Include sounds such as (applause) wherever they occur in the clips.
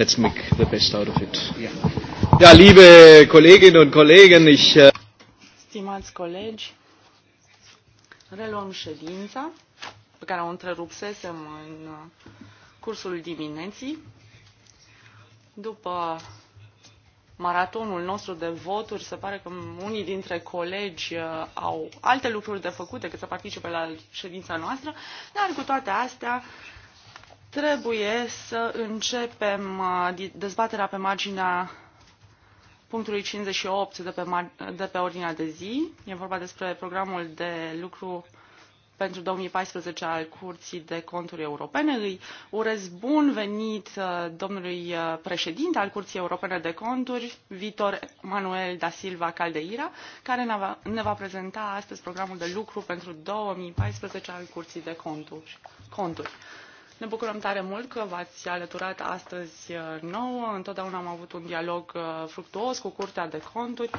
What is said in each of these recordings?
let's make the best out of it. Yeah. Ja, liebe Kolleginnen und Kollegen, ich... Uh... Stimați colegi, reluăm ședința pe care o întrerupsesem în uh, cursul dimineții. După maratonul nostru de voturi, se pare că unii dintre colegi uh, au alte lucruri de făcut decât să participe la ședința noastră, dar cu toate astea Trebuie să începem uh, dezbaterea pe marginea punctului 58 de pe, de pe ordinea de zi. E vorba despre programul de lucru pentru 2014 al Curții de Conturi Europene. Îi urez bun venit uh, domnului uh, președinte al Curții Europene de Conturi, Vitor Manuel da Silva Caldeira, care ne va, ne va prezenta astăzi programul de lucru pentru 2014 al Curții de Conturi. conturi. Ne bucurăm tare mult că v-ați alăturat astăzi uh, nouă. Întotdeauna am avut un dialog uh, fructuos cu Curtea de Conturi.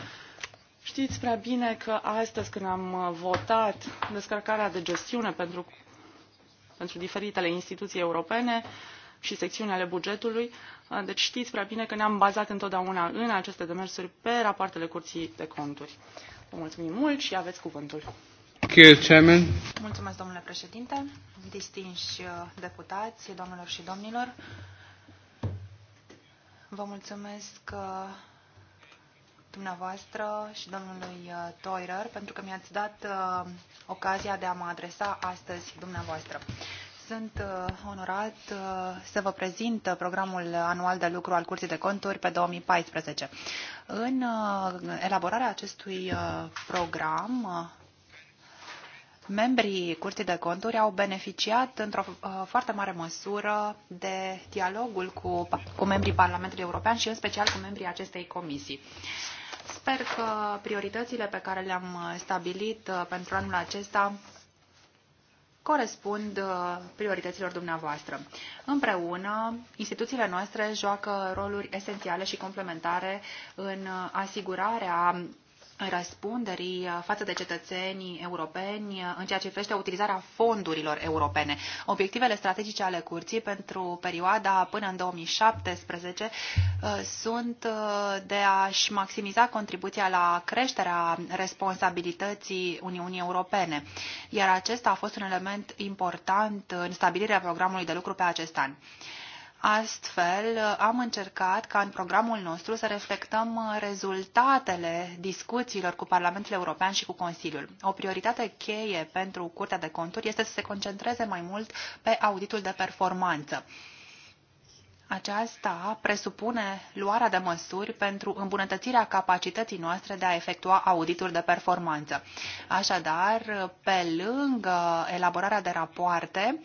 Știți prea bine că astăzi când am uh, votat descărcarea de gestiune pentru, pentru diferitele instituții europene și secțiunile ale bugetului, deci știți prea bine că ne-am bazat întotdeauna în aceste demersuri pe rapoartele Curții de Conturi. Vă mulțumim mult și aveți cuvântul. Thank you, Chairman. Mulțumesc, domnule președinte, distinși uh, deputați, domnilor și domnilor. Vă mulțumesc uh, dumneavoastră și domnului uh, Toirer pentru că mi-ați dat ocazia de a mă adresa astăzi dumneavoastră. Sunt onorat să vă prezint programul anual de lucru al Curții de Conturi pe 2014. În elaborarea acestui program membrii Curții de Conturi au beneficiat într-o uh, foarte mare măsură de dialogul cu, cu membrii Parlamentului European și în special cu membrii acestei comisii. Sper că prioritățile pe care le-am stabilit uh, pentru anul acesta corespund uh, priorităților dumneavoastră. Împreună, instituțiile noastre joacă roluri esențiale și complementare în asigurarea răspunderii uh, față de cetățenii europeni uh, în ceea ce privește utilizarea fondurilor europene. Obiectivele strategice ale curții pentru perioada până în 2017 uh, sunt de a-și maximiza contribuția la creșterea responsabilității Uniunii Europene, iar acesta a fost un element important în stabilirea programului de lucru pe acest an. Astfel, am încercat ca în programul nostru să reflectăm rezultatele discuțiilor cu Parlamentul European și cu Consiliul. O prioritate cheie pentru Curtea de Conturi este să se concentreze mai mult pe auditul de performanță. Aceasta presupune luarea de măsuri pentru îmbunătățirea capacității noastre de a efectua audituri de performanță. Așadar, pe lângă elaborarea de rapoarte,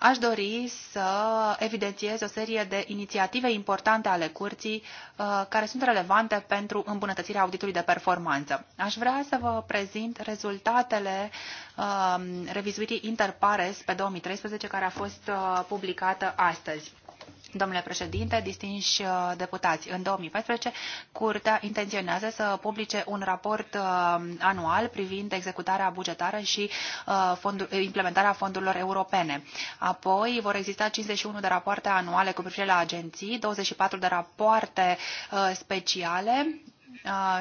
Aș dori să evidențiez o serie de inițiative importante ale curții uh, care sunt relevante pentru îmbunătățirea auditului de performanță. Aș vrea să vă prezint rezultatele um, revizuirii Interpares pe 2013 care a fost uh, publicată astăzi. Domnule președinte, distinși uh, deputați, în 2014 Curtea intenționează să publice un raport uh, anual privind executarea bugetară și uh, implementarea fondurilor europene. Apoi vor exista 51 de rapoarte anuale cu privire la agenții, 24 de rapoarte speciale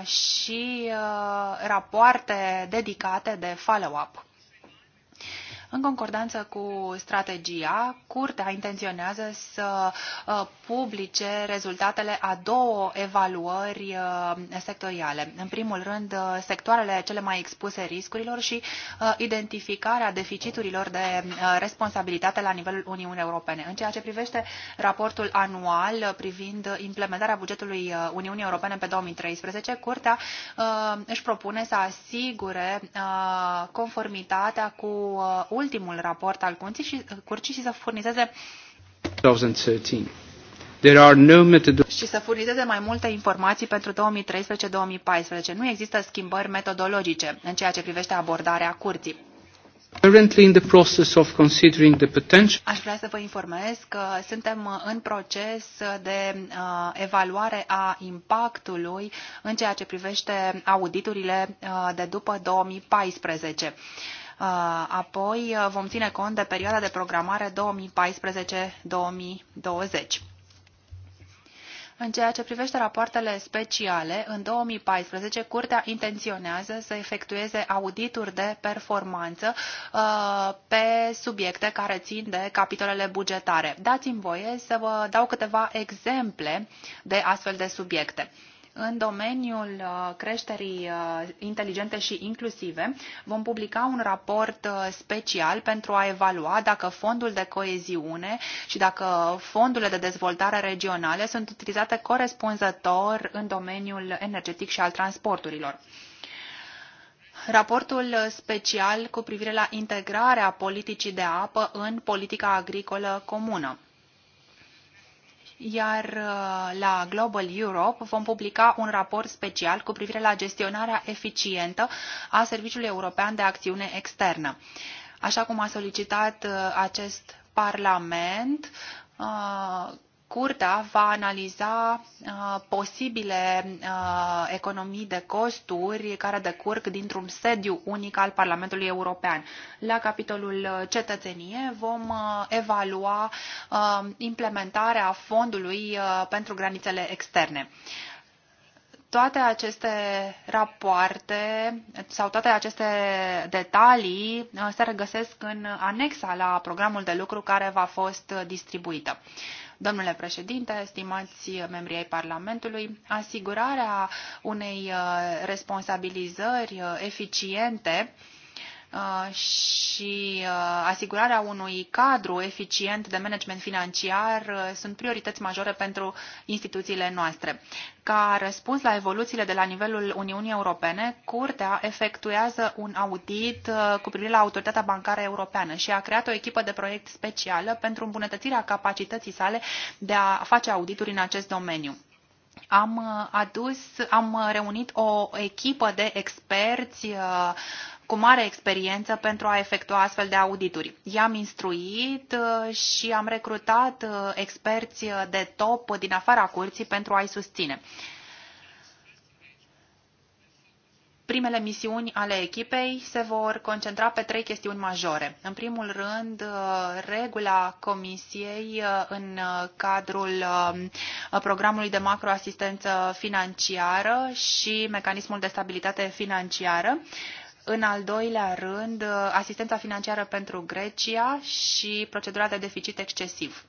și rapoarte dedicate de follow-up. În concordanță cu strategia, Curtea intenționează să uh, publice rezultatele a două evaluări uh, sectoriale. În primul rând, uh, sectoarele cele mai expuse riscurilor și identificarea deficiturilor de responsabilitate la nivelul Uniunii Europene. În ceea ce privește raportul anual privind implementarea bugetului Uniunii Europene pe 2013, Curtea își propune să asigure conformitatea cu ultimul raport al curții și, uh, curții și să furnizeze 2013. There are no și să furnizeze mai multe informații pentru 2013-2014. Nu există schimbări metodologice în ceea ce privește abordarea curții. Currently in the process of considering the potential. Aș vrea să vă informez că suntem în proces de uh, evaluare a impactului în ceea ce privește auditurile uh, de după 2014. Uh, apoi uh, vom ține cont de perioada de programare 2014-2020. În ceea ce privește rapoartele speciale, în 2014, Curtea intenționează să efectueze audituri de performanță uh, pe subiecte care țin de capitolele bugetare. Dați-mi voie să vă dau câteva exemple de astfel de subiecte în domeniul uh, creșterii uh, inteligente și inclusive vom publica un raport uh, special pentru a evalua dacă fondul de coeziune și dacă fondurile de dezvoltare regionale sunt utilizate corespunzător în domeniul energetic și al transporturilor. Raportul special cu privire la integrarea politicii de apă în politica agricolă comună iar uh, la Global Europe vom publica un raport special cu privire la gestionarea eficientă a Serviciului European de Acțiune Externă. Așa cum a solicitat uh, acest Parlament, uh, Curtea va analiza uh, posibile uh, economii de costuri care decurg dintr-un sediu unic al Parlamentului European. La capitolul cetățenie vom uh, evalua uh, implementarea fondului uh, pentru granițele externe toate aceste rapoarte sau toate aceste detalii uh, se regăsesc în anexa la programul de lucru care va fost uh, distribuită. Domnule președinte, stimați membri ai Parlamentului, asigurarea unei uh, responsabilizări uh, eficiente Uh, și uh, asigurarea unui cadru eficient de management financiar uh, sunt priorități majore pentru instituțiile noastre. Ca răspuns la evoluțiile de la nivelul Uniunii Europene, Curtea efectuează un audit cu privire la Autoritatea Bancară Europeană și a creat o echipă de proiect specială pentru îmbunătățirea capacității sale de a face audituri în acest domeniu am adus, am reunit o echipă de experți cu mare experiență pentru a efectua astfel de audituri. I-am instruit uh, și am recrutat uh, experți uh, de top din afara curții pentru a-i susține. Primele misiuni ale echipei se vor concentra pe trei chestiuni majore. În primul rând, regula comisiei în cadrul programului de macroasistență financiară și mecanismul de stabilitate financiară în al doilea rând, asistența financiară pentru Grecia și procedura de deficit excesiv.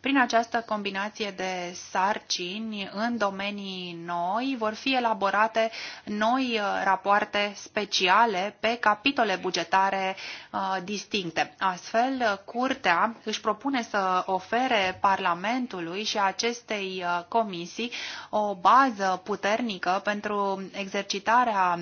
Prin această combinație de sarcini în domenii noi vor fi elaborate noi uh, rapoarte speciale pe capitole bugetare uh, distincte. Astfel, uh, Curtea își propune să ofere Parlamentului și acestei comisii o bază puternică pentru exercitarea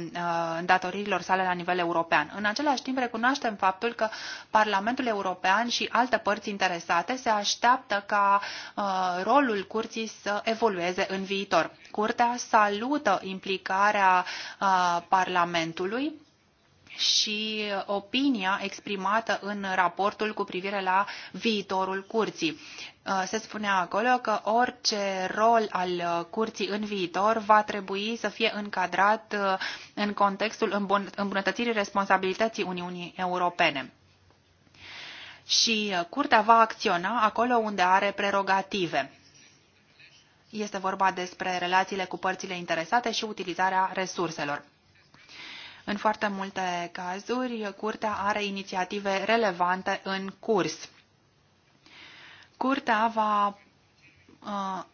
datoririlor sale la nivel european. În același timp, recunoaștem faptul că Parlamentul European și alte părți interesate se așteaptă ca uh, rolul curții să evolueze în viitor. Curtea salută implicarea uh, Parlamentului și opinia exprimată în raportul cu privire la viitorul curții. Uh, se spunea acolo că orice rol al uh, curții în viitor va trebui să fie încadrat uh, în contextul îmbunătățirii responsabilității Uniunii Europene și uh, curtea va acționa acolo unde are prerogative. Este vorba despre relațiile cu părțile interesate și utilizarea resurselor. În foarte multe cazuri, curtea are inițiative relevante în curs. Curtea va uh,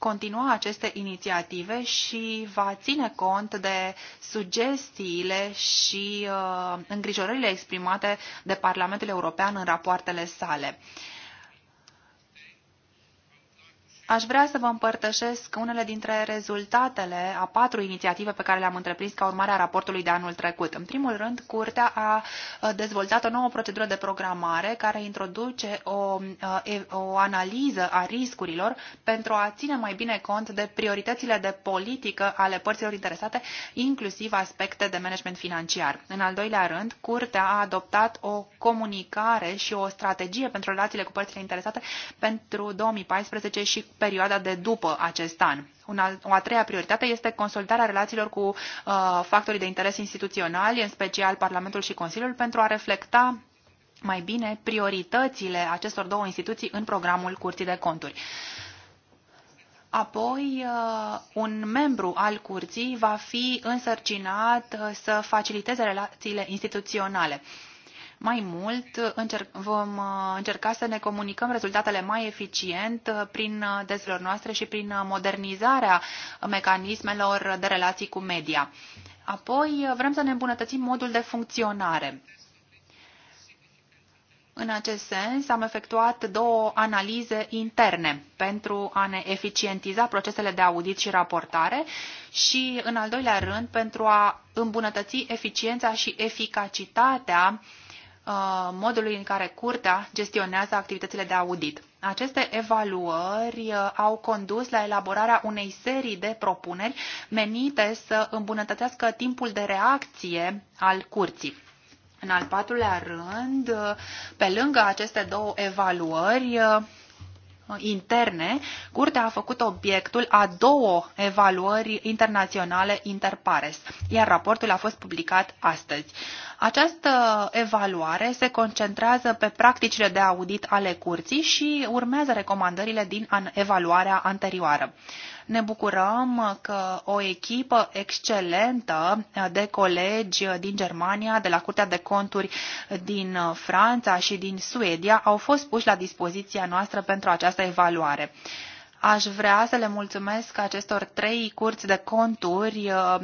continua aceste inițiative și va ține cont de sugestiile și uh, îngrijorările exprimate de Parlamentul European în rapoartele sale. Uh, Aș vrea să vă împărtășesc unele dintre rezultatele a patru inițiative pe care le-am întreprins ca urmare a raportului de anul trecut. În primul rând, Curtea a dezvoltat o nouă procedură de programare care introduce o, o analiză a riscurilor pentru a ține mai bine cont de prioritățile de politică ale părților interesate, inclusiv aspecte de management financiar. În al doilea rând, Curtea a adoptat o comunicare și o strategie pentru relațiile cu părțile interesate pentru 2014 și perioada de după acest an. Una, o a treia prioritate este consolidarea relațiilor cu uh, factorii de interes instituționali, în special Parlamentul și Consiliul, pentru a reflecta mai bine prioritățile acestor două instituții în programul Curții de Conturi. Apoi, uh, un membru al curții va fi însărcinat uh, să faciliteze relațiile instituționale. Mai mult, încerc, vom uh, încerca să ne comunicăm rezultatele mai eficient uh, prin uh, dezilor noastre și prin modernizarea mecanismelor de relații cu media. Apoi, vrem să ne îmbunătățim modul de funcționare. În acest sens, am efectuat două analize interne pentru a ne eficientiza procesele de audit și raportare și, în al doilea rând, pentru a îmbunătăți eficiența și eficacitatea Uh, modului în care curtea gestionează activitățile de audit. Aceste evaluări uh, au condus la elaborarea unei serii de propuneri menite să îmbunătățească timpul de reacție al curții. În al patrulea rând, uh, pe lângă aceste două evaluări, interne, curtea a făcut obiectul a două evaluări internaționale interpares, iar raportul a fost publicat astăzi. Această evaluare se concentrează pe practicile de audit ale curții și urmează recomandările din evaluarea anterioară. Ne bucurăm că o echipă excelentă de colegi din Germania, de la Curtea de Conturi din Franța și din Suedia au fost puși la dispoziția noastră pentru această evaluare. Aș vrea să le mulțumesc acestor trei curți de conturi uh,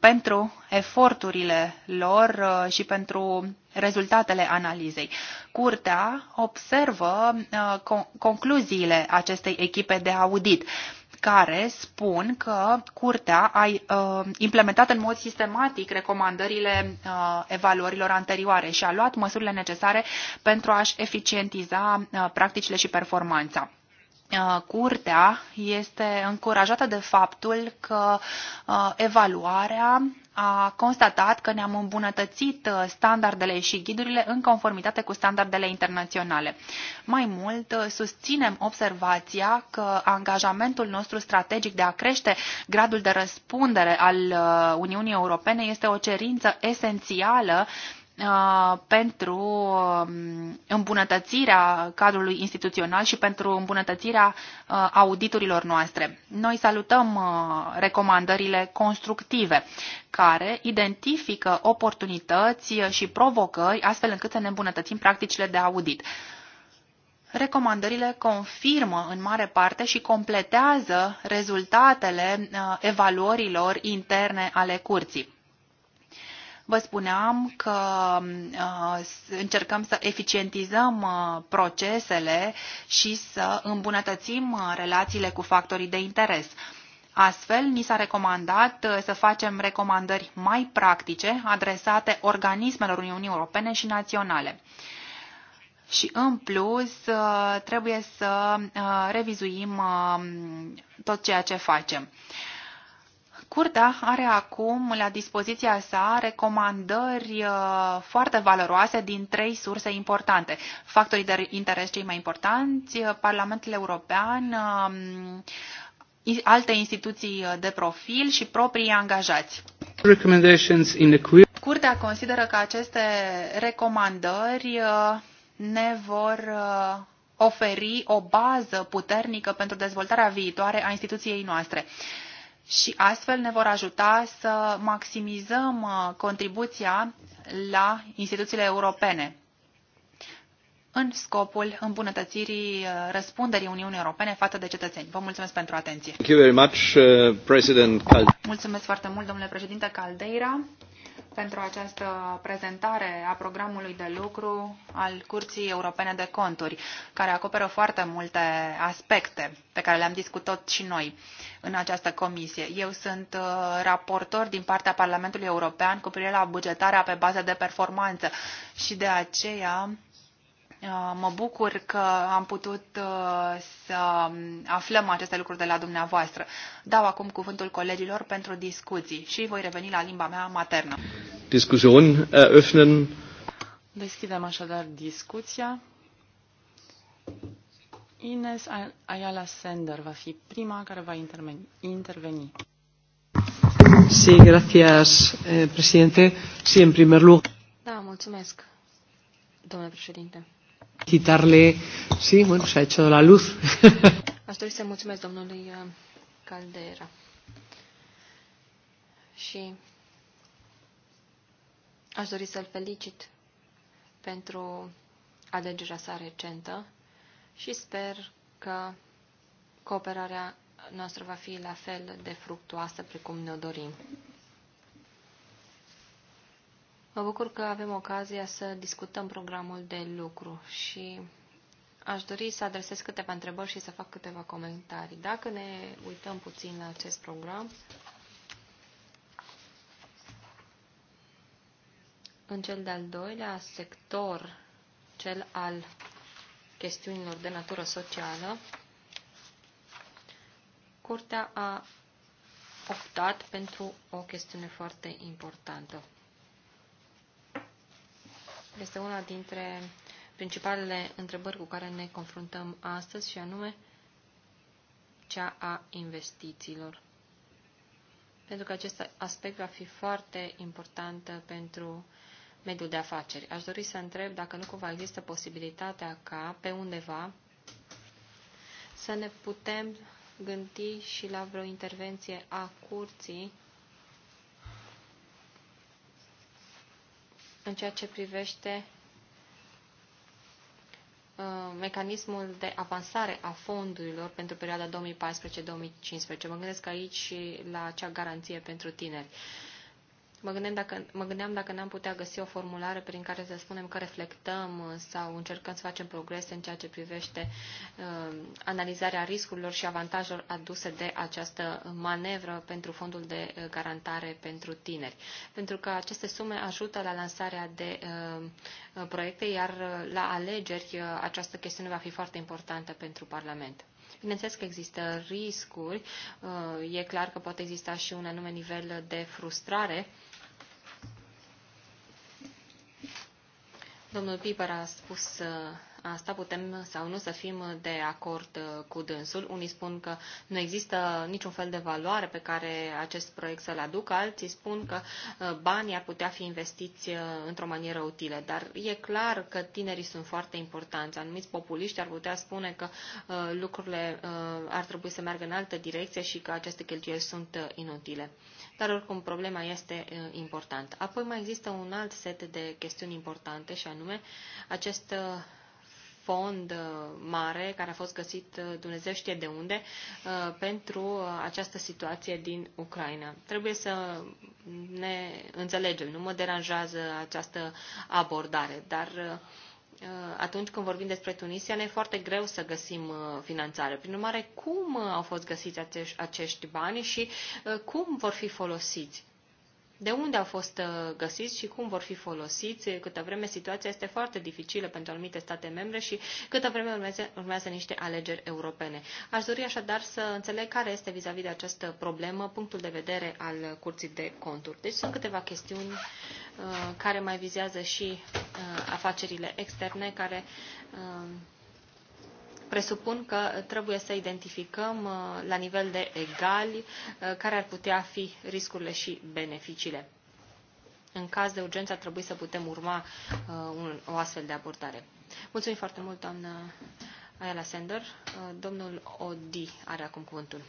pentru eforturile lor uh, și pentru rezultatele analizei. Curtea observă uh, concluziile acestei echipe de audit care spun că curtea a implementat în mod sistematic recomandările evaluărilor anterioare și a luat măsurile necesare pentru a-și eficientiza practicile și performanța. Uh, curtea este încurajată de faptul că uh, evaluarea a constatat că ne-am îmbunătățit uh, standardele și ghidurile în conformitate cu standardele internaționale. Mai mult, susținem observația că angajamentul nostru strategic de a crește gradul de răspundere al Uniunii Europene este o cerință esențială Uh, pentru um, îmbunătățirea cadrului instituțional și pentru îmbunătățirea uh, auditurilor noastre. Noi salutăm uh, recomandările constructive care identifică oportunități și provocări astfel încât să ne îmbunătățim practicile de audit. Recomandările confirmă în mare parte și completează rezultatele evaluărilor interne ale curții Vă spuneam că uh, încercăm să eficientizăm uh, procesele și să îmbunătățim uh, relațiile cu factorii de interes. Astfel, ni s-a recomandat să facem recomandări mai practice adresate organismelor Uniunii Europene și naționale. Și în plus, trebuie să revizuim tot ceea ce facem. Curtea are acum la dispoziția sa recomandări uh, foarte valoroase din trei surse importante. Factorii de interes cei mai importanți, uh, Parlamentul European, um, alte instituții uh, de profil și proprii angajați. Curtea consideră că aceste recomandări ne vor oferi o bază puternică pentru dezvoltarea viitoare a instituției noastre și astfel ne vor ajuta să maximizăm uh, contribuția la instituțiile europene în scopul îmbunătățirii uh, răspunderii Uniunii Europene față de cetățeni. Vă mulțumesc pentru atenție. Thank you very much, uh, President Caldeira. Mulțumesc foarte mult, domnule președinte Caldeira pentru această prezentare a programului de lucru al Curții Europene de Conturi, care acoperă foarte multe aspecte pe care le-am discutat și noi în această comisie. Eu sunt uh, raportor din partea Parlamentului European cu privire la bugetarea pe bază de performanță și de aceea Uh, mă bucur că am putut uh, să um, aflăm aceste lucruri de la dumneavoastră. Dau acum cuvântul colegilor pentru discuții și voi reveni la limba mea maternă. Discuțion eröffnen. Deschidem așadar discuția. Ines Ayala Sender va fi prima care va interveni. Sí, gracias, eh, presidente. Sí, en primer lugar. Da, mulțumesc, domnule președinte. Citarle, sí, bueno, se ha hecho la luz. (laughs) Aș dori să mulțumesc domnului uh, Caldera. Și aș dori să-l felicit pentru alegerea sa recentă și sper că cooperarea noastră va fi la fel de fructuoasă precum ne-o dorim. Mă bucur că avem ocazia să discutăm programul de lucru și aș dori să adresez câteva întrebări și să fac câteva comentarii. Dacă ne uităm puțin la acest program, în cel de-al doilea sector, cel al chestiunilor de natură socială, Curtea a optat pentru o chestiune foarte importantă este una dintre principalele întrebări cu care ne confruntăm astăzi și anume cea a investițiilor. Pentru că acest aspect va fi foarte important pentru mediul de afaceri. Aș dori să întreb dacă nu cumva există posibilitatea ca, pe undeva, să ne putem gândi și la vreo intervenție a curții în ceea ce privește uh, mecanismul de avansare a fondurilor pentru perioada 2014-2015. Mă gândesc aici la acea garanție pentru tineri. Uh, Mă, gândeam dacă, mă gândeam dacă n-am putea găsi o formulare prin care să spunem că reflectăm uh, sau încercăm să facem progrese în ceea ce privește uh, analizarea riscurilor și avantajelor aduse de această manevră pentru fondul de uh, garantare pentru tineri. Pentru că aceste sume ajută la lansarea de uh, uh proiecte, iar la alegeri uh, această chestiune va fi foarte importantă pentru Parlament. Bineînțeles că există riscuri, e clar că poate exista și un anume nivel de frustrare Domnul Piper a spus uh, asta, putem sau nu să fim de acord uh, cu dânsul. Unii spun că nu există niciun fel de valoare pe care acest proiect să-l aducă, alții spun că uh, banii ar putea fi investiți într-o manieră utilă. Dar e clar că tinerii sunt foarte importanți. Anumiți populiști ar putea spune că lucrurile ar trebui să meargă în altă direcție și că aceste cheltuieli sunt inutile dar oricum problema este importantă. Apoi mai există un alt set de chestiuni importante și anume acest fond mare care a fost găsit Dumnezeu știe de unde pentru această situație din Ucraina. Trebuie să ne înțelegem, nu mă deranjează această abordare, dar uh, Uh, atunci când vorbim despre Tunisia, ne e foarte greu să găsim uh, finanțare. Prin urmare, cum uh, au fost găsiți acești, acești bani și cum vor fi folosiți? de unde au fost uh, găsiți și cum vor fi folosiți, câtă vreme situația este foarte dificilă pentru anumite state membre și câtă vreme urmează, urmează niște alegeri europene. Aș dori așadar să înțeleg care este vis-a-vis -vis de această problemă punctul de vedere al Curții de Conturi. Deci sunt câteva chestiuni uh, care mai vizează și uh, afacerile externe, care uh, presupun că trebuie să identificăm uh, la nivel de egali uh, care ar putea fi riscurile și beneficiile. În caz de urgență ar trebui să putem urma uh, o astfel de abordare. Mulțumim foarte mult, doamna Ayala Sender. Domnul Odi are acum cuvântul.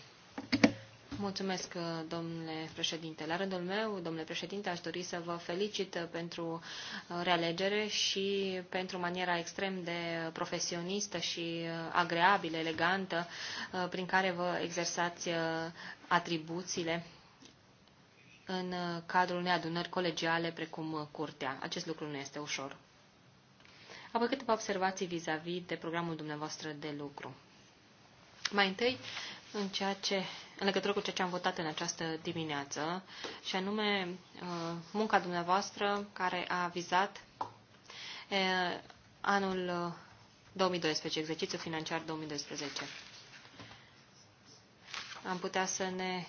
Mulțumesc, uh, domnule președinte. La rândul meu, domnule președinte, aș dori să vă felicit uh, pentru uh, realegere și pentru maniera extrem de profesionistă și agreabilă, elegantă, prin care vă exersați atribuțiile în cadrul unei adunări colegiale precum curtea. Acest lucru nu este ușor. Apoi câteva observații vis-a-vis -vis de programul dumneavoastră de lucru. Mai întâi, în, ceea ce, în legătură cu ceea ce am votat în această dimineață, și anume uh, munca dumneavoastră care a vizat uh, anul 2012, uh, exercițiul financiar 2012. Am putea să ne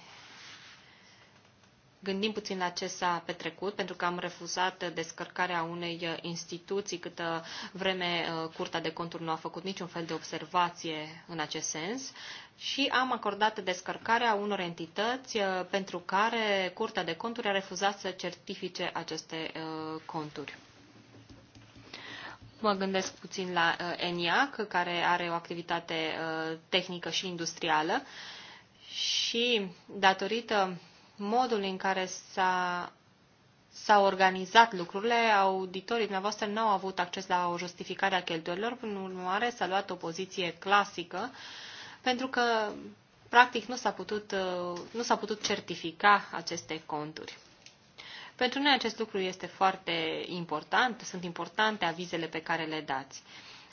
gândim puțin la ce s-a petrecut, pentru că am refuzat descărcarea unei instituții câtă vreme uh, Curtea de Conturi nu a făcut niciun fel de observație în acest sens și am acordat descărcarea unor entități uh, pentru care Curtea de Conturi a refuzat să certifice aceste uh, conturi. Mă gândesc puțin la ENIAC, care are o activitate tehnică și industrială și datorită modul în care s-a s-au organizat lucrurile, auditorii dumneavoastră nu au avut acces la o justificare a cheltuielor, în urmare s-a luat o poziție clasică, pentru că practic nu s-a putut, nu s-a putut certifica aceste conturi. Pentru noi acest lucru este foarte important, sunt importante avizele pe care le dați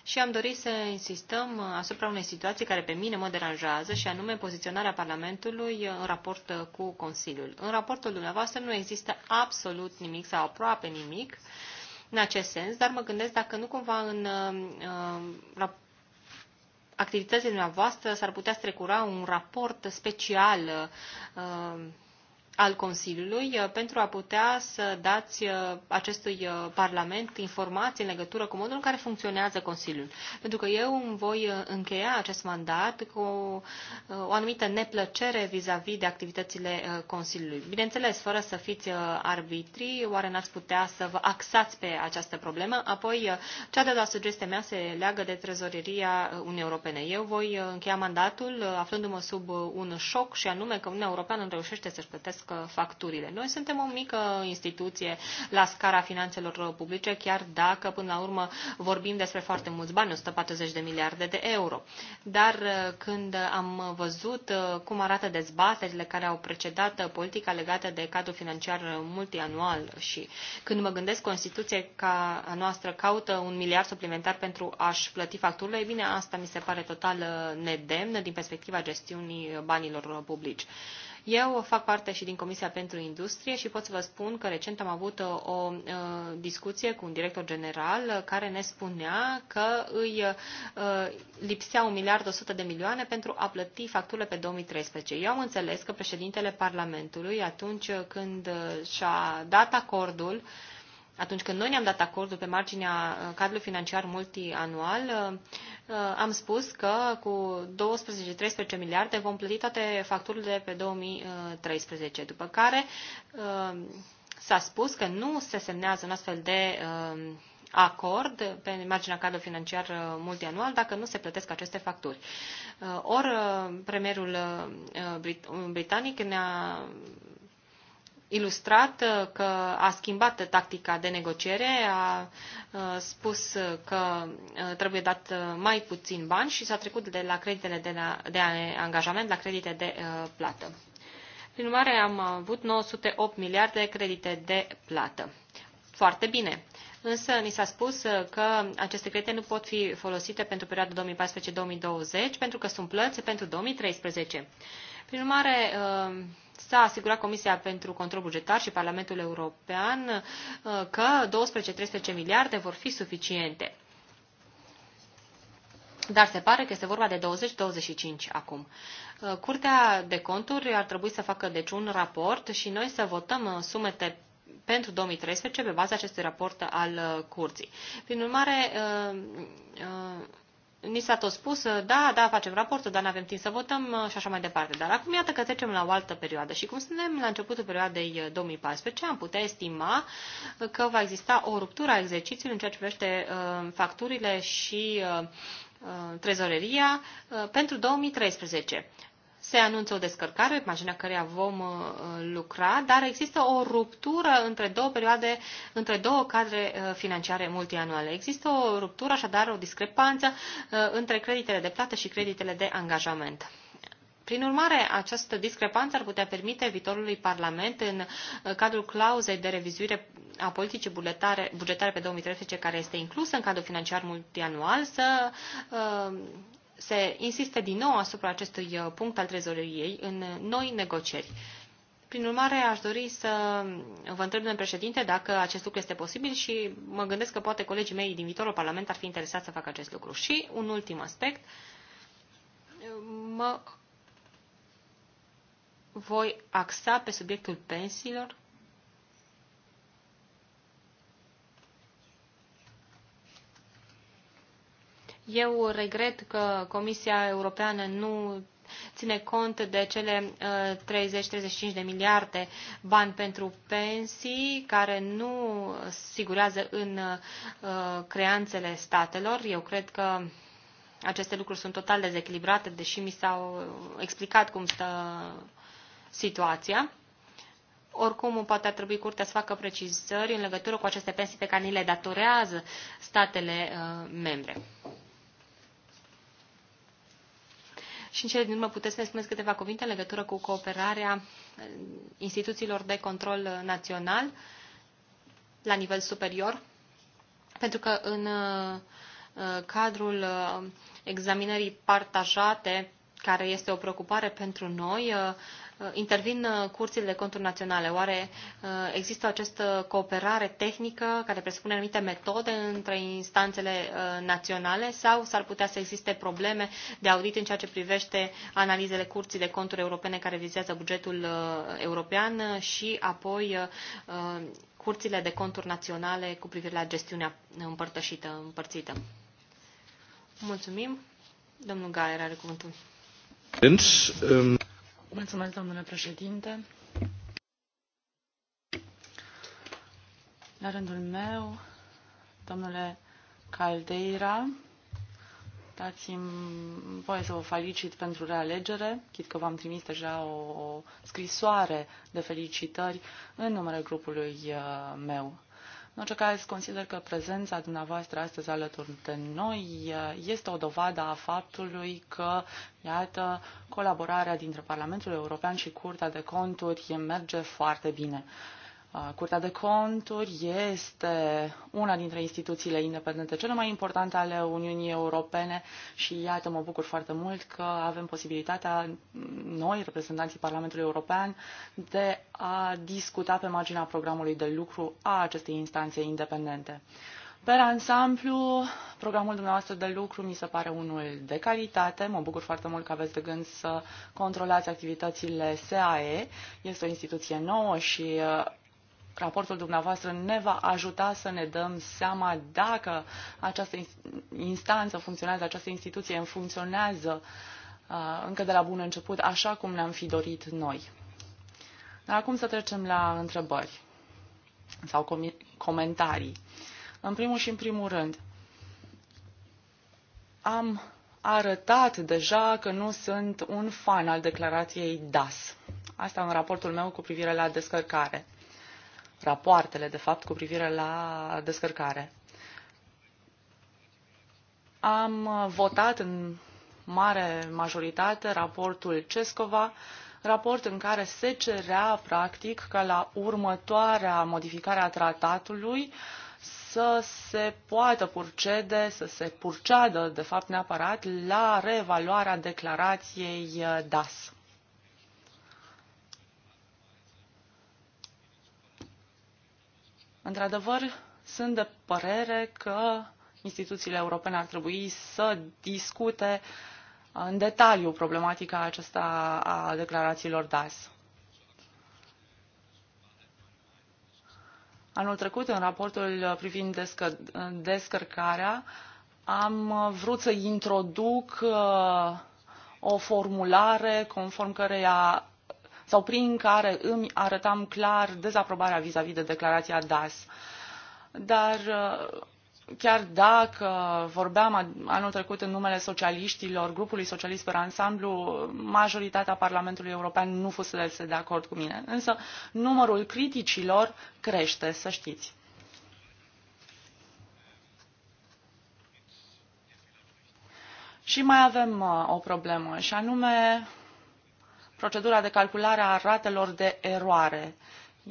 și am dorit să insistăm uh, asupra unei situații care pe mine mă deranjează și anume poziționarea Parlamentului uh, în raport uh, cu Consiliul. În raportul dumneavoastră nu există absolut nimic sau aproape nimic în acest sens, dar mă gândesc dacă nu cumva în uh, activitățile dumneavoastră s-ar putea strecura un raport special uh, al Consiliului uh, pentru a putea să dați uh, acestui uh, Parlament informații în legătură cu modul în care funcționează Consiliul. Pentru că eu îmi voi încheia acest mandat cu o anumită neplăcere vis-a-vis -vis de activitățile Consiliului. Bineînțeles, fără să fiți arbitri, oare n-ați putea să vă axați pe această problemă? Apoi, cea de-a doua sugestie mea se leagă de trezoreria Uniunii Europene. Eu voi încheia mandatul aflându-mă sub un șoc și anume că Uniunea Europeană nu reușește să-și plătească plătesc uh, facturile. Noi suntem o mică instituție la scara finanțelor publice, chiar dacă până la urmă vorbim despre foarte mulți bani, 140 de miliarde de euro. Dar uh, când am văzut uh, cum arată dezbaterile care au precedat politica legată de cadrul financiar multianual și când mă gândesc Constituție ca a noastră caută un miliard suplimentar pentru a-și plăti facturile, e bine, asta mi se pare total nedemn din perspectiva gestiunii banilor publici. Eu fac parte și din Comisia pentru Industrie și pot să vă spun că recent am avut o uh, discuție cu un director general uh, care ne spunea că îi uh, lipsea un miliard 100 de milioane pentru a plăti facturile pe 2013. Eu am înțeles că președintele Parlamentului, atunci când și-a dat acordul, atunci când noi ne-am dat acordul pe marginea uh, cadrului financiar multianual, uh, uh, am spus că cu 12-13 miliarde vom plăti toate facturile pe 2013, după care s-a spus că nu se semnează un astfel de acord pe marginea cadrului financiar multianual dacă nu se plătesc aceste facturi. Ori premierul britanic ne-a ilustrat uh, că a schimbat tactica de negociere, a uh, spus că uh, trebuie dat mai puțin bani și s-a trecut de la creditele de, la, de angajament la credite de plată. Prin urmare, am avut 908 miliarde de credite de plată. Foarte bine. Însă ni s-a spus că aceste credite nu pot fi folosite pentru perioada 2014-2020 pentru că sunt plăți pentru 2013. Prin urmare, s-a asigurat Comisia pentru Control Bugetar și Parlamentul European uh, că 12-13 miliarde vor fi suficiente. Dar se pare că este vorba de 20-25 acum. Uh, Curtea de conturi ar trebui să facă deci un raport și noi să votăm uh, sumete pentru 2013 pe baza acestui raport al curții. Prin urmare, ni s-a tot spus, uh, da, da, facem raportul, dar nu avem timp să votăm uh, și așa mai departe. Dar acum iată că trecem la o altă perioadă și cum suntem la începutul perioadei 2014, uh, am putea estima că va exista o ruptură a exercițiului în ceea ce privește facturile și trezoreria pentru 2013 se anunță o descărcare, pe marginea căreia vom uh, lucra, dar există o ruptură între două perioade, între două cadre uh, financiare multianuale. Există o ruptură, așadar o discrepanță uh, între creditele de plată și creditele de angajament. Prin urmare, această discrepanță ar putea permite viitorului Parlament, în cadrul clauzei de revizuire a politicii bugetare, bugetare pe 2013, care este inclusă în cadrul financiar multianual, să uh, se insiste din nou asupra acestui uh, punct al trezoreriei în uh, noi negocieri. Prin urmare, aș dori să vă întreb, domnule președinte, dacă acest lucru este posibil și mă gândesc că poate colegii mei din viitorul Parlament ar fi interesați să facă acest lucru. Și un ultim aspect, mă voi axa pe subiectul pensiilor Eu regret că Comisia Europeană nu ține cont de cele 30-35 uh, de miliarde bani pentru pensii care nu sigurează în uh, creanțele statelor. Eu cred că aceste lucruri sunt total dezechilibrate, deși mi s-au explicat cum stă situația. Oricum, poate ar trebui curtea să facă precizări în legătură cu aceste pensii pe care ni le datorează statele uh, membre. Și în cele din urmă puteți să ne spuneți câteva cuvinte în legătură cu cooperarea eh, instituțiilor de control eh, național la nivel superior, pentru că în eh, cadrul examinării partajate, care este o preocupare pentru noi, Uh, intervin uh, curțile de conturi naționale. Oare uh, există această cooperare tehnică care presupune anumite metode între instanțele naționale sau s-ar putea să existe probleme de audit în ceea ce privește analizele curții de conturi europene care vizează bugetul european și apoi curțile de conturi naționale cu privire la gestiunea împărtășită, împărțită. Mulțumim. Domnul Gaer are cuvântul domnule președinte. La rândul meu, domnule Caldeira, dați-mi voie să vă felicit pentru realegere. chid că v-am trimis deja o scrisoare de felicitări în numele grupului uh, meu. În orice caz, consider că prezența dumneavoastră astăzi alături de noi eh, este o dovadă a faptului că, iată, colaborarea dintre Parlamentul European și Curtea de Conturi merge foarte bine. Curtea de Conturi este una dintre instituțiile independente cele mai importante ale Uniunii Europene și iată, mă bucur foarte mult că avem posibilitatea, noi, reprezentanții Parlamentului European, de a discuta pe marginea programului de lucru a acestei instanțe independente. Pe ansamblu, programul dumneavoastră de lucru mi se pare unul de calitate. Mă bucur foarte mult că aveți de gând să controlați activitățile SAE. Este o instituție nouă și uh, raportul dumneavoastră ne va ajuta să ne dăm seama dacă această instanță funcționează, această instituție funcționează uh, încă de la bun început, așa cum ne-am fi dorit noi. Dar acum să trecem la întrebări sau com comentarii. În primul și în primul rând, am arătat deja că nu sunt un fan al declarației DAS. Asta în raportul meu cu privire la descărcare rapoartele, de fapt, cu privire la descărcare. Am votat în mare majoritate raportul Cescova, raport în care se cerea, practic, ca la următoarea modificare a tratatului să se poată purcede, să se purceadă, de fapt, neapărat, la reevaluarea declarației DAS. Într-adevăr, sunt de părere că instituțiile europene ar trebui să discute în detaliu problematica aceasta a declarațiilor DAS. Anul trecut, în raportul privind descă, descărcarea, am vrut să introduc uh, o formulare conform căreia sau prin care îmi arătam clar dezaprobarea vis-a-vis de declarația DAS. Dar uh, chiar dacă vorbeam anul trecut în numele socialiștilor, grupului socialist pe ansamblu, majoritatea Parlamentului European nu fusese de acord cu mine. Însă numărul criticilor crește, să știți. Și mai avem uh, o problemă, și anume procedura de calculare a ratelor de eroare.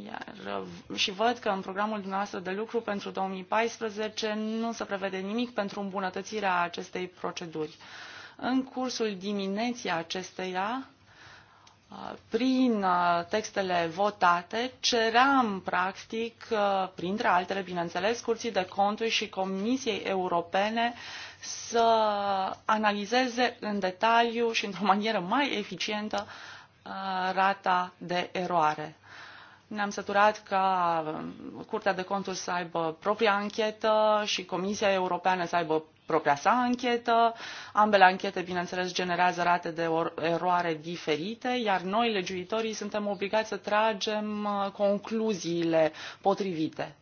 Iar, uh, și văd că în programul dumneavoastră de lucru pentru 2014 nu se prevede nimic pentru îmbunătățirea acestei proceduri. În cursul dimineții acesteia, uh, prin uh, textele votate, ceream, practic, printre altele, bineînțeles, Curții de Conturi și Comisiei Europene să analizeze în detaliu și într-o manieră mai eficientă rata de eroare. Ne-am săturat ca um, Curtea de Conturi să aibă propria anchetă și Comisia Europeană să aibă propria sa anchetă. Ambele anchete, bineînțeles, generează rate de eroare diferite, iar noi, legiuitorii, suntem obligați să tragem uh, concluziile potrivite.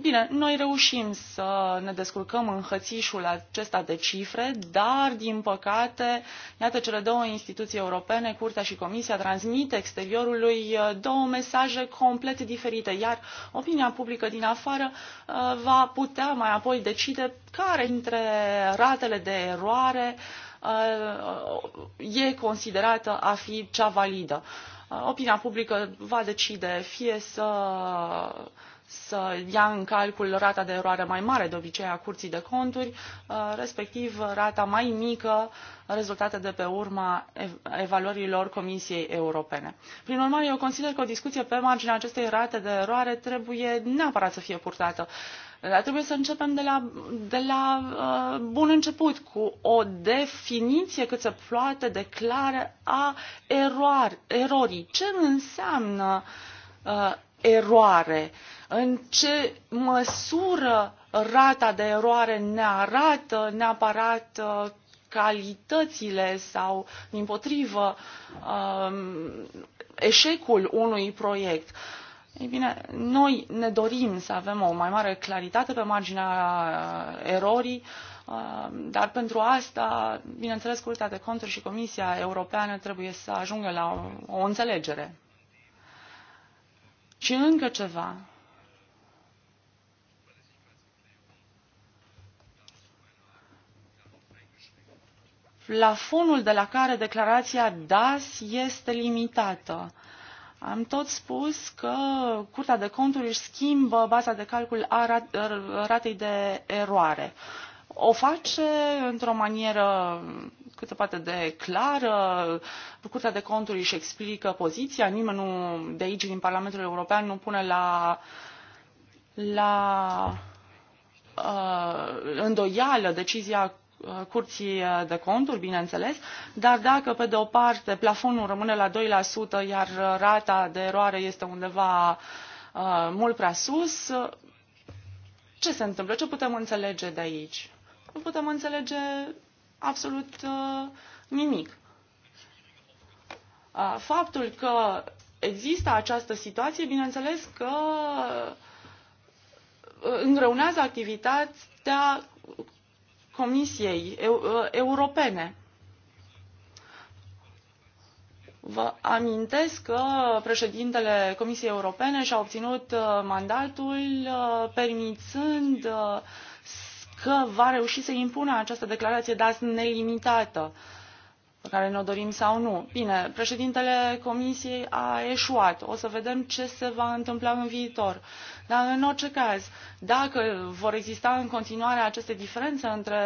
Bine, noi reușim să ne descurcăm în hățișul acesta de cifre, dar, din păcate, iată cele două instituții europene, Curtea și Comisia, transmit exteriorului uh, două mesaje complet diferite, iar opinia publică din afară uh, va putea mai apoi decide care dintre ratele de eroare uh, e considerată a fi cea validă. Opinia publică va decide fie să să ia în calcul rata de eroare mai mare de obicei a curții de conturi, uh, respectiv rata mai mică rezultată de pe urma evaluărilor Comisiei Europene. Prin urmare, eu consider că o discuție pe marginea acestei rate de eroare trebuie neapărat să fie purtată. Dar trebuie să începem de la, de la uh, bun început cu o definiție cât se poate de clară a eroar, erorii. Ce înseamnă uh, eroare, în ce măsură rata de eroare ne arată neapărat uh, calitățile sau, din potrivă, um, eșecul unui proiect. Ei bine, noi ne dorim să avem o mai mare claritate pe marginea uh, erorii, uh, dar pentru asta, bineînțeles, Curtea de Conturi și Comisia Europeană trebuie să ajungă la o înțelegere. Și încă ceva. Plafonul de la care declarația DAS este limitată. Am tot spus că Curtea de Conturi își schimbă baza de calcul a ratei de eroare. O face într-o manieră cât se poate de clară, Curtea de Conturi își explică poziția, nimeni nu, de aici, din Parlamentul European, nu pune la, la uh, îndoială decizia uh, Curții uh, de Conturi, bineînțeles, dar dacă, pe de o parte, plafonul rămâne la 2%, iar rata de eroare este undeva uh, mult prea sus, ce se întâmplă? Ce putem înțelege de aici? Nu putem înțelege absolut uh, nimic. Uh, faptul că există această situație, bineînțeles că uh, îngreunează activitatea Comisiei Europene. Vă amintesc că președintele Comisiei Europene și-a obținut mandatul permițând uh, că va reuși să impună această declarație DAS nelimitată pe care ne-o dorim sau nu. Bine, președintele Comisiei a eșuat. O să vedem ce se va întâmpla în viitor. Dar, în orice caz, dacă vor exista în continuare aceste diferențe între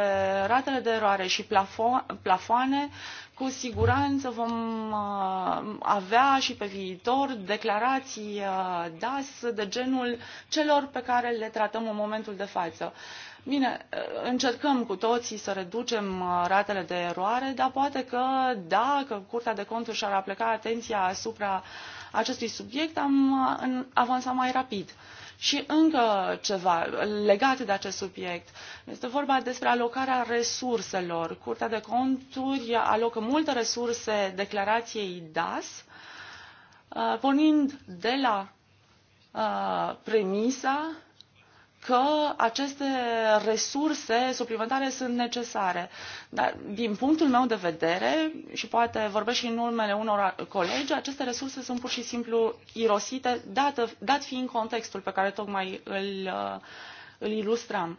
ratele de eroare și plafo- plafoane, cu siguranță vom uh, avea și pe viitor declarații uh, DAS de genul celor pe care le tratăm în momentul de față. Bine, încercăm cu toții să reducem uh, ratele de eroare, dar poate că dacă Curtea de Conturi și-ar apleca atenția asupra acestui subiect, am uh, avansat mai rapid. Și încă ceva legat de acest subiect. Este vorba despre alocarea resurselor. Curtea de Conturi alocă multe resurse declarației DAS, uh, pornind de la premisa că aceste resurse suplimentare sunt necesare. Dar din punctul meu de vedere, și poate vorbesc și în numele unor colegi, aceste resurse sunt pur și simplu irosite, dată, dat fiind contextul pe care tocmai îl, uh, îl ilustram.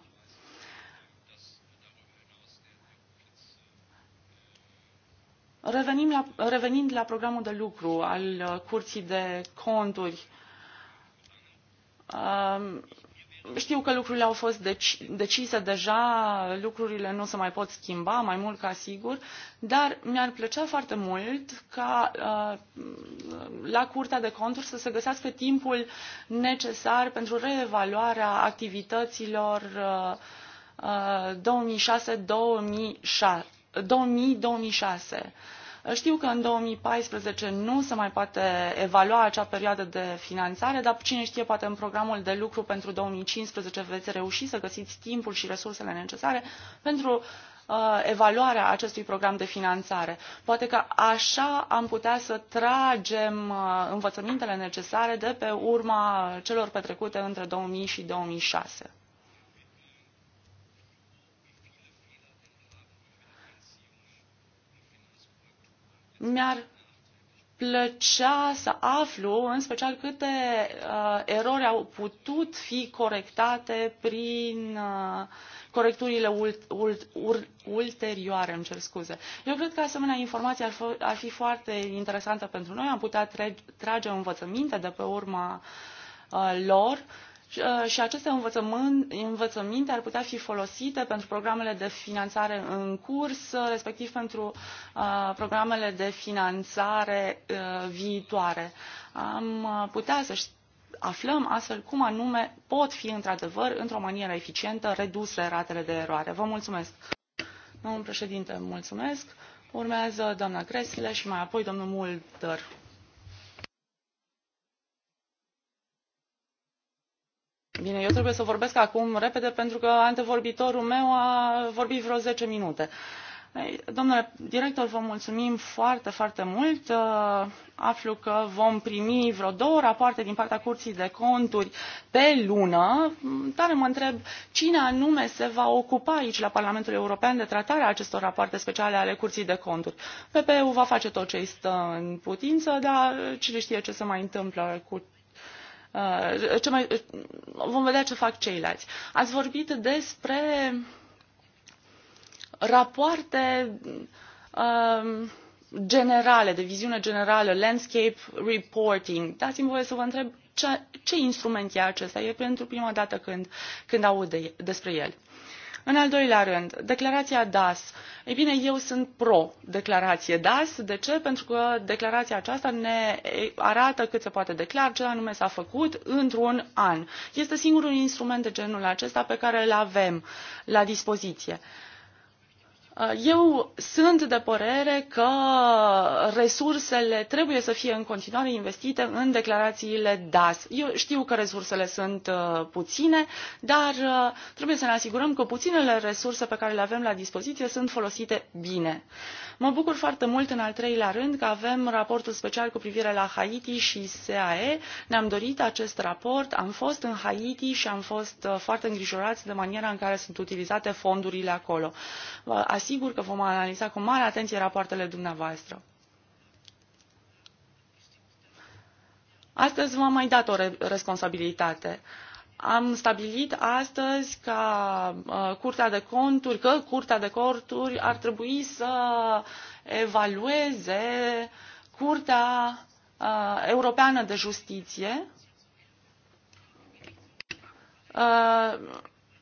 Revenim la, revenind la programul de lucru al uh, Curții de Conturi, um, știu că lucrurile au fost deci, decise deja, lucrurile nu se mai pot schimba, mai mult ca sigur, dar mi-ar plăcea foarte mult ca uh, la Curtea de Conturi să se găsească timpul necesar pentru reevaluarea activităților uh, uh, 2006-2006. Știu că în paisprezece nu se mai poate evalua acea perioadă de finanțare, dar cine știe, poate în programul de lucru pentru 2015 veți reuși să găsiți timpul și resursele necesare pentru uh, evaluarea acestui program de finanțare. Poate că așa am putea să tragem uh, învățămintele necesare de pe urma celor petrecute între 2000 și 2006. Mi-ar plăcea să aflu, în special, câte uh, erori au putut fi corectate prin uh, corecturile ult, ult, ur, ulterioare, îmi cer scuze. Eu cred că asemenea informații ar, ar fi foarte interesantă pentru noi, am putea tre- trage învățăminte de pe urma uh, lor Uh, și aceste învățăminte ar putea fi folosite pentru programele de finanțare în curs, respectiv pentru uh, programele de finanțare uh, viitoare. Am putea să aflăm astfel cum anume pot fi într-adevăr, într-o manieră eficientă, reduse ratele de eroare. Vă mulțumesc! Domnul președinte, mulțumesc! Urmează doamna Cresile și mai apoi domnul Mulder. Bine, eu trebuie să vorbesc acum repede pentru că antevorbitorul meu a vorbit vreo 10 minute. Domnule director, vă mulțumim foarte, foarte mult. Uh, aflu că vom primi vreo două rapoarte din partea Curții de Conturi pe lună. Dar mă întreb cine anume se va ocupa aici la Parlamentul European de tratarea acestor rapoarte speciale ale Curții de Conturi. PPE-ul va face tot ce îi stă în putință, dar cine știe ce se mai întâmplă cu Uh, ce mai, vom vedea ce fac ceilalți. Ați vorbit despre rapoarte um, generale, de viziune generală, landscape reporting. Dați-mi voie să vă întreb ce, ce instrument e acesta? E pentru prima dată când, când aud de, despre el. În al doilea rând, declarația DAS. Ei bine, eu sunt pro-declarație DAS. De ce? Pentru că declarația aceasta ne arată cât se poate declara ce anume s-a făcut într-un an. Este singurul instrument de genul acesta pe care îl avem la dispoziție. Uh, Uh, eu sunt de părere că resursele trebuie să fie în continuare investite în declarațiile DAS. Eu știu că resursele sunt uh, puține, dar uh, trebuie să ne asigurăm că puținele resurse pe care le avem la dispoziție sunt folosite bine. Mă bucur foarte mult în al treilea rând că avem raportul special cu privire la Haiti și SAE. Ne-am dorit acest raport, am fost în Haiti și am fost foarte îngrijorați de maniera în care sunt utilizate fondurile acolo asigur că vom analiza cu mare atenție rapoartele dumneavoastră. Astăzi v-am mai dat o responsabilitate. Am stabilit astăzi ca uh, Curtea de Conturi, că Curtea de Conturi ar trebui să evalueze Curtea uh, Europeană de Justiție uh,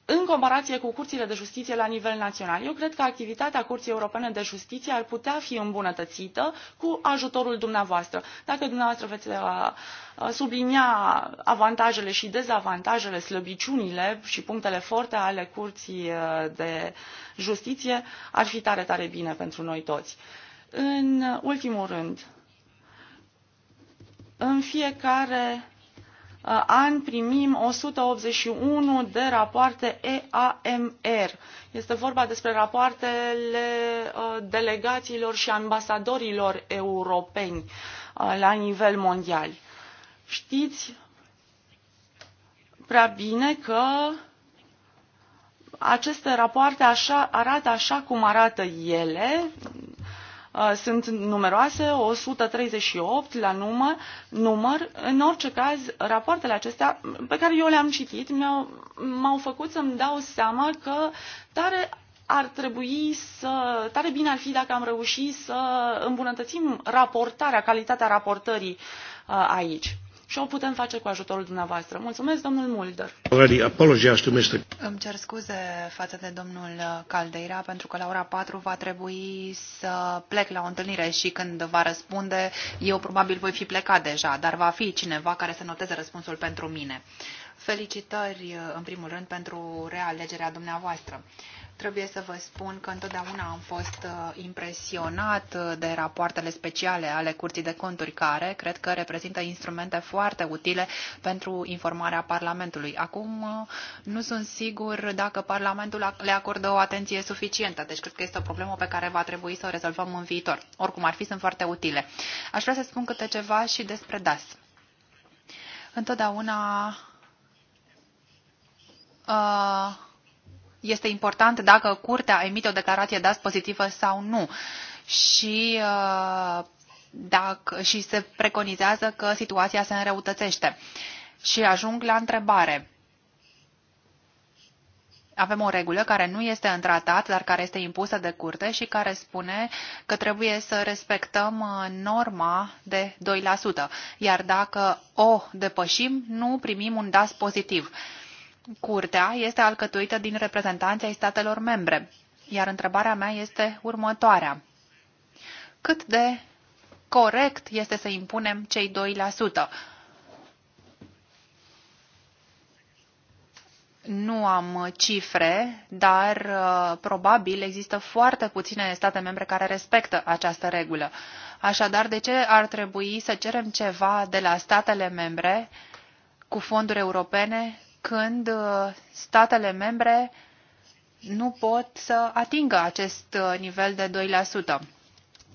în comparație cu curțile de justiție la nivel național. Eu cred că activitatea Curții Europene de Justiție ar putea fi îmbunătățită cu ajutorul dumneavoastră. Dacă dumneavoastră veți uh, uh, sublinia avantajele și dezavantajele, slăbiciunile și punctele forte ale Curții uh, de Justiție, ar fi tare, tare bine pentru noi toți. În ultimul rând, în fiecare Uh, an primim 181 de rapoarte EAMR. Este vorba despre rapoartele uh, delegațiilor și ambasadorilor europeni uh, la nivel mondial. Știți prea bine că aceste rapoarte așa, arată așa cum arată ele, Uh, sunt numeroase, 138 la număr, număr. În orice caz, rapoartele acestea pe care eu le-am citit m-au făcut să-mi dau seama că tare ar trebui să, tare bine ar fi dacă am reușit să îmbunătățim raportarea, calitatea raportării uh, aici și o putem face cu ajutorul dumneavoastră. Mulțumesc, domnul Mulder. Îmi cer scuze față de domnul Caldeira, pentru că la ora 4 va trebui să plec la o întâlnire și când va răspunde, eu probabil voi fi plecat deja, dar va fi cineva care să noteze răspunsul pentru mine. Felicitări, uh, în primul rând, pentru realegerea dumneavoastră. Trebuie să vă spun că întotdeauna am fost uh, impresionat uh, de rapoartele speciale ale Curții de Conturi, care cred că reprezintă instrumente foarte utile pentru informarea Parlamentului. Acum nu sunt sigur dacă Parlamentul le acordă o atenție suficientă, deci cred că este o problemă pe care va trebui să o rezolvăm în viitor. Oricum ar fi, sunt foarte utile. Aș vrea să spun câte ceva și despre DAS. Întotdeauna Uh, este important dacă curtea emite o declarație DAS pozitivă sau nu. Și, uh, dacă, și se preconizează că situația se înrăutățește. Și ajung la întrebare. Avem o regulă care nu este în tratat, dar care este impusă de curte și care spune că trebuie să respectăm uh, norma de 2%, iar dacă o depășim, nu primim un DAS pozitiv. Uh, Curtea este alcătuită din reprezentanții ai statelor membre, iar întrebarea mea este următoarea. Cât de corect este să impunem cei 2%? Nu am cifre, dar uh, probabil există foarte puține state membre care respectă această regulă. Așadar, de ce ar trebui să cerem ceva de la statele membre cu fonduri europene când uh, statele membre nu pot să atingă acest uh, nivel de 2%.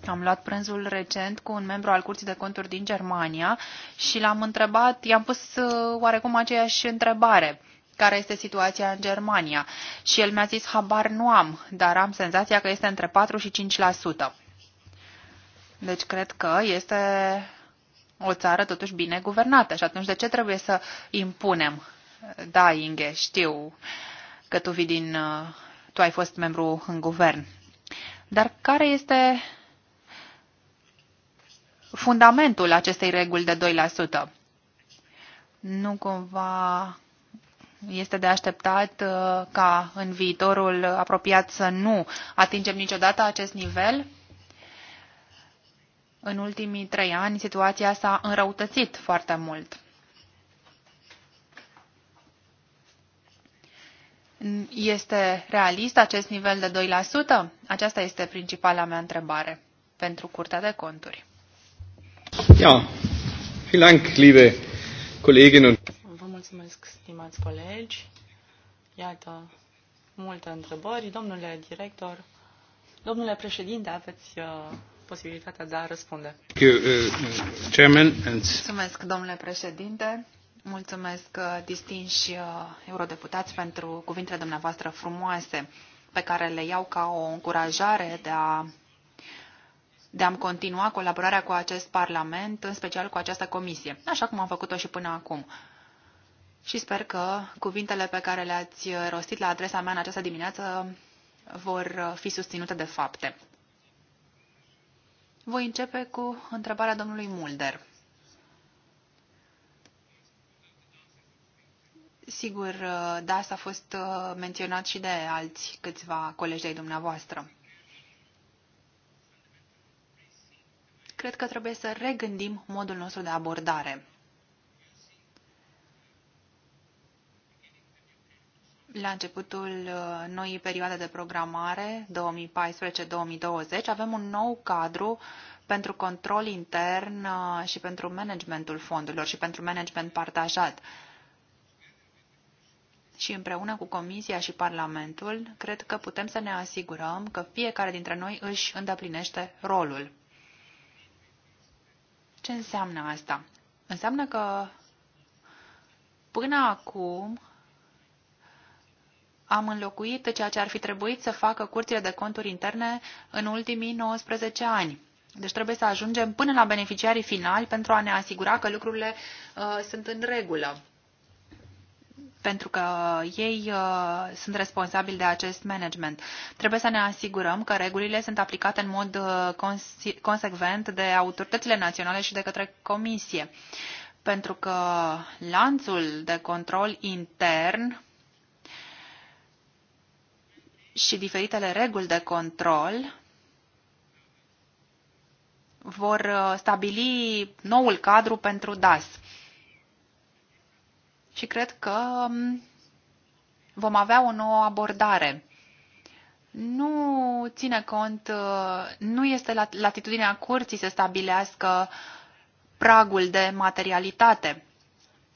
Am luat prânzul recent cu un membru al Curții de Conturi din Germania și l-am întrebat, i-am pus uh, oarecum aceeași întrebare care este situația în Germania. Și el mi-a zis, habar nu am, dar am senzația că este între 4 și 5%. Deci cred că este o țară totuși bine guvernată și atunci de ce trebuie să impunem da, Inge, știu că tu vii din... Tu ai fost membru în guvern. Dar care este fundamentul acestei reguli de 2%? Nu cumva este de așteptat uh, ca în viitorul apropiat să nu atingem niciodată acest nivel? În ultimii trei ani situația s-a înrăutățit foarte mult. Este realist acest nivel de 2%? Aceasta este principala mea întrebare pentru Curtea de Conturi. Ja, vielen Dank, liebe Kolleginnen und Vă mulțumesc, stimați colegi. Iată, multe întrebări. Domnule director, domnule președinte, aveți uh, posibilitatea de a răspunde. Uh, mulțumesc, domnule președinte. Mulțumesc, uh, distinși uh, eurodeputați, pentru cuvintele dumneavoastră frumoase, pe care le iau ca o încurajare de a de a-mi continua colaborarea cu acest Parlament, în special cu această comisie, așa cum am făcut-o și până acum. Și sper că cuvintele pe care le-ați rostit la adresa mea în această dimineață vor fi susținute de fapte. Voi începe cu întrebarea domnului Mulder. Sigur, uh, da, s-a fost uh, menționat și de alți câțiva colegi ai dumneavoastră. Cred că trebuie să regândim modul nostru de abordare. La începutul uh, noii perioade de programare 2014-2020 avem un nou cadru pentru control intern și pentru managementul fondurilor și pentru management partajat și împreună cu Comisia și Parlamentul, cred că putem să ne asigurăm că fiecare dintre noi își îndeplinește rolul. Ce înseamnă asta? Înseamnă că până acum am înlocuit ceea ce ar fi trebuit să facă curțile de conturi interne în ultimii 19 ani. Deci trebuie să ajungem până la beneficiarii finali pentru a ne asigura că lucrurile uh, sunt în regulă pentru că ei uh, sunt responsabili de acest management. Trebuie să ne asigurăm că regulile sunt aplicate în mod uh, consecvent de autoritățile naționale și de către comisie, pentru că lanțul de control intern și diferitele reguli de control vor uh, stabili noul cadru pentru DAS și cred că mm, vom avea o nouă abordare. Nu ține cont, uh, nu este la latitudinea curții să stabilească pragul de materialitate,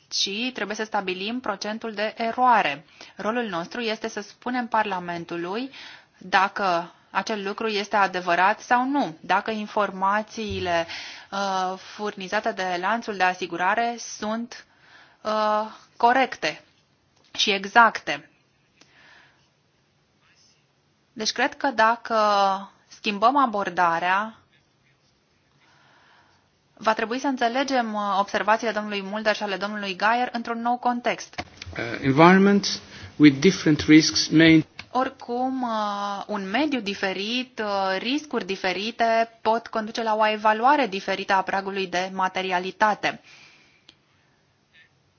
ci trebuie să stabilim procentul de eroare. Rolul nostru este să spunem Parlamentului dacă acel lucru este adevărat sau nu, dacă informațiile uh, furnizate de lanțul de asigurare sunt Uh, corecte și exacte. Deci cred că dacă schimbăm abordarea, va trebui să înțelegem uh, observațiile domnului Mulder și ale domnului Gaier într-un nou context. Uh, with different risks may... Oricum, uh, un mediu diferit, uh, riscuri diferite pot conduce la o evaluare diferită a pragului de materialitate.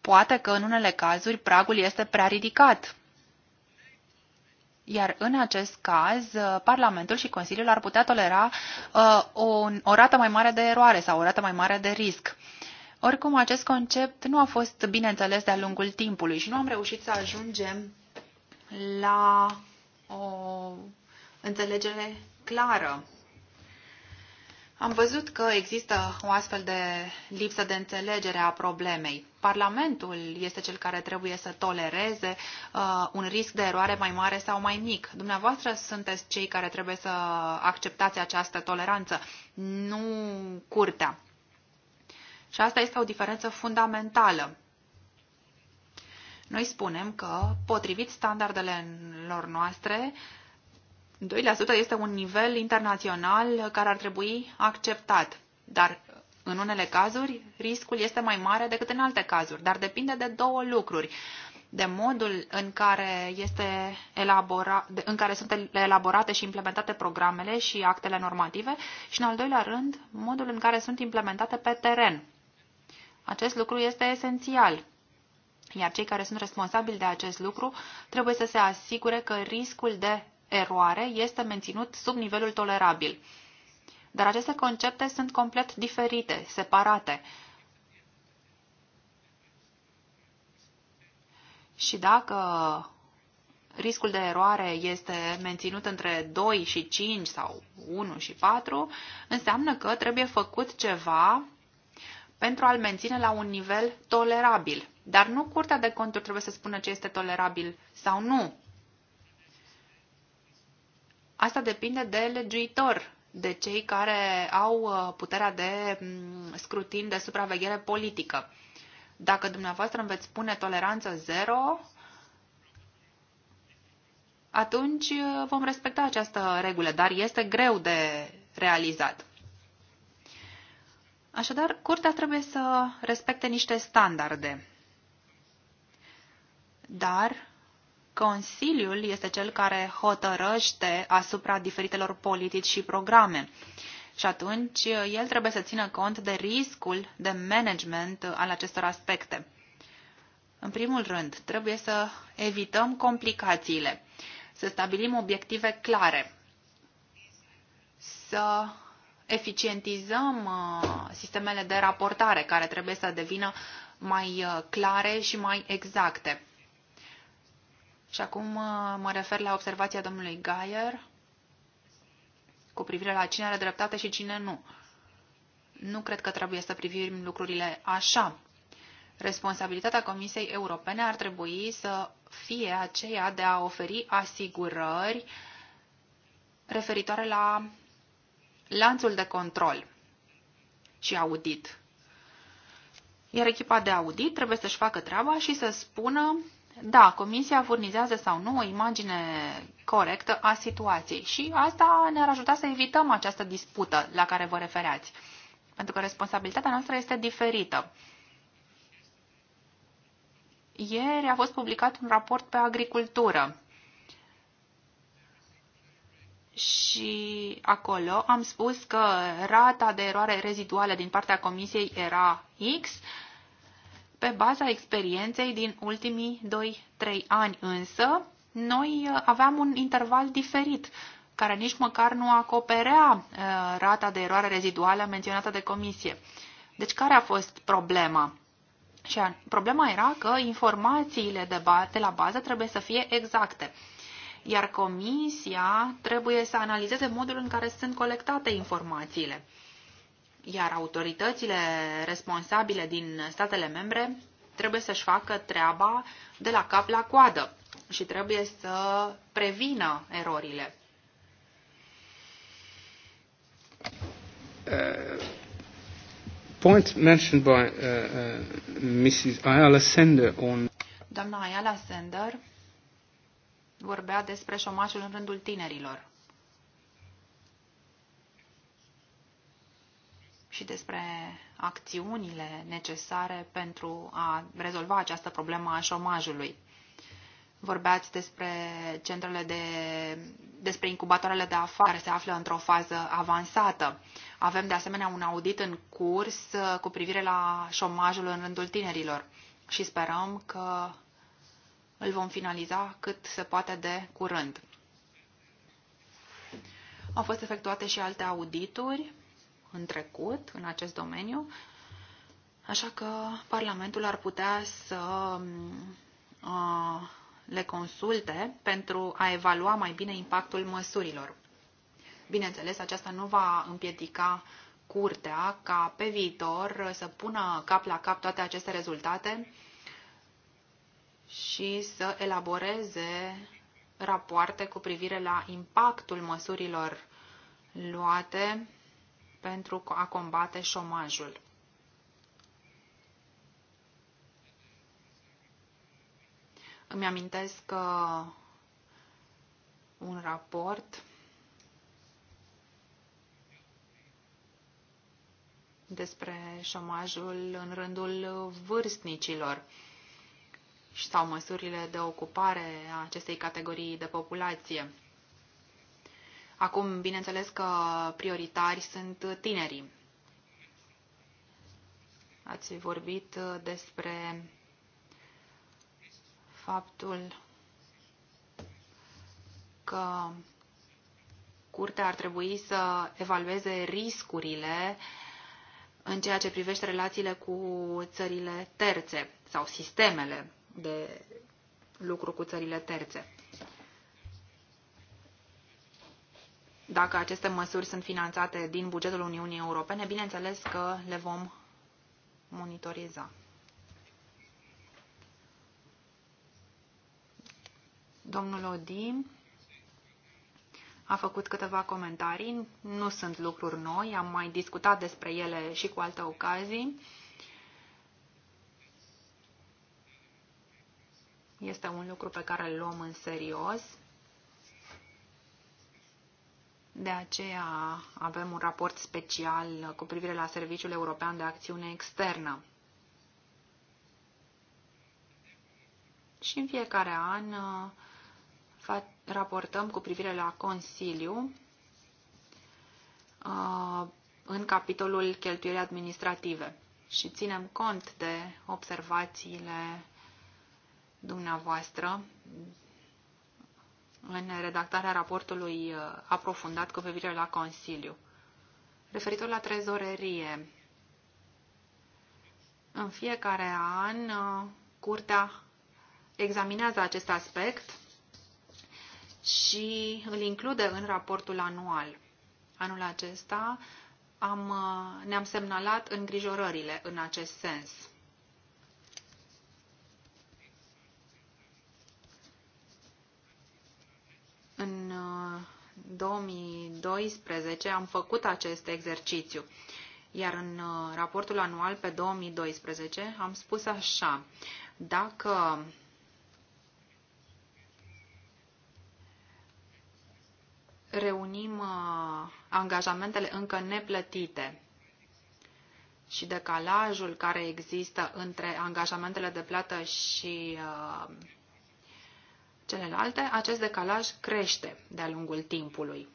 Poate că în unele cazuri pragul este prea ridicat. Iar în acest caz, uh, Parlamentul și Consiliul ar putea tolera uh, o, o rată mai mare de eroare sau o rată mai mare de risc. Oricum, acest concept nu a fost bine înțeles de-a lungul timpului și nu am reușit să ajungem la o înțelegere clară am văzut că există o astfel de lipsă de înțelegere a problemei. Parlamentul este cel care trebuie să tolereze uh, un risc de eroare mai mare sau mai mic. Dumneavoastră sunteți cei care trebuie să acceptați această toleranță, nu curtea. Și asta este o diferență fundamentală. Noi spunem că, potrivit standardelor noastre, uh, 2% este un nivel internațional care ar trebui acceptat, dar în unele cazuri riscul este mai mare decât în alte cazuri, dar depinde de două lucruri de modul în care, este elabora, în care sunt elaborate și implementate programele și actele normative și, în al doilea rând, modul în care sunt implementate pe teren. Acest lucru este esențial, iar cei care sunt responsabili de acest lucru trebuie să se asigure că riscul de eroare este menținut sub nivelul tolerabil. Dar aceste concepte sunt complet diferite, separate. Și dacă riscul de eroare este menținut între 2 și 5 sau 1 și 4, înseamnă că trebuie făcut ceva pentru a-l menține la un nivel tolerabil. Dar nu Curtea de Conturi trebuie să spună ce este tolerabil sau nu. Asta depinde de legiuitor, de cei care au uh, puterea de mm, scrutin, de supraveghere politică. Dacă dumneavoastră îmi veți spune toleranță zero, atunci uh, vom respecta această regulă, dar este greu de realizat. Așadar, curtea trebuie să respecte niște standarde. Dar Consiliul este cel care hotărăște asupra diferitelor politici și programe. Și atunci el trebuie să țină cont de riscul de management al acestor aspecte. În primul rând, trebuie să evităm complicațiile, să stabilim obiective clare, să eficientizăm uh, sistemele de raportare care trebuie să devină mai uh, clare și mai exacte. Și acum uh, mă refer la observația domnului Gaier cu privire la cine are dreptate și cine nu. Nu cred că trebuie să privim lucrurile așa. Responsabilitatea Comisiei Europene ar trebui să fie aceea de a oferi asigurări referitoare la lanțul de control și audit. Iar echipa de audit trebuie să-și facă treaba și să spună da, comisia furnizează sau nu o imagine corectă a situației și asta ne-ar ajuta să evităm această dispută la care vă refereați, pentru că responsabilitatea noastră este diferită. Ieri a fost publicat un raport pe agricultură și acolo am spus că rata de eroare reziduală din partea comisiei era X, pe baza experienței din ultimii 2-3 ani însă, noi uh, aveam un interval diferit, care nici măcar nu acoperea uh, rata de eroare reziduală menționată de comisie. Deci care a fost problema? Și problema era că informațiile de, ba- de la bază trebuie să fie exacte, iar comisia trebuie să analizeze modul în care sunt colectate informațiile iar autoritățile responsabile din statele membre trebuie să-și facă treaba de la cap la coadă și trebuie să prevină erorile. Uh, point mentioned by uh, uh, Mrs. Ayala Sender on Doamna Ayala Sender vorbea despre șomajul în rândul tinerilor. și despre acțiunile necesare pentru a rezolva această problemă a șomajului. Vorbeați despre centrele de, despre incubatoarele de afaceri care se află într-o fază avansată. Avem de asemenea un audit în curs uh, cu privire la șomajul în rândul tinerilor și sperăm că îl vom finaliza cât se poate de curând. Au fost efectuate și alte audituri în trecut în acest domeniu, așa că Parlamentul ar putea să uh, le consulte pentru a evalua mai bine impactul măsurilor. Bineînțeles, aceasta nu va împiedica curtea ca pe viitor să pună cap la cap toate aceste rezultate și să elaboreze rapoarte cu privire la impactul măsurilor luate pentru a combate șomajul. Îmi amintesc că un raport despre șomajul în rândul vârstnicilor sau măsurile de ocupare a acestei categorii de populație. Acum, bineînțeles că prioritari sunt tinerii. Ați vorbit despre faptul că curtea ar trebui să evalueze riscurile în ceea ce privește relațiile cu țările terțe sau sistemele de lucru cu țările terțe. Dacă aceste măsuri sunt finanțate din bugetul Uniunii Europene, bineînțeles că le vom monitoriza. Domnul Odim a făcut câteva comentarii. Nu sunt lucruri noi, am mai discutat despre ele și cu alte ocazii. Este un lucru pe care îl luăm în serios de aceea avem un raport special cu privire la Serviciul European de Acțiune Externă. Și în fiecare an uh, raportăm cu privire la Consiliu uh, în capitolul cheltuieli administrative și ținem cont de observațiile dumneavoastră în redactarea raportului uh, aprofundat cu privire la Consiliu. Referitor la trezorerie, în fiecare an, uh, Curtea examinează acest aspect și îl include în raportul anual. Anul acesta am, uh, ne-am semnalat îngrijorările în acest sens. În 2012 uh, am făcut acest exercițiu, iar în uh, raportul anual pe 2012 am spus așa, dacă reunim uh, angajamentele încă neplătite și decalajul care există între angajamentele de plată și celelalte, acest decalaj crește de-a lungul timpului.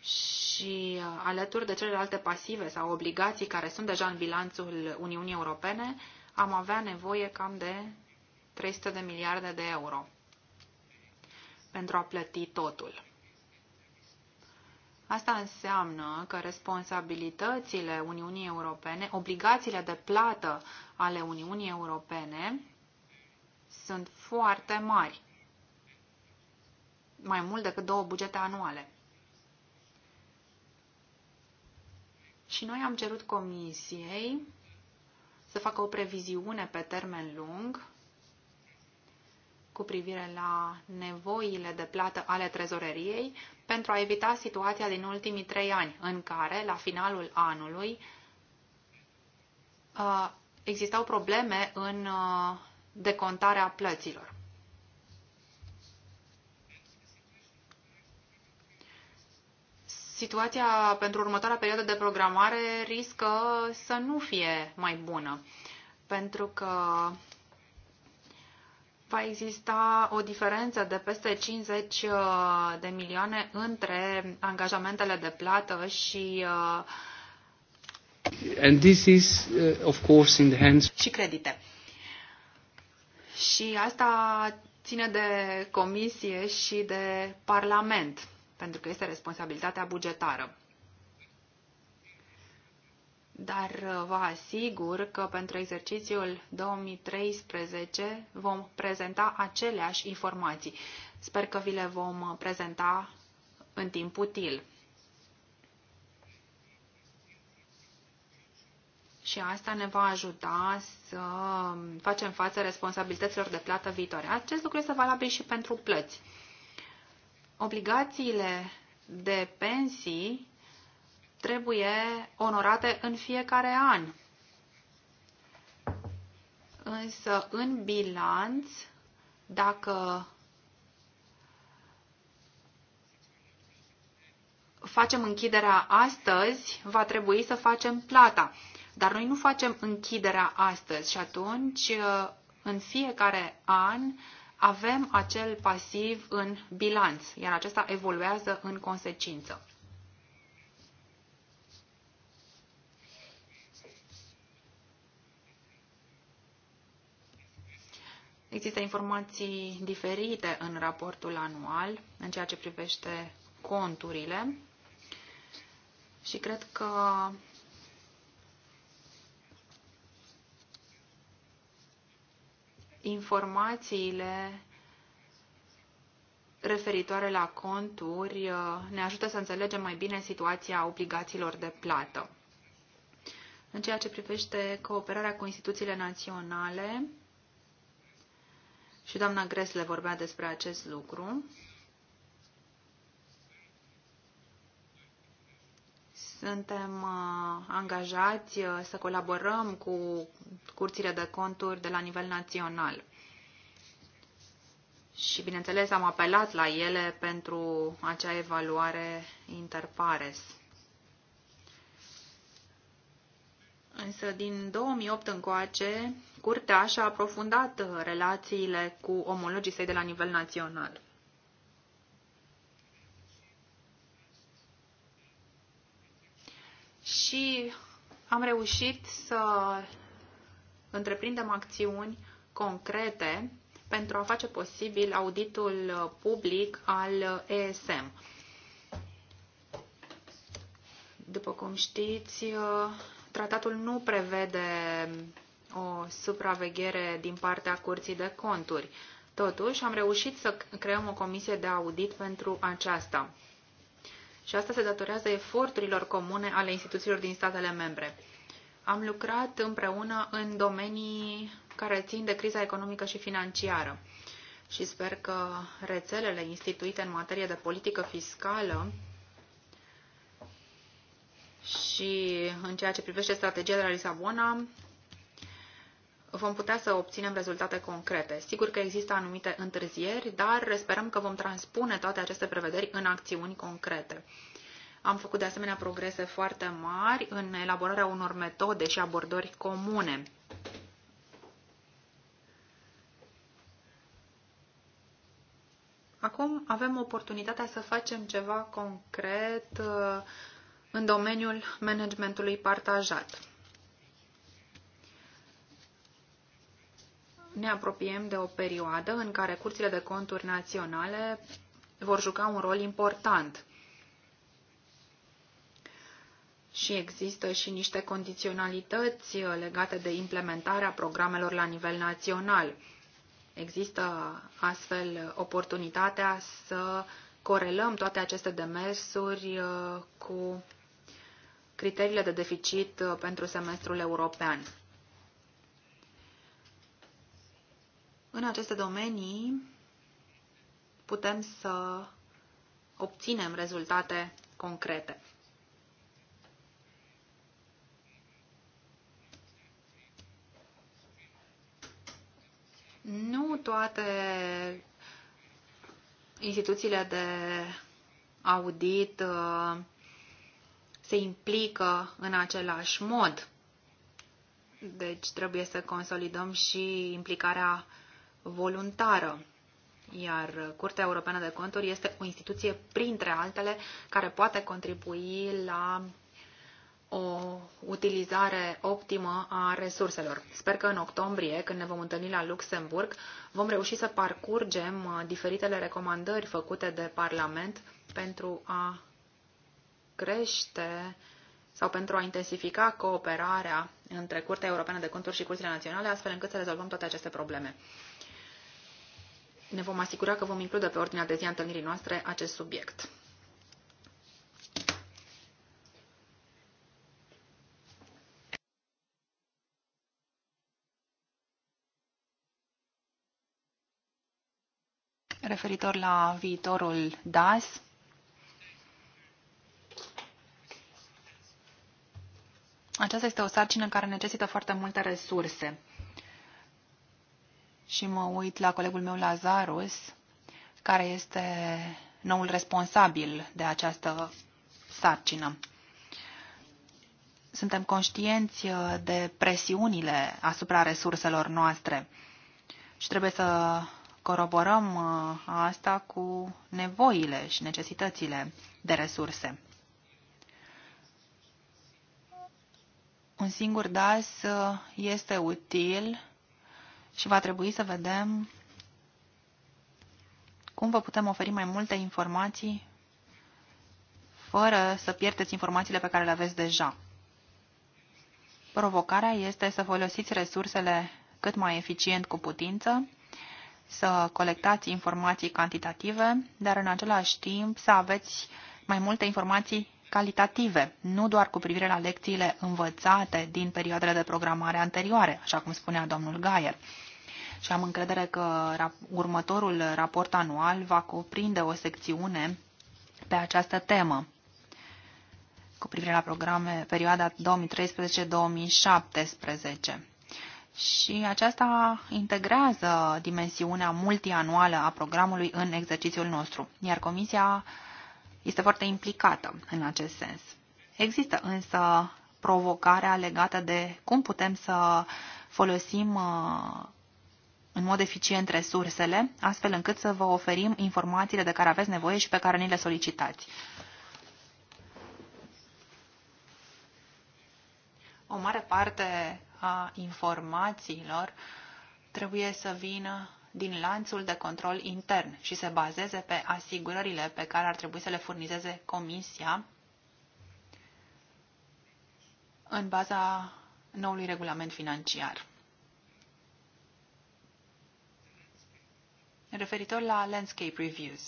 Și uh, alături de celelalte pasive sau obligații care sunt deja în bilanțul Uniunii Europene, am avea nevoie cam de 300 de miliarde de euro pentru a plăti totul. Asta înseamnă că responsabilitățile Uniunii Europene, obligațiile de plată ale Uniunii Europene, sunt foarte mari, mai mult decât două bugete anuale. Și noi am cerut comisiei să facă o previziune pe termen lung cu privire la nevoile de plată ale trezoreriei pentru a evita situația din ultimii trei ani, în care, la finalul anului, uh, existau probleme în uh, de contare a plăților. Situația pentru următoarea perioadă de programare riscă să nu fie mai bună, pentru că va exista o diferență de peste 50 uh, de milioane între angajamentele de plată și uh, And this is, uh, of course, in the hands... și credite. Și asta ține de comisie și de parlament, pentru că este responsabilitatea bugetară. Dar uh, vă asigur că pentru exercițiul 2013 vom prezenta aceleași informații. Sper că vi le vom prezenta în timp util. și asta ne va ajuta să facem față responsabilităților de plată viitoare. Acest lucru este valabil și pentru plăți. Obligațiile de pensii trebuie onorate în fiecare an. Însă, în bilanț, dacă facem închiderea astăzi, va trebui să facem plata. Dar noi nu facem închiderea astăzi și atunci, uh, în fiecare an, avem acel pasiv în bilanț, iar acesta evoluează în consecință. Există informații diferite în raportul anual în ceea ce privește conturile și cred că informațiile referitoare la conturi uh, ne ajută să înțelegem mai bine situația obligațiilor de plată. În ceea ce privește cooperarea cu instituțiile naționale, și doamna Gresle vorbea despre acest lucru, Suntem uh, angajați uh, să colaborăm cu curțile de conturi de la nivel național. Și, bineînțeles, am apelat la ele pentru acea evaluare interpares. Însă din 2008 încoace, curtea și-a aprofundat relațiile cu omologii săi de la nivel național. și am reușit să întreprindem acțiuni concrete pentru a face posibil auditul public al ESM. După cum știți, tratatul nu prevede o supraveghere din partea Curții de Conturi. Totuși, am reușit să creăm o comisie de audit pentru aceasta și asta se datorează eforturilor comune ale instituțiilor din statele membre. Am lucrat împreună în domenii care țin de criza economică și financiară și sper că rețelele instituite în materie de politică fiscală și în ceea ce privește strategia de la Lisabona vom putea să obținem rezultate concrete. Sigur că există anumite întârzieri, dar sperăm că vom transpune toate aceste prevederi în acțiuni concrete. Am făcut de asemenea progrese foarte mari în elaborarea unor metode și abordări comune. Acum avem oportunitatea să facem ceva concret uh, în domeniul managementului partajat. ne apropiem de o perioadă în care curțile de conturi naționale vor juca un rol important. Și există și niște condiționalități legate de implementarea programelor la nivel național. Există astfel oportunitatea să corelăm toate aceste demersuri uh, cu criteriile de deficit uh, pentru semestrul european. În aceste domenii putem să obținem rezultate concrete. Nu toate instituțiile de audit uh, se implică în același mod. Deci trebuie să consolidăm și implicarea voluntară. Iar Curtea Europeană de Conturi este o instituție, printre altele, care poate contribui la o utilizare optimă a resurselor. Sper că în octombrie, când ne vom întâlni la Luxemburg, vom reuși să parcurgem uh, diferitele recomandări făcute de Parlament pentru a crește sau pentru a intensifica cooperarea între Curtea Europeană de Conturi și Curțile Naționale, astfel încât să rezolvăm toate aceste probleme ne vom asigura că vom include pe ordinea de zi a întâlnirii noastre acest subiect. referitor la viitorul DAS. Aceasta este o sarcină care necesită foarte multe resurse și mă uit la colegul meu Lazarus, care este noul responsabil de această sarcină. Suntem conștienți uh, de presiunile asupra resurselor noastre și trebuie să coroborăm uh, asta cu nevoile și necesitățile de resurse. Un singur DAS uh, este util și va trebui să vedem cum vă putem oferi mai multe informații fără să pierdeți informațiile pe care le aveți deja. Provocarea este să folosiți resursele cât mai eficient cu putință, să colectați informații cantitative, dar în același timp să aveți mai multe informații calitative, nu doar cu privire la lecțiile învățate din perioadele de programare anterioare, așa cum spunea domnul Gaier și am încredere că următorul raport anual va cuprinde o secțiune pe această temă cu privire la programe perioada 2013-2017. Și aceasta integrează dimensiunea multianuală a programului în exercițiul nostru, iar Comisia este foarte implicată în acest sens. Există însă provocarea legată de cum putem să folosim uh, în mod eficient resursele, astfel încât să vă oferim informațiile de care aveți nevoie și pe care ni le solicitați. O mare parte a informațiilor trebuie să vină din lanțul de control intern și se bazeze pe asigurările pe care ar trebui să le furnizeze Comisia în baza noului regulament financiar. referitor la landscape reviews.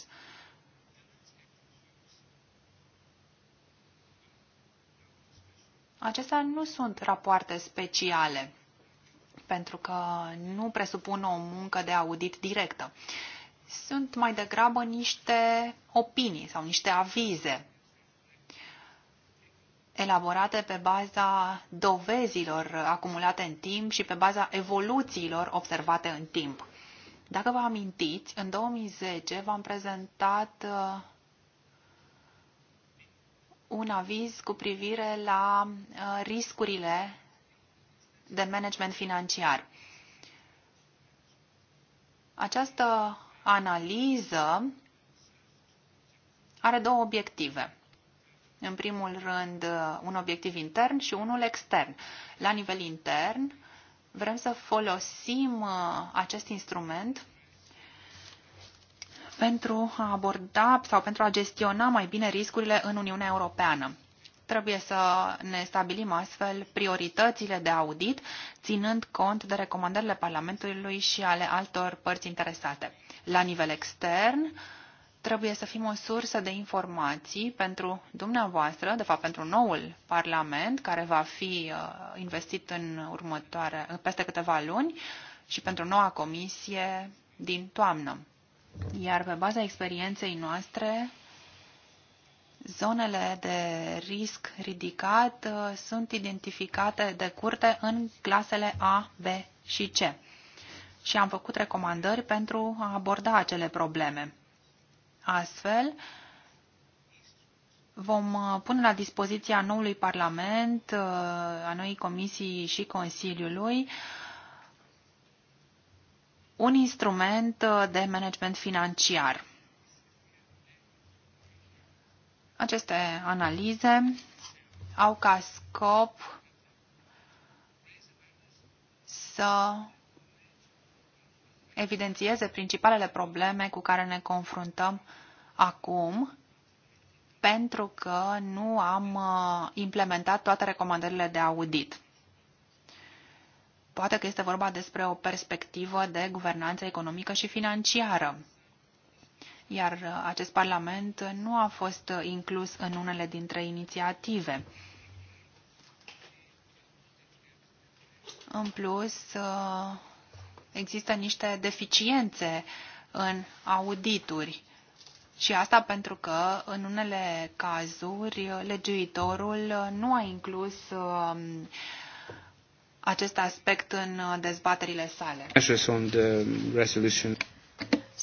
Acestea nu sunt rapoarte speciale, pentru că nu presupun o muncă de audit directă. Sunt mai degrabă niște opinii sau niște avize elaborate pe baza dovezilor acumulate în timp și pe baza evoluțiilor observate în timp. Dacă vă amintiți, în 2010 v-am prezentat uh, un aviz cu privire la uh, riscurile de management financiar. Această analiză are două obiective. În primul rând, uh, un obiectiv intern și unul extern. La nivel intern, vrem să folosim uh, acest instrument pentru a aborda sau pentru a gestiona mai bine riscurile în Uniunea Europeană. Trebuie să ne stabilim astfel prioritățile de audit, ținând cont de recomandările Parlamentului și ale altor părți interesate. La nivel extern, uh, trebuie să fim o sursă de informații pentru dumneavoastră, de fapt pentru noul Parlament, care va fi uh, investit în următoare, peste câteva luni, și pentru noua comisie din toamnă. Iar pe baza experienței noastre, zonele de risc ridicat uh, sunt identificate de curte în clasele A, B și C. Și am făcut recomandări pentru a aborda acele probleme. Astfel, vom uh, pune la dispoziția noului Parlament, uh, a noii comisii și Consiliului un instrument uh, de management financiar. Aceste analize au ca scop să evidențieze principalele probleme cu care ne confruntăm acum, pentru că nu am uh, implementat toate recomandările de audit. Poate că este vorba despre o perspectivă de guvernanță economică și financiară, iar uh, acest Parlament nu a fost uh, inclus în unele dintre inițiative. În plus, există niște deficiențe în audituri. Și asta pentru că, în unele cazuri, legiuitorul nu a inclus um, acest aspect în dezbaterile sale.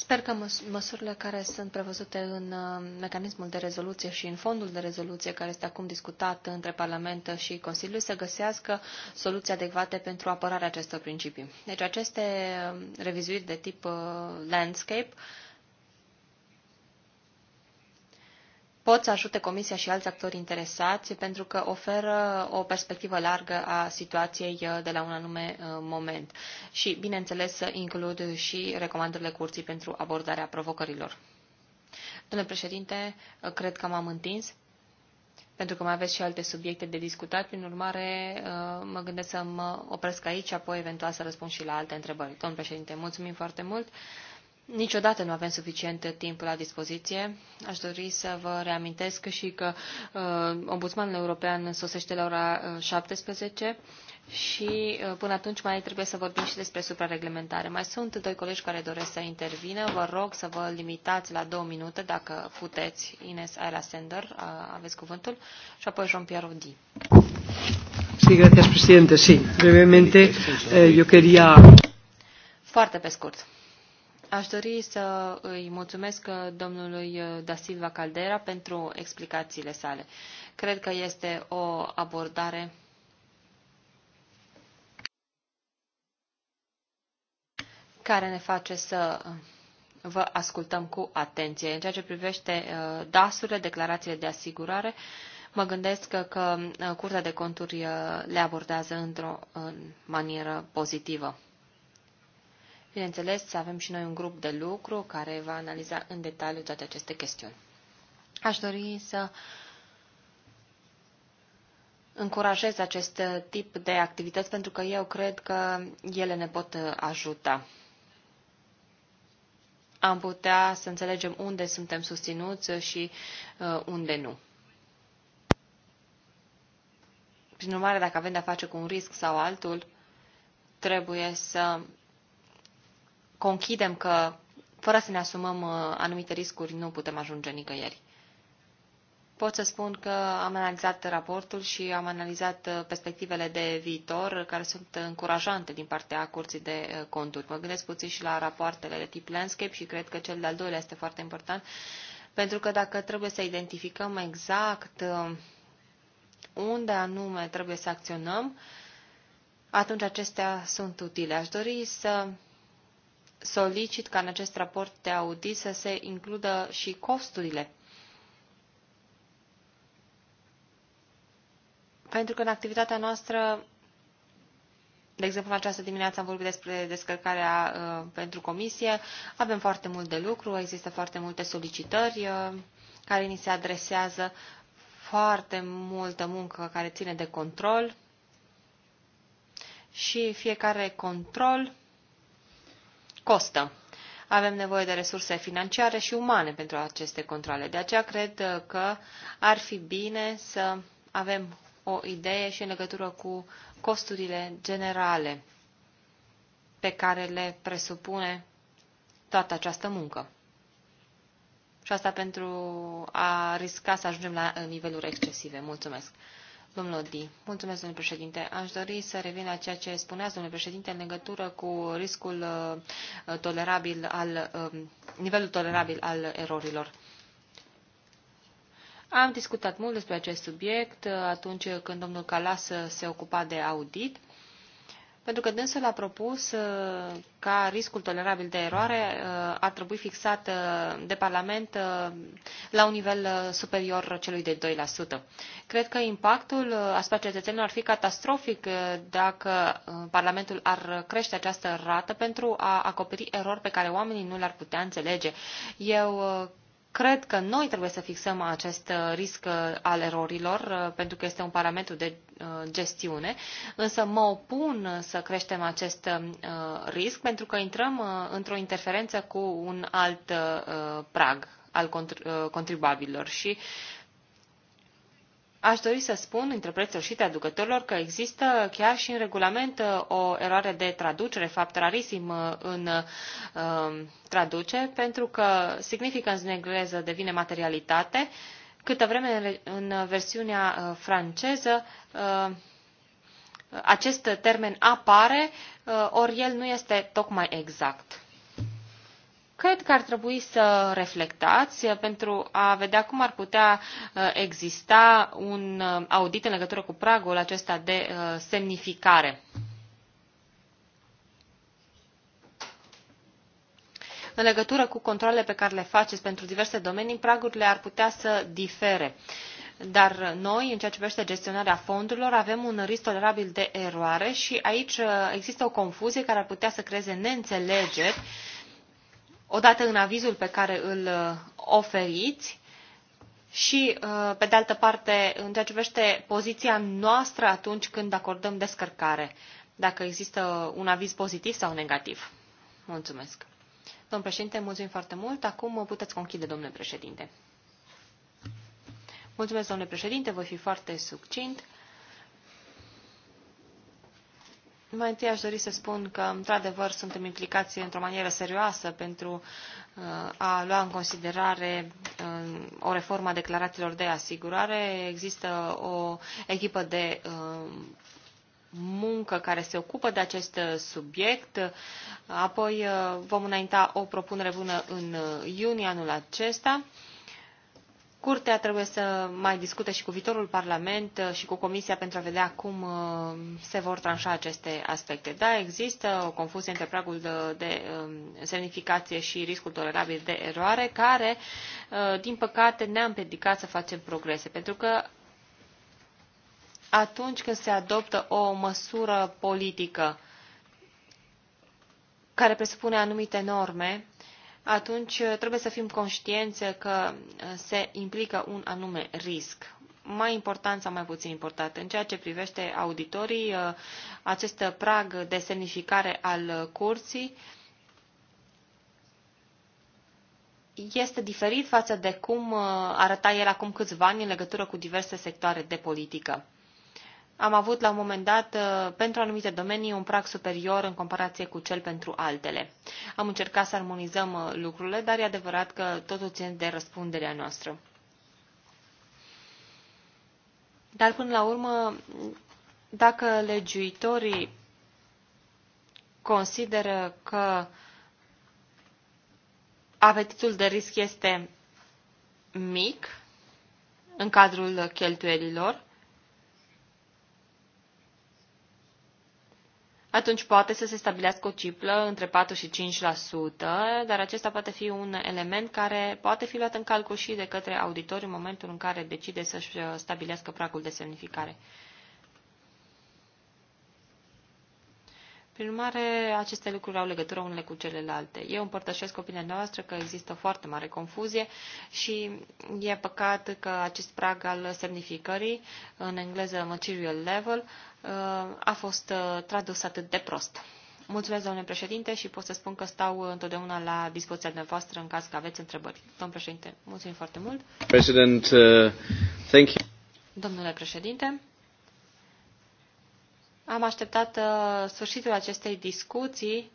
Sper că măsurile care sunt prevăzute în uh, mecanismul de rezoluție și în fondul de rezoluție care este acum discutat între Parlament și Consiliu să găsească soluții adecvate pentru apărarea acestor principii. Deci aceste uh, revizuiri de tip uh, landscape pot să ajute Comisia și alți actori interesați pentru că oferă o perspectivă largă a situației uh, de la un anume uh, moment și, bineînțeles, includ și recomandările curții pentru abordarea provocărilor. Domnule președinte, uh, cred că m-am întins pentru că mai aveți și alte subiecte de discutat. Prin urmare, mă gândesc să mă opresc aici, apoi eventual să răspund și la alte întrebări. Domnul președinte, mulțumim foarte mult. Niciodată nu avem suficient timp la dispoziție. Aș dori să vă reamintesc și că uh, Ombudsmanul European sosește la ora 17 uh, și uh, până atunci mai trebuie să vorbim și despre suprareglementare. Mai sunt doi colegi care doresc să intervină. Vă rog să vă limitați la două minute, dacă puteți. Ines Aira Sender, uh, aveți cuvântul, și apoi Jean-Pierre Audi. Sí, gracias, presidente. Sí, brevemente, eh, yo quería... Foarte pe scurt. Aș dori să îi mulțumesc domnului Da Silva Caldera pentru explicațiile sale. Cred că este o abordare care ne face să vă ascultăm cu atenție. În ceea ce privește uh, DAS-urile, declarațiile de asigurare, mă gândesc că, uh, Curtea de Conturi uh, le abordează într-o în manieră pozitivă. Bineînțeles, avem și noi un grup de lucru care va analiza în detaliu toate aceste chestiuni. Aș dori să încurajez acest tip de activități pentru că eu cred că ele ne pot ajuta. Am putea să înțelegem unde suntem susținuți și uh, unde nu. Prin urmare, dacă avem de-a face cu un risc sau altul, trebuie să conchidem că, fără să ne asumăm uh, anumite riscuri, nu putem ajunge nicăieri. Pot să spun că am analizat raportul și am analizat uh, perspectivele de viitor uh, care sunt încurajante din partea Curții de Conturi. Mă gândesc puțin și la rapoartele de tip landscape și cred că cel de-al doilea este foarte important, pentru că dacă trebuie să identificăm exact unde anume trebuie să acționăm, atunci acestea sunt utile. Aș dori să solicit ca în acest raport de audit să se includă și costurile. Pentru că în activitatea noastră, de exemplu, în această dimineață am vorbit despre descărcarea uh, pentru comisie, avem foarte mult de lucru, există foarte multe solicitări uh, care ni se adresează, foarte multă muncă care ține de control și fiecare control costă. Avem nevoie de resurse financiare și umane pentru aceste controle. De aceea cred că ar fi bine să avem o idee și în legătură cu costurile generale pe care le presupune toată această muncă. Și asta pentru a risca să ajungem la niveluri excesive. Mulțumesc! Domnul Odi, mulțumesc, domnule președinte. Aș dori să revin la ceea ce spunea domnule președinte, în legătură cu riscul uh, tolerabil al, um, nivelul tolerabil al erorilor. Am discutat mult despre acest subiect uh, atunci când domnul Calas se ocupa de audit pentru că dânsul a propus uh, ca riscul tolerabil de eroare uh, ar trebui fixat uh, de Parlament la un nivel superior celui de 2%. Cred că impactul asupra cetățenilor ar fi catastrofic dacă Parlamentul ar crește această rată pentru a acoperi erori pe care oamenii nu le-ar putea înțelege. Eu Cred că noi trebuie să fixăm acest uh, risc uh, al erorilor, uh, pentru că este un parametru de gestiune, însă mă opun să creștem acest um, risc, pentru că intrăm într-o interferență cu un alt prag al contribuabililor și uh, Aș dori să spun interpreților și traducătorilor că există chiar și în regulament uh, o eroare de traducere, fapt rarisim uh, în uh, traduce, pentru că significance în engleză devine materialitate, câtă vreme în, în versiunea uh, franceză uh, acest termen apare, uh, ori el nu este tocmai exact. Cred că ar trebui să reflectați pentru a vedea cum ar putea uh, exista un uh, audit în legătură cu pragul acesta de uh, semnificare. în legătură cu controlele pe care le faceți pentru diverse domenii, pragurile ar putea să difere. Dar noi, în ceea ce privește gestionarea fondurilor, avem un risc tolerabil de eroare și aici există o confuzie care ar putea să creeze neînțelegeri odată în avizul pe care îl uh, oferiți și, uh, pe de altă parte, în ceea ce privește poziția noastră atunci când acordăm descărcare, dacă există un aviz pozitiv sau negativ. Mulțumesc. Domnul președinte, mulțumim foarte mult. Acum puteți conchide, domnule președinte. Mulțumesc, domnule președinte, voi fi foarte succint. Mai întâi aș dori să spun că, într-adevăr, suntem implicați într-o manieră serioasă pentru uh, a lua în considerare uh, o reformă a declarațiilor de asigurare. Există o echipă de uh, muncă care se ocupă de acest subiect. Apoi vom înainta o propunere bună în iunie anul acesta. Curtea trebuie să mai discute și cu viitorul Parlament uh, și cu Comisia pentru a vedea cum uh, se vor tranșa aceste aspecte. Da, există o confuzie între pragul de, de um, semnificație și riscul tolerabil de eroare, care, uh, din păcate, ne-a împiedicat să facem progrese, pentru că atunci când se adoptă o măsură politică care presupune anumite norme, atunci eh, trebuie să fim conștienți că eh, se implică un anume risc mai important sau mai puțin important. În ceea ce privește auditorii, eh, acest prag de semnificare al curții este diferit față de cum arăta el acum câțiva ani în legătură cu diverse sectoare de politică am avut la un moment dat uh, pentru anumite domenii un prag superior în comparație cu cel pentru altele. Am încercat să armonizăm uh, lucrurile, dar e adevărat că totul ține de răspunderea noastră. Dar până la urmă, dacă legiuitorii consideră că apetitul de risc este mic în cadrul cheltuielilor, atunci poate să se stabilească o ciplă între 4 și 5%, dar acesta poate fi un element care poate fi luat în calcul și de către auditori în momentul în care decide să-și uh, stabilească pragul de semnificare. Prin urmare, aceste lucruri au legătură unele cu celelalte. Eu împărtășesc opinia noastră că există foarte mare confuzie și e păcat că acest prag al semnificării, în engleză material level, uh, a fost uh, tradus atât de prost. Mulțumesc, domnule președinte, și pot să spun că stau întotdeauna la dispoziția dumneavoastră în caz că aveți întrebări. Domnule președinte, mulțumim foarte mult. President, uh, thank you. Domnule președinte, am așteptat uh, sfârșitul acestei discuții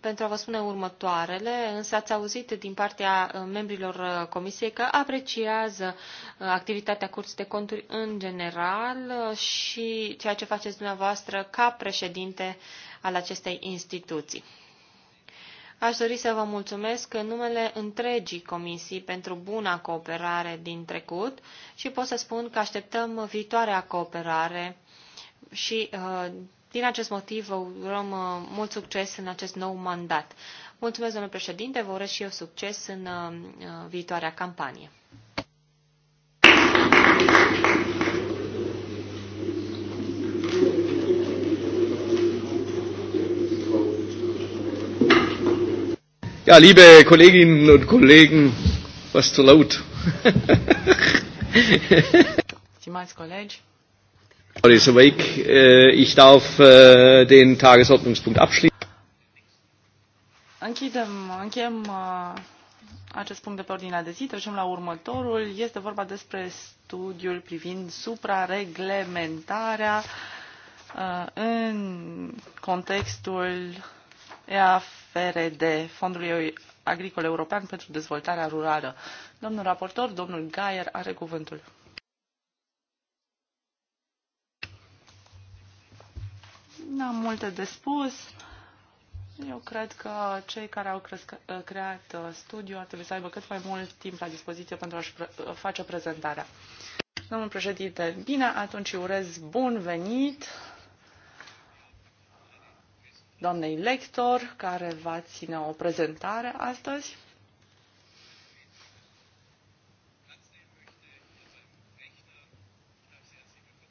pentru a vă spune următoarele, însă ați auzit din partea uh, membrilor uh, comisiei că apreciază activitatea Curții de Conturi în general și ceea ce faceți dumneavoastră ca președinte al acestei instituții. Aș dori să vă mulțumesc în numele întregii comisii pentru buna cooperare din trecut și pot să spun că așteptăm viitoarea cooperare și uh, din acest motiv vă urăm uh, mult succes în acest nou mandat. Mulțumesc, domnule președinte, vă urez și eu succes în uh, viitoarea campanie. Ja, liebe Kolleginnen und Kollegen, was zu laut. (laughs) Stimați colegi, Alice Awake, äh, ich darf äh, den Tagesordnungspunkt abschließen. Închidem, încheiem uh, acest punct de pe ordinea de zi, trecem la următorul. Este vorba despre studiul privind suprareglementarea uh, în contextul EAFRD, Fondului Agricol European pentru Dezvoltarea Rurală. Domnul raportor, domnul Gaier, are cuvântul. N-am multe de spus. Eu cred că cei care au uh, creat uh, studiu ar trebui să aibă cât mai mult timp la dispoziție pentru a-și pre uh, face prezentarea. Domnul președinte, bine, atunci urez bun venit doamnei lector care va ține o prezentare astăzi.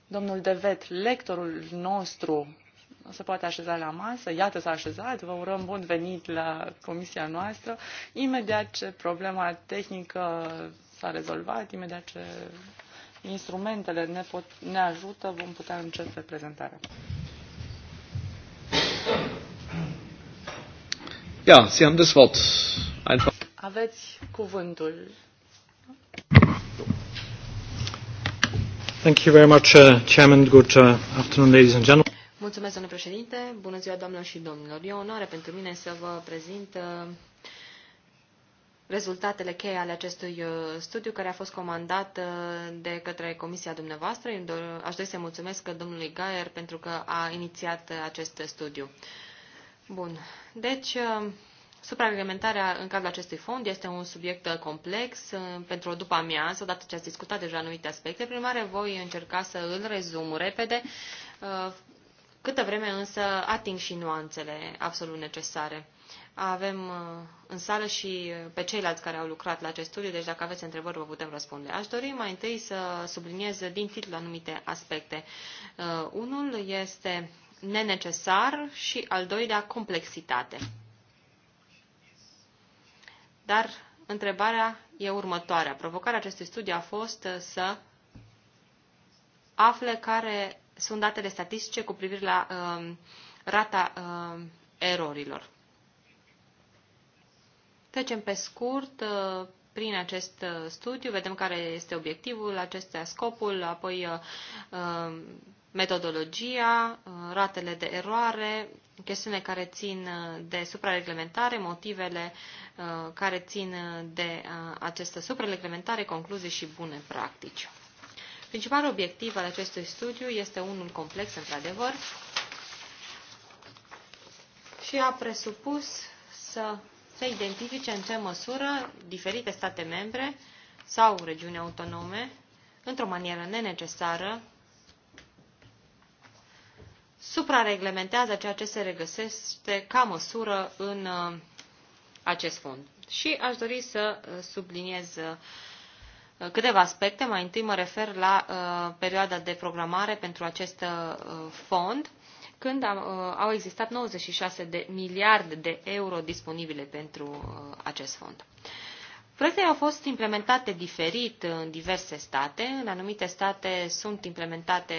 Domnul Devet, lectorul nostru se poate așeza la masă. Iată s-a așezat, vă urăm bun venit la comisia noastră. Imediat ce problema tehnică s-a rezolvat, imediat ce instrumentele ne, pot, ne ajută, vom putea începe prezentarea. Ja, Sie haben das Wort. Einfach. Aveți cuvântul. Thank you very much, uh, Chairman. Good uh, afternoon, ladies and gentlemen. Mulțumesc, domnule președinte. Bună ziua, doamnelor și domnilor. E o onoare pentru mine să vă prezint uh, rezultatele cheie ale acestui uh, studiu care a fost comandat uh, de către comisia dumneavoastră. aș dori să mulțumesc domnului Gaier pentru că a inițiat acest studiu. Bun. Deci, Suprareglementarea în cadrul acestui fond este un subiect complex pentru o după amiază, odată ce ați discutat deja anumite aspecte. Prin urmare, voi încerca să îl rezum repede, Câtă vreme însă ating și nuanțele absolut necesare. Avem uh, în sală și pe ceilalți care au lucrat la acest studiu, deci dacă aveți întrebări vă putem răspunde. Aș dori mai întâi să subliniez din titlu anumite aspecte. Uh, unul este nenecesar și al doilea complexitate. Dar întrebarea e următoarea. Provocarea acestui studiu a fost să afle care sunt datele statistice cu privire la uh, rata uh, erorilor. Trecem pe scurt uh, prin acest uh, studiu, vedem care este obiectivul acestea, scopul, apoi uh, um, metodologia, uh, ratele de eroare, chestiune care țin de suprareglementare, motivele care țin de această suprareglementare, concluzii și bune practici. Principalul obiectiv al acestui studiu este unul complex, într-adevăr, și a presupus să se identifice în ce măsură diferite state membre sau regiuni autonome, într-o manieră nenecesară, suprareglementează ceea ce se regăsește ca măsură în uh, acest fond. Și aș dori să uh, subliniez uh, Uh, câteva aspecte. Mai întâi mă refer la uh, perioada de programare pentru acest uh, fond când au existat 96 de miliarde de euro disponibile pentru acest fond. Proiectele au fost implementate diferit în diverse state. În anumite state sunt implementate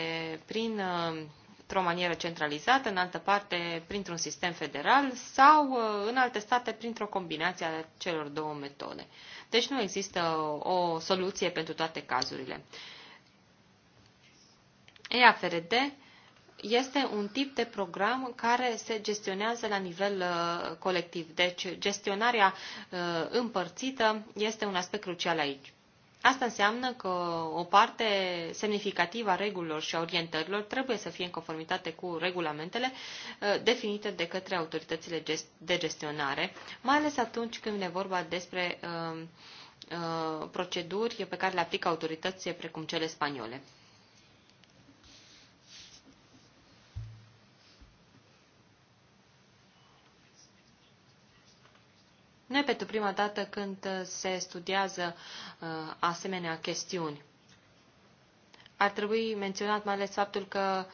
prin într-o manieră centralizată, în altă parte printr-un sistem federal sau uh, în alte state printr-o combinație a celor două metode. Deci nu există o soluție pentru toate cazurile. EAFRD este un tip de program care se gestionează la nivel uh, colectiv. Deci gestionarea uh, împărțită este un aspect crucial aici. Asta înseamnă că o parte semnificativă a regulilor și a orientărilor trebuie să fie în conformitate cu regulamentele uh, definite de către autoritățile de gestionare, mai ales atunci când vine vorba despre uh, uh, proceduri pe care le aplică autoritățile precum cele spaniole. Nu e pentru prima dată când uh, se studiază uh, asemenea chestiuni. Ar trebui menționat mai ales faptul că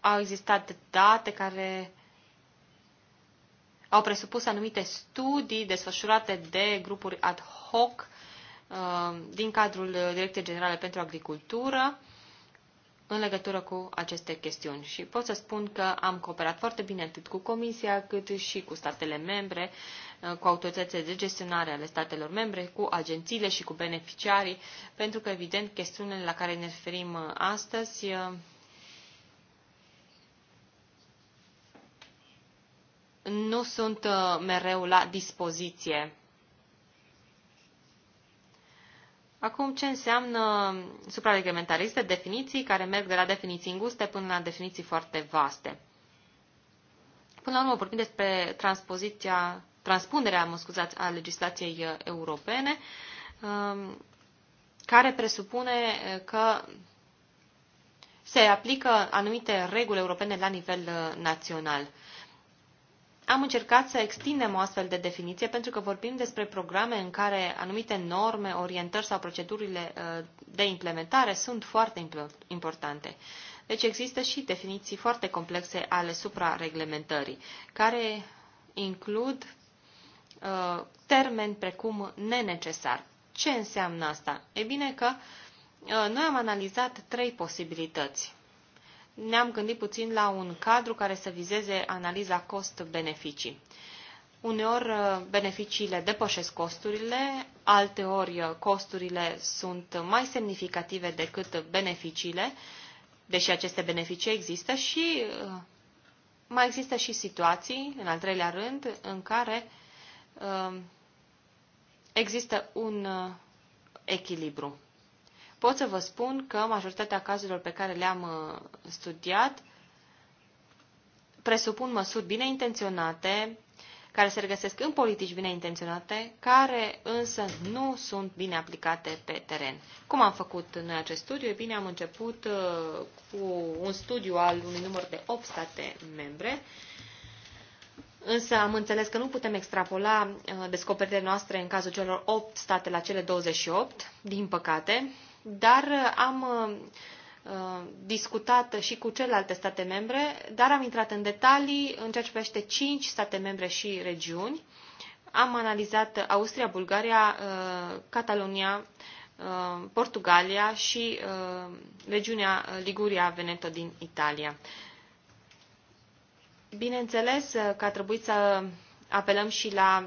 au existat date care au presupus anumite studii desfășurate de grupuri ad hoc uh, din cadrul Direcției Generale pentru Agricultură în legătură cu aceste chestiuni. Și pot să spun că am cooperat foarte bine atât cu Comisia, cât și cu statele membre, uh, cu autoritățile de gestionare ale statelor membre, cu agențiile și cu beneficiarii, pentru că, evident, chestiunile la care ne referim uh, astăzi uh, nu sunt mereu la dispoziție Acum, ce înseamnă suprareglementare? Există definiții care merg de la definiții înguste până la definiții foarte vaste. Până la urmă, vorbim despre transpoziția, transpunderea, mă scuzați, a legislației uh, europene, um, care presupune uh, că se aplică anumite reguli europene la nivel uh, național. Am încercat să extindem o astfel de definiție pentru că vorbim despre programe în care anumite norme, orientări sau procedurile uh, de implementare sunt foarte importante. Deci există și definiții foarte complexe ale suprareglementării, care includ uh, termeni precum nenecesar. Ce înseamnă asta? E bine că uh, noi am analizat trei posibilități ne-am gândit puțin la un cadru care să vizeze analiza cost-beneficii. Uneori uh, beneficiile depășesc costurile, alteori uh, costurile sunt mai semnificative decât beneficiile, deși aceste beneficii există și uh, mai există și situații, în al treilea rând, în care există un echilibru pot să vă spun că majoritatea cazurilor pe care le-am uh, studiat presupun măsuri bine intenționate, care se regăsesc în politici bine intenționate, care însă nu sunt bine aplicate pe teren. Cum am făcut noi acest studiu? E bine, am început uh, cu un studiu al unui număr de 8 state membre, însă am înțeles că nu putem extrapola uh, descoperirile noastre în cazul celor 8 state la cele 28, din păcate, dar uh, am uh, uh, discutat și cu celelalte state membre, dar am intrat în detalii în ceea ce privește cinci state membre și regiuni. Am analizat Austria, Bulgaria, Catalonia, Portugalia și regiunea Liguria Veneto din Italia. Bineînțeles că a trebuit să apelăm și la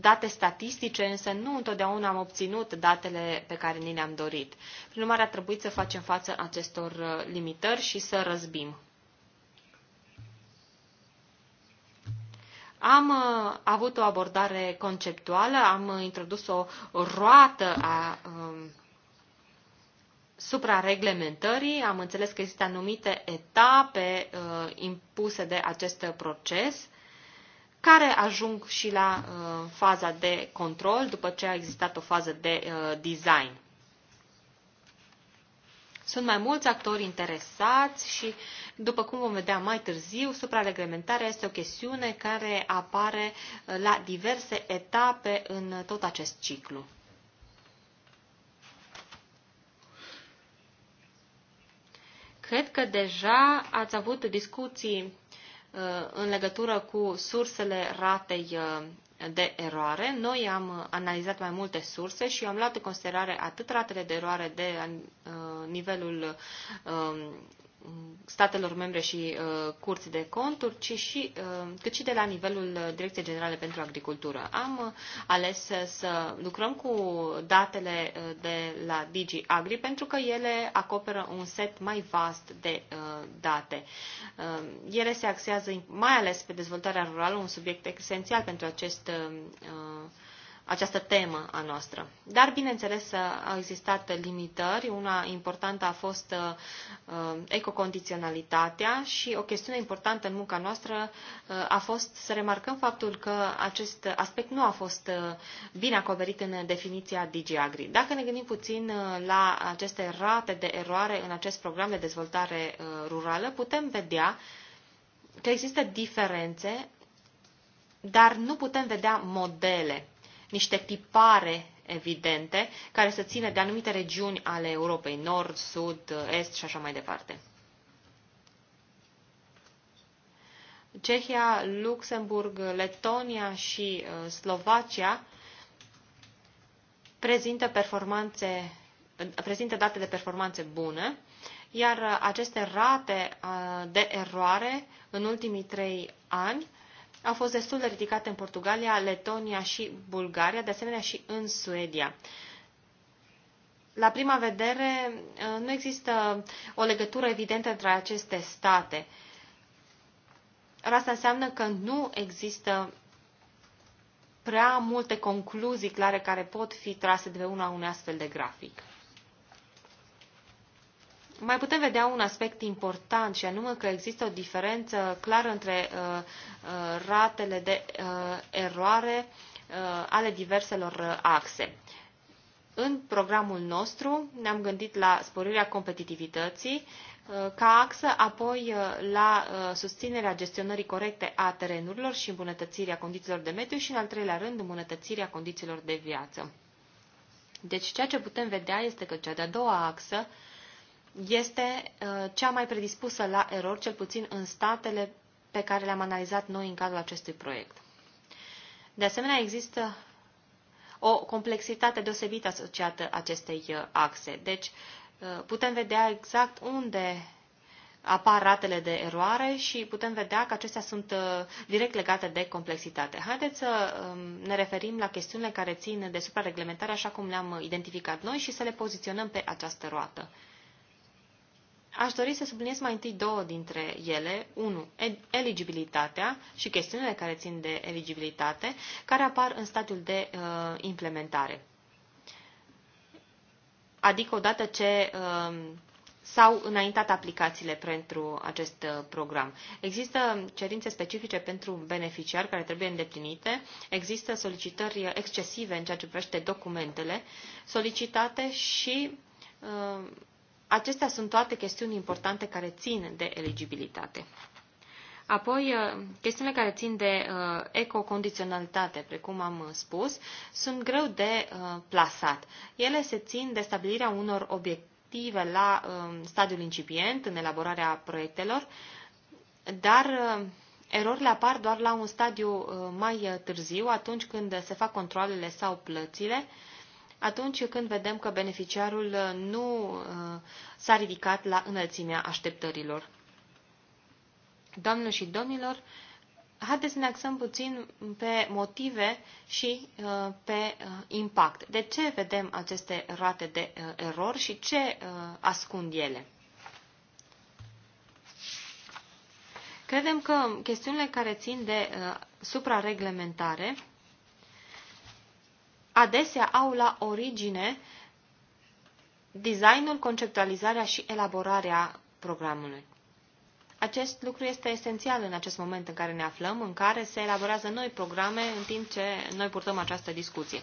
date statistice, însă nu întotdeauna am obținut datele pe care ni le-am dorit. Prin urmare, a trebuit să facem față acestor uh, limitări și să răzbim. Am uh, avut o abordare conceptuală, am introdus o roată a um, suprareglementării, am înțeles că există anumite etape uh, impuse de acest proces care ajung și la uh, faza de control după ce a existat o fază de uh, design. Sunt mai mulți actori interesați și, după cum vom vedea mai târziu, suprareglementarea este o chestiune care apare uh, la diverse etape în tot acest ciclu. Cred că deja ați avut discuții Uh, în legătură cu sursele ratei uh, de eroare. Noi am uh, analizat mai multe surse și am luat în considerare atât ratele de eroare de nivelul statelor membre și uh, curți de conturi, ci și, uh, cât și de la nivelul uh, Direcției Generale pentru Agricultură. Am uh, ales să lucrăm cu datele uh, de la Digi Agri pentru că ele acoperă un set mai vast de uh, date. Uh, ele se axează mai ales pe dezvoltarea rurală, un subiect esențial pentru acest uh, uh această temă a noastră. Dar, bineînțeles, au existat limitări. Una importantă a fost uh, ecocondiționalitatea și o chestiune importantă în munca noastră uh, a fost să remarcăm faptul că acest aspect nu a fost uh, bine acoperit în definiția DigiAgri. Dacă ne gândim puțin uh, la aceste rate de eroare în acest program de dezvoltare uh, rurală, putem vedea că există diferențe, dar nu putem vedea modele niște tipare evidente care să țină de anumite regiuni ale Europei, nord, sud, est și așa mai departe. Cehia, Luxemburg, Letonia și uh, Slovacia prezintă, performanțe, prezintă date de performanțe bune, iar uh, aceste rate uh, de eroare în ultimii trei ani au fost destul de ridicate în Portugalia, Letonia și Bulgaria, de asemenea și în Suedia. La prima vedere, uh, nu există o legătură evidentă între aceste state. Asta înseamnă că nu există prea multe concluzii clare care pot fi trase de pe una unui astfel de grafic mai putem vedea un aspect important și anume că există o diferență clară între uh, uh, ratele de uh, eroare ale diverselor axe. În programul nostru ne-am gândit la sporirea competitivității ca axă, apoi la susținerea gestionării corecte a terenurilor și îmbunătățirea condițiilor de mediu și, în al treilea rând, îmbunătățirea condițiilor de viață. Deci ceea ce putem vedea este că cea de-a doua axă este uh, cea mai predispusă la erori, cel puțin în statele pe care le-am analizat noi în cadrul acestui proiect. De asemenea, există o complexitate deosebită asociată acestei uh, axe. Deci, uh, putem vedea exact unde apar ratele de eroare și putem vedea că acestea sunt direct legate de complexitate. Haideți să um, ne referim la chestiunile care țin de suprareglementare așa cum le-am identificat noi și să le poziționăm pe această roată. Aș dori să subliniez mai întâi două dintre ele. Unu, Eligibilitatea și chestiunile care țin de eligibilitate, care apar în stadiul de uh, implementare. Adică odată ce uh, s-au înaintat aplicațiile pentru acest uh, program. Există cerințe specifice pentru beneficiari care trebuie îndeplinite, există solicitări excesive în ceea ce privește documentele solicitate și uh, Acestea sunt toate chestiuni importante care țin de eligibilitate. Apoi, uh, chestiunile care țin de uh, ecocondiționalitate, precum am uh, spus, sunt greu de plasat. Ele se țin de stabilirea unor obiective la um, stadiul incipient, în elaborarea proiectelor, dar erorile apar doar la un stadiu mai târziu, atunci când se fac controlele sau plățile, atunci când vedem că beneficiarul uh, nu uh, s-a ridicat la înălțimea așteptărilor. Doamnelor și domnilor, haideți să ne axăm puțin pe motive și uh, pe impact. De ce vedem aceste rate de erori și ce ascund ele? Credem că chestiunile care țin de suprareglementare adesea au la origine designul, conceptualizarea și elaborarea programului. Acest lucru este esențial în acest moment în care ne aflăm, în care se elaborează noi programe în timp ce noi purtăm această discuție.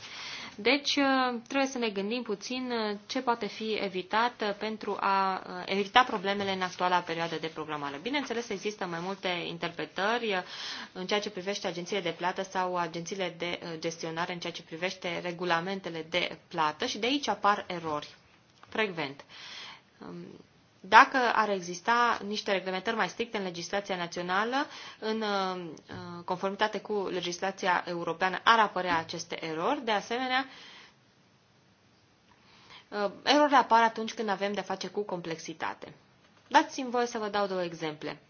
Deci uh, trebuie să ne gândim puțin uh, ce poate fi evitat uh, pentru a evita problemele în actuala perioadă de programare. Bineînțeles, există mai multe interpretări în ceea ce privește agențiile de plată sau agențiile de gestionare în ceea ce privește regulamentele de plată și de aici apar erori frecvent. Um, dacă ar exista niște reglementări mai stricte în legislația națională, în uh, uh, conformitate cu legislația europeană, ar apărea aceste erori. De asemenea, uh, erorile apar atunci când avem de-a face cu complexitate. Dați-mi voi să vă dau două exemple.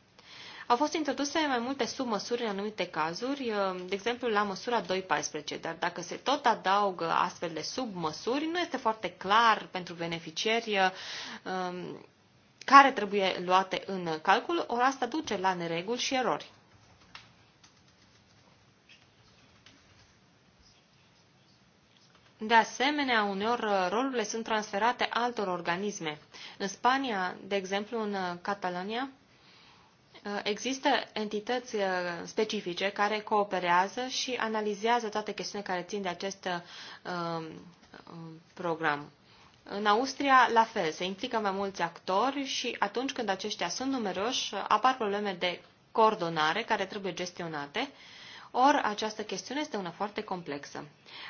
Au fost introduse mai multe submăsuri în anumite cazuri, de exemplu la măsura 2.14, dar dacă se tot adaugă astfel de submăsuri, nu este foarte clar pentru beneficiari um, care trebuie luate în calcul, ori asta duce la nereguli și erori. De asemenea, uneori uh, rolurile sunt transferate altor organisme. În Spania, de exemplu, în uh, Catalonia, uh, există entități specifice care cooperează și analizează toate chestiunile care țin de acest um, program. În Austria, la fel, se implică mai mulți actori și atunci când aceștia sunt numeroși, apar probleme de coordonare care trebuie gestionate, ori această chestiune este una foarte complexă.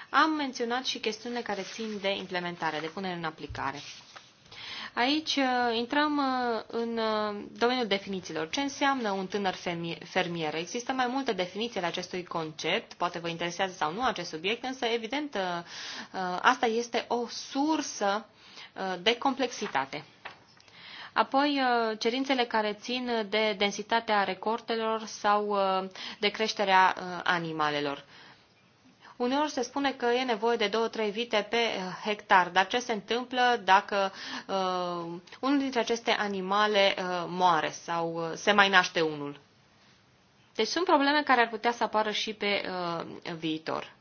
Am menționat și chestiunile care țin de implementare, de punere în aplicare. Aici uh, intrăm uh, în uh, domeniul definițiilor. Ce înseamnă un tânăr fermier? Există mai multe definiții ale acestui concept, poate vă interesează sau nu acest subiect, însă evident asta este o sursă de complexitate. Apoi, cerințele care țin de densitatea recortelor sau de creșterea animalelor. Uneori se spune că e nevoie de două-trei vite pe eh, hectar, dar ce se întâmplă dacă uh, unul dintre aceste animale uh, moare sau uh, se mai naște unul? Deci sunt probleme care ar putea să apară și pe uh, viitor.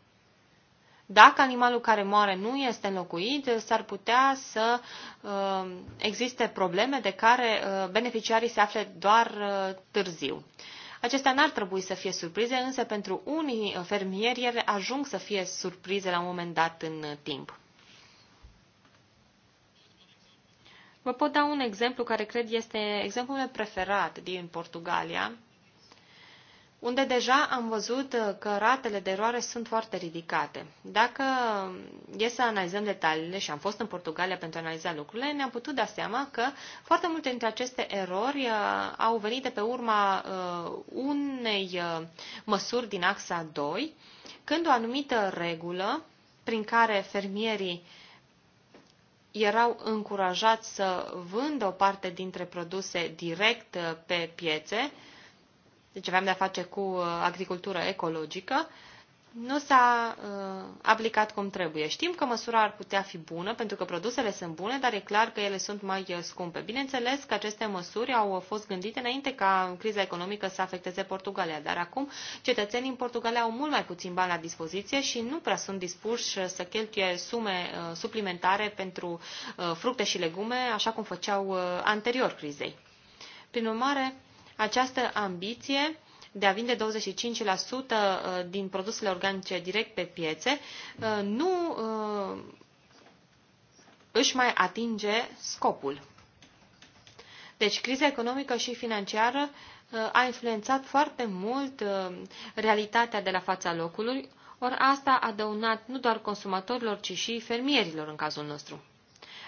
Dacă animalul care moare nu este înlocuit, s-ar putea să uh, existe probleme de care uh, beneficiarii se află doar uh, târziu. Uh, Acestea n-ar trebui să fie surprize, însă pentru unii fermieri ele ajung să fie surprize la un moment dat în timp. Vă pot da un exemplu care cred este exemplul meu preferat din Portugalia, unde deja am văzut uh, că ratele de eroare sunt foarte ridicate. Dacă e să analizăm detaliile, și am fost în Portugalia pentru a analiza lucrurile, ne-am putut da seama că foarte multe dintre aceste erori uh, au venit de pe urma uh, unei măsuri din axa 2, când o anumită regulă prin care fermierii erau încurajați să vândă o parte dintre produse direct pe piețe, deci aveam de-a face cu uh, agricultură ecologică, nu s-a uh, aplicat cum trebuie. Știm că măsura ar putea fi bună, pentru că produsele sunt bune, dar e clar că ele sunt mai uh, scumpe. Bineînțeles că aceste măsuri au uh, fost gândite înainte ca criza economică să afecteze Portugalia, dar acum cetățenii în Portugalia au mult mai puțin bani la dispoziție și nu prea sunt dispuși să cheltuie sume uh, suplimentare pentru uh, fructe și legume, așa cum făceau uh, anterior crizei. Prin urmare, această ambiție de a vinde 25% uh, din produsele organice direct pe piețe uh, nu uh, își mai atinge scopul. Deci, criza economică și financiară a influențat foarte mult realitatea de la fața locului, ori asta a dăunat nu doar consumatorilor, ci și fermierilor în cazul nostru.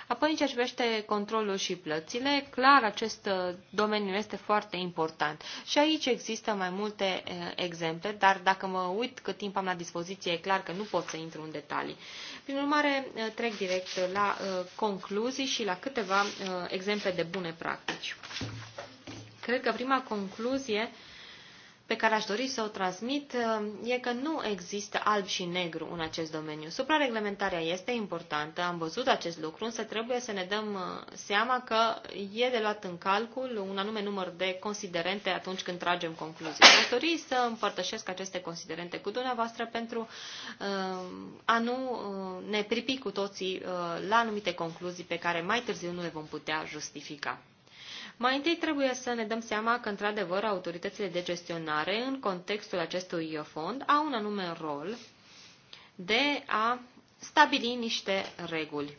Apoi, în ce privește controlul și plățile, clar, acest uh, domeniu este foarte important. Și aici există mai multe uh, exemple, dar dacă mă uit cât timp am la dispoziție, e clar că nu pot să intru în detalii. Prin urmare, uh, trec direct la concluzii și la câteva exemple de bune practici. Cred că prima concluzie pe care aș dori să o transmit uh, e că nu există alb și negru în acest domeniu. Suprareglementarea este importantă, am văzut acest lucru, însă trebuie să ne dăm uh, seama că e de luat în calcul un anume număr de considerente atunci când tragem concluzii. Aș dori să împărtășesc aceste considerente cu dumneavoastră pentru uh, a nu ne pripi cu toții la anumite concluzii pe care mai târziu nu le vom putea justifica. Mai întâi trebuie să ne dăm seama că, într-adevăr, autoritățile de gestionare, în contextul acestui fond, au un anume rol de a stabili niște reguli.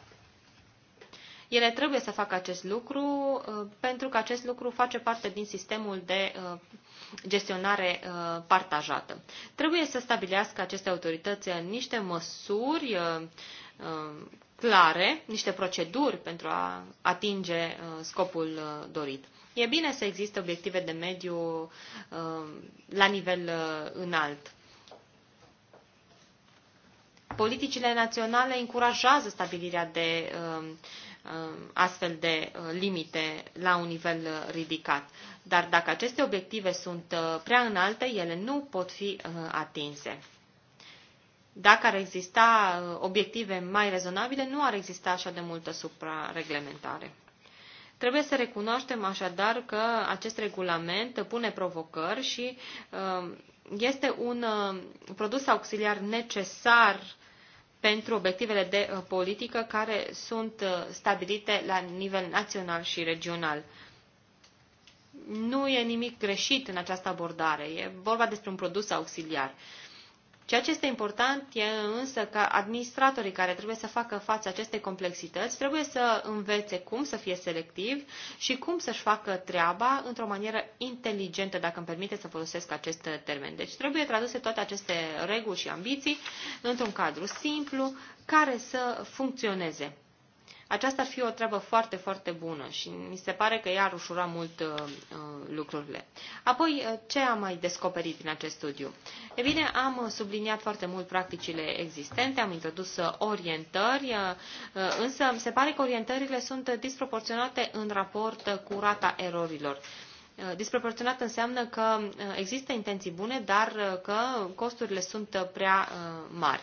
Ele trebuie să facă acest lucru uh, pentru că acest lucru face parte din sistemul de uh, gestionare uh, partajată. Trebuie să stabilească aceste autorități niște măsuri Um, clare, niște proceduri pentru a atinge uh, scopul uh, dorit. E bine să existe obiective de mediu um, la nivel uh, înalt. Politicile naționale încurajează stabilirea de um, astfel de limite la un nivel ridicat. Dar dacă aceste obiective sunt prea înalte, ele nu pot fi atinse. Dacă ar exista uh, obiective mai rezonabile, nu ar exista așa de multă suprareglementare. Trebuie să recunoaștem așadar că acest regulament pune provocări și uh, este un uh, produs auxiliar necesar pentru obiectivele de politică care sunt stabilite la nivel național și regional. Nu e nimic greșit în această abordare. E vorba despre un produs auxiliar. Ceea ce este important e însă că administratorii care trebuie să facă față acestei complexități trebuie să învețe cum să fie selectivi și cum să-și facă treaba într-o manieră inteligentă, dacă îmi permite să folosesc acest termen. Deci trebuie traduse toate aceste reguli și ambiții într-un cadru simplu care să funcționeze aceasta ar fi o treabă foarte, foarte bună și mi se pare că ea ar ușura mult uh, uh lucrurile. Apoi, uh, ce am mai descoperit din acest studiu? E bine, am subliniat foarte mult practicile existente, am introdus uh, orientări, uh, însă mi se pare că orientările sunt disproporționate în raport cu rata erorilor. Disproporționat înseamnă că există intenții bune, dar că costurile sunt prea mari.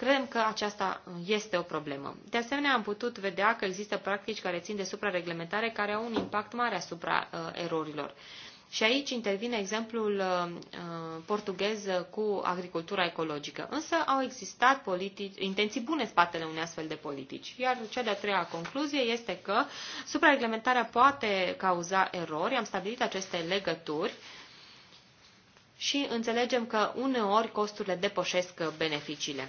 Credem că aceasta este o problemă. De asemenea, am putut vedea că există practici care țin de suprareglementare care au un impact mare asupra uh, erorilor. Și aici intervine exemplul uh, uh portughez uh, cu agricultura ecologică. Însă au existat politici, intenții bune în spatele unei astfel de politici. Iar cea de-a treia concluzie este că suprareglementarea poate cauza erori. Am stabilit aceste legături și înțelegem că uneori costurile depășesc beneficiile.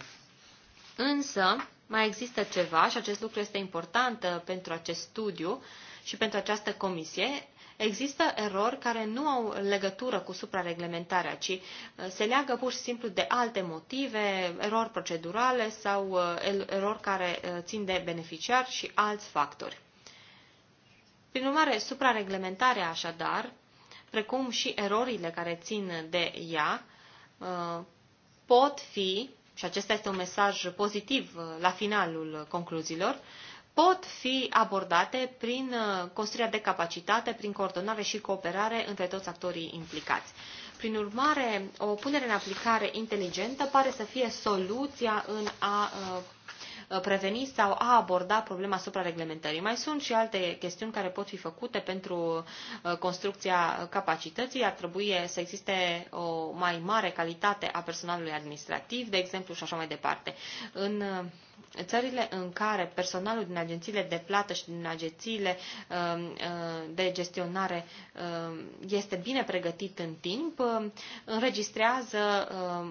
Însă, mai există ceva și acest lucru este important uh, pentru acest studiu și pentru această comisie. Există erori care nu au legătură cu suprareglementarea, ci uh, se leagă pur și simplu de alte motive, erori procedurale sau uh, erori care țin de beneficiar și alți factori. Prin urmare, suprareglementarea, așadar, precum și erorile care țin de ea, pot fi și acesta este un mesaj pozitiv uh, la finalul uh, concluziilor, pot fi abordate prin uh, construirea de capacitate, prin coordonare și cooperare între toți actorii implicați. Prin urmare, o punere în aplicare inteligentă pare să fie soluția în a Uh, preveni sau a aborda problema suprareglementării. Mai sunt și alte chestiuni care pot fi făcute pentru uh, construcția capacității. Ar trebui să existe o mai mare calitate a personalului administrativ, de exemplu, și așa mai departe. În uh, țările în care personalul din agențiile de plată și din agențiile um, uh, de gestionare um, este bine pregătit în timp, um, înregistrează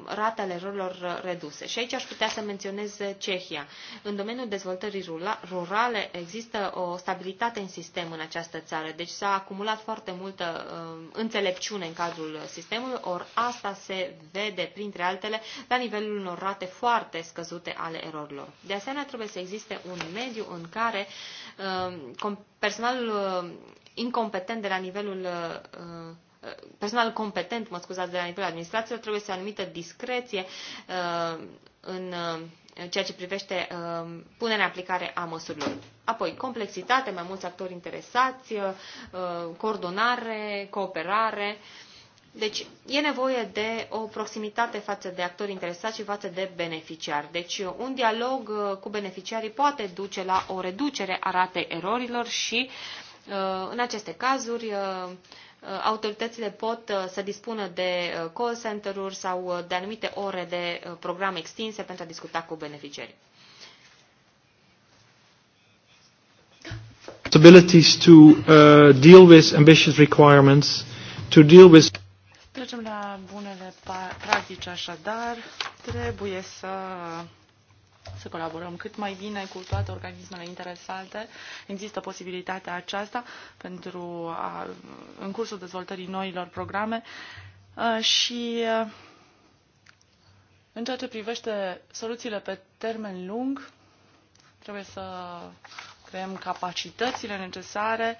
ratele erorilor reduse. Și aici aș putea să menționez Cehia. În domeniul dezvoltării rurale există o stabilitate în sistem în această țară, deci s-a acumulat foarte multă înțelepciune în cadrul sistemului, ori asta se vede, printre altele, la nivelul unor rate foarte scăzute ale erorilor. De asemenea, trebuie să existe un mediu în care um, personalul um, incompetent de la nivelul uh, personal competent, mă scuzați, de la nivelul administrației, trebuie să anumită discreție um, în uh, ceea ce privește punerea în aplicare a măsurilor. Apoi, complexitate, mai mulți actori interesați, uh, coordonare, cooperare, uh, deci e nevoie de o proximitate față de actori interesați și față de beneficiari. Deci un dialog uh, cu beneficiarii poate duce la o reducere a ratei erorilor și uh, în aceste cazuri uh, autoritățile pot să dispună de call center-uri sau de anumite ore de programe extinse pentru a discuta cu beneficiarii. Abilities to uh, deal with ambitious requirements, to deal with trecem la bunele practici, așadar, trebuie să, să colaborăm cât mai bine cu toate organismele interesate. Există posibilitatea aceasta pentru a, în cursul dezvoltării noilor programe și în ceea ce privește soluțiile pe termen lung, trebuie să creăm capacitățile necesare,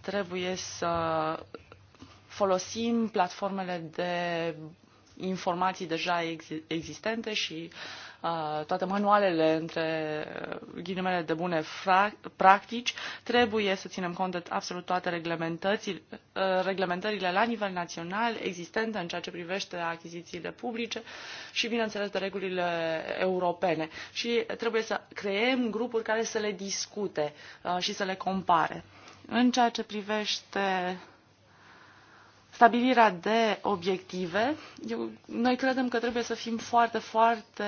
trebuie să folosim platformele de informații deja existente și uh, toate manualele între uh, ghilimele de bune practici, trebuie să ținem cont de absolut toate uh, reglementările la nivel național existente în ceea ce privește achizițiile publice și, bineînțeles, de regulile europene. Și trebuie să creăm grupuri care să le discute uh, și să le compare. În ceea ce privește uh, stabilirea de obiective. Eu, noi credem că trebuie să fim foarte, foarte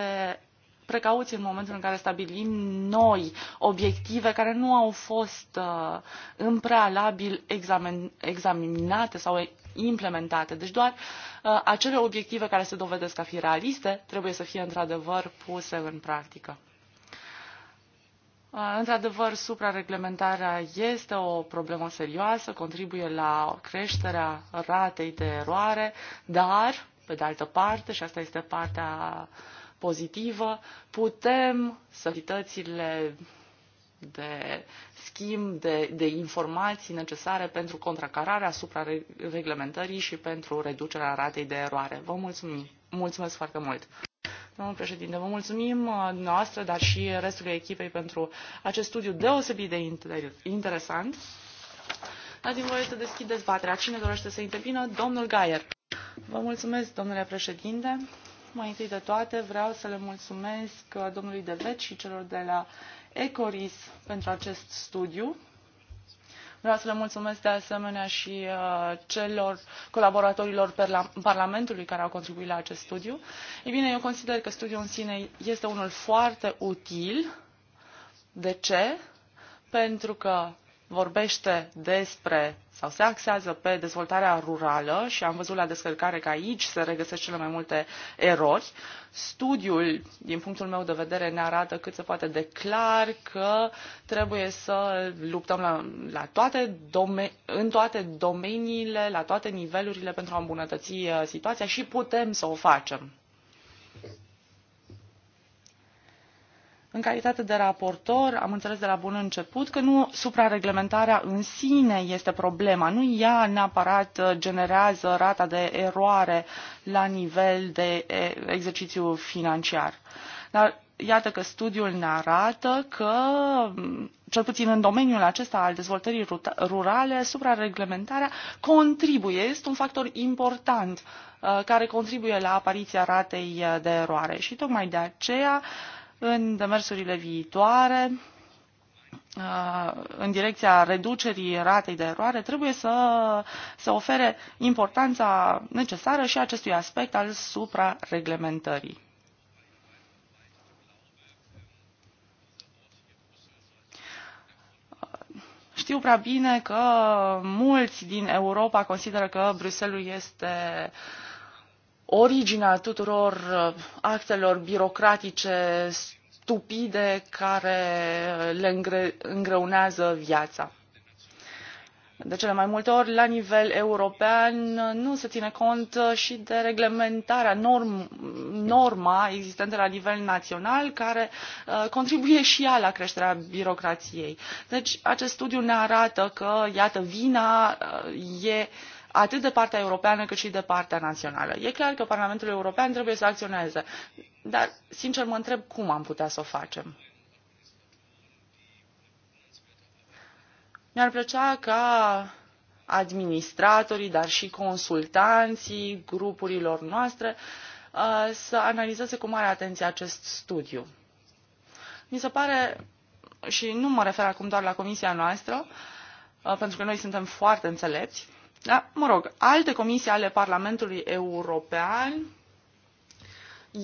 precauți în momentul în care stabilim noi obiective care nu au fost uh, în prealabil examen, examinate sau implementate. Deci doar uh, acele obiective care se dovedesc a fi realiste trebuie să fie într-adevăr puse în practică. Într-adevăr, suprareglementarea este o problemă serioasă, contribuie la creșterea ratei de eroare, dar, pe de altă parte, și asta este partea pozitivă, putem să activitățile de schimb de, de informații necesare pentru contracararea suprareglementării și pentru reducerea ratei de eroare. Vă mulțumim! Mulțumesc foarte mult! Domnul președinte, vă mulțumim uh, noastră, dar și restului echipei pentru acest studiu deosebit de interesant. Dați-mi voie să deschid dezbaterea. Cine dorește să intervină? Domnul Gaier. Vă mulțumesc, domnule președinte. Mai întâi de toate vreau să le mulțumesc uh, domnului Devet și celor de la Ecoris pentru acest studiu Vreau să le mulțumesc de asemenea și uh, celor colaboratorilor Parlamentului care au contribuit la acest studiu. Ei bine, eu consider că studiul în sine este unul foarte util. De ce? Pentru că vorbește despre sau se axează pe dezvoltarea rurală și am văzut la descărcare că aici se regăsesc cele mai multe erori. Studiul, din punctul meu de vedere, ne arată cât se poate de clar că trebuie să luptăm la, la toate în toate domeniile, la toate nivelurile pentru a îmbunătăți uh, situația și putem să o facem. În calitate de raportor, am înțeles de la bun început că nu suprareglementarea în sine este problema. Nu ea neapărat uh, generează rata de eroare la nivel de exercițiu financiar. Dar iată că studiul ne arată că, mm, cel puțin în domeniul acesta al dezvoltării rurale, suprareglementarea contribuie, este un factor important uh, care contribuie la apariția ratei uh, de eroare. Și tocmai de aceea în demersurile viitoare uh, în direcția reducerii ratei de eroare, trebuie să să ofere importanța necesară și acestui aspect al suprareglementării. Știu prea bine că mulți din Europa consideră că Bruxelles este uh, originea tuturor uh, actelor birocratice stupide care le îngre- îngreunează viața. De cele mai multe ori, la nivel european, nu se ține cont și de reglementarea, norm, norma existentă la nivel național, care uh, contribuie și ea la creșterea birocrației. Deci, acest studiu ne arată că, iată, vina uh, e uh, atât de partea europeană cât și de partea națională. E clar că Parlamentul European trebuie să acționeze, dar sincer mă întreb cum am putea să o facem. Mi-ar plăcea ca administratorii, dar și consultanții grupurilor noastre uh, să analizeze cu mare atenție acest studiu. Mi se pare, și nu mă refer acum doar la comisia noastră, uh, pentru că noi suntem foarte înțelepți, da? Mă rog, alte comisii ale Parlamentului European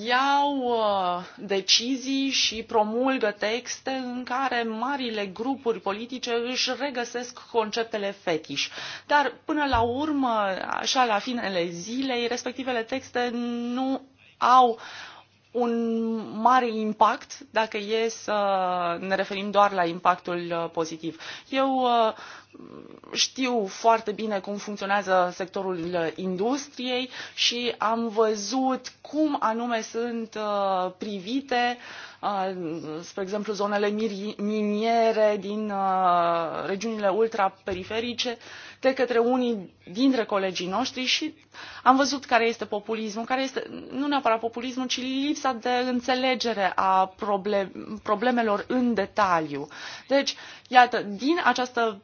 iau uh, decizii și promulgă texte în care marile grupuri politice își regăsesc conceptele fetiș. Dar până la urmă, așa la finele zilei, respectivele texte nu au un mare impact dacă e să ne referim doar la impactul uh, pozitiv. Eu uh, știu foarte bine cum funcționează sectorul uh, industriei și am văzut cum anume sunt uh, privite, uh, spre exemplu, zonele miniere din regiunile ultraperiferice de către unii dintre colegii noștri și am văzut care este populismul, care este nu neapărat populismul, ci lipsa de înțelegere a problemelor în detaliu. Deci, iată, din această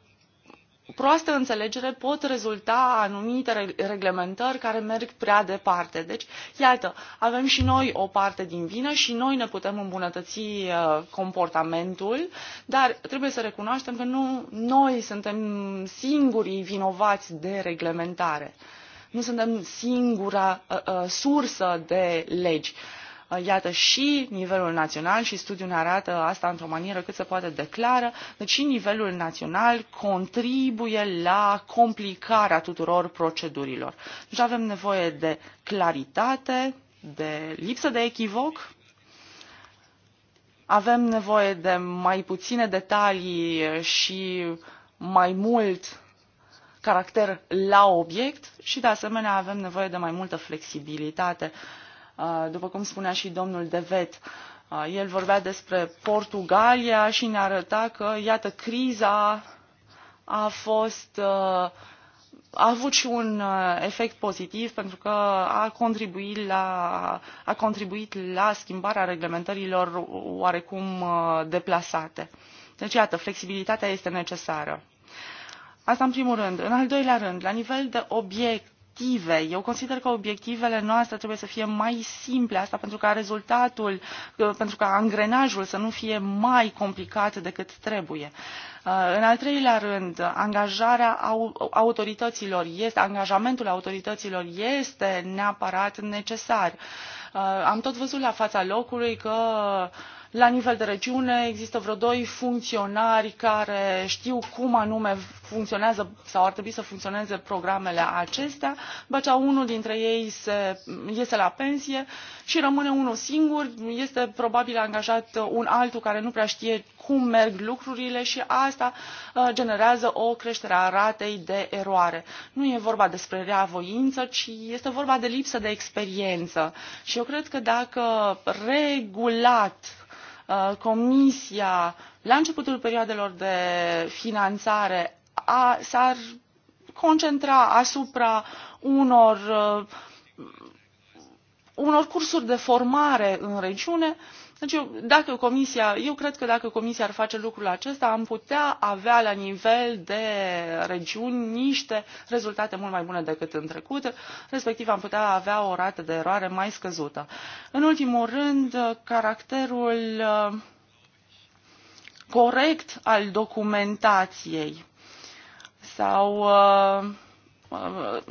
proastă înțelegere pot rezulta anumite reglementări care merg prea departe. Deci, iată, avem și noi o parte din vină și noi ne putem îmbunătăți uh, comportamentul, dar trebuie să recunoaștem că nu noi suntem singurii vinovați de reglementare. Nu suntem singura uh, uh, sursă de legi. Uh, Uh, iată și nivelul național și studiul ne arată asta într-o manieră cât se poate declară, deci și nivelul național contribuie la complicarea tuturor procedurilor. Deci avem nevoie de claritate, de lipsă de echivoc, avem nevoie de mai puține detalii și mai mult caracter la obiect și de asemenea avem nevoie de mai multă flexibilitate uh, Uh, după cum spunea și domnul Devet. Uh, el vorbea despre Portugalia și ne arăta că, iată, criza a fost uh, a avut și un efect pozitiv pentru că a contribuit la, a contribuit la schimbarea reglementărilor oarecum deplasate. Deci, iată, flexibilitatea este necesară. Asta în primul rând. În al doilea rând, la nivel de obiect, obiective. Eu consider că obiectivele noastre trebuie să fie mai simple, asta pentru ca rezultatul, uh, pentru ca angrenajul să nu fie mai complicat decât trebuie. Uh, în al treilea rând, angajarea autorităților este, angajamentul autorităților este neapărat necesar. Uh, am tot văzut la fața locului că uh, la nivel de regiune există vreo doi funcționari care știu cum anume funcționează sau ar trebui să funcționeze programele acestea. Băcea unul dintre ei se, iese la pensie și rămâne unul singur. Este probabil angajat un altul care nu prea știe cum merg lucrurile și asta uh, generează o creștere a ratei de eroare. Nu e vorba despre reavoință, ci este vorba de lipsă de experiență. Și eu cred că dacă regulat Uh, comisia, la începutul perioadelor de finanțare, s-ar concentra asupra unor, uh, unor cursuri de formare în regiune, uh, deci, eu, dacă comisia, eu cred că dacă comisia ar face lucrul acesta, am putea avea la nivel de regiuni niște rezultate mult mai bune decât în trecut, respectiv am putea avea o rată de eroare mai scăzută. În ultimul rând, caracterul uh, corect al documentației sau uh, uh,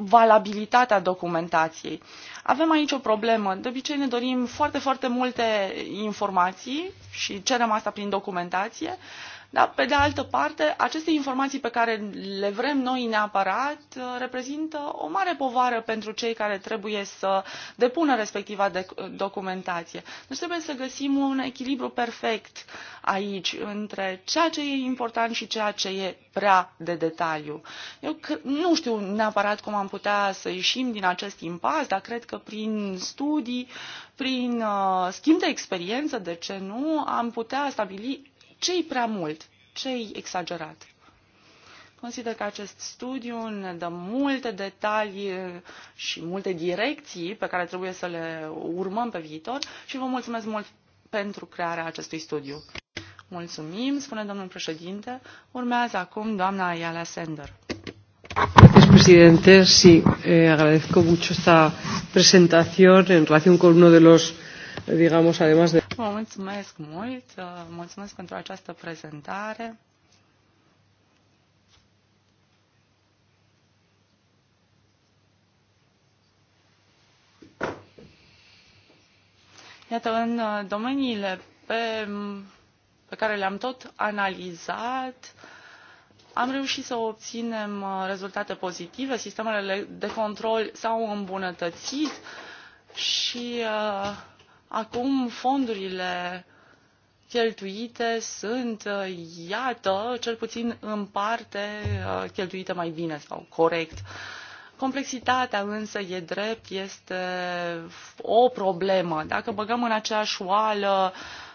valabilitatea documentației. Avem aici o problemă. De obicei ne dorim foarte, foarte multe informații și cerem asta prin documentație, dar, pe de altă parte, aceste informații pe care le vrem noi neapărat uh, reprezintă o mare povară pentru cei care trebuie să depună respectiva documentație. Deci trebuie să găsim un echilibru perfect aici între ceea ce e important și ceea ce e prea de detaliu. Eu nu știu neapărat cum am putea să ieșim din acest impas, dar cred că prin studii, prin uh, schimb de experiență, de ce nu, am putea stabili ce prea mult, ce-i exagerat. Consider că acest studiu ne dă multe detalii și multe direcții pe care trebuie să le urmăm pe viitor și vă mulțumesc mult pentru crearea acestui studiu. Mulțumim, spune domnul președinte. Urmează acum doamna Ayala Sender. Gracias, presidente. Sí, eh, agradezco mucho esta presentación en relación con uno de los, digamos, además de. Vă mulțumesc mult, uh, mulțumesc pentru această prezentare. Iată, în uh, domeniile pe, pe care le-am tot analizat, am reușit să obținem uh, rezultate pozitive, sistemele de control s-au îmbunătățit și uh, Acum fondurile cheltuite sunt, iată, cel puțin în parte uh, cheltuite mai bine sau corect. Complexitatea însă e drept, este o problemă. Dacă băgăm în aceeași oală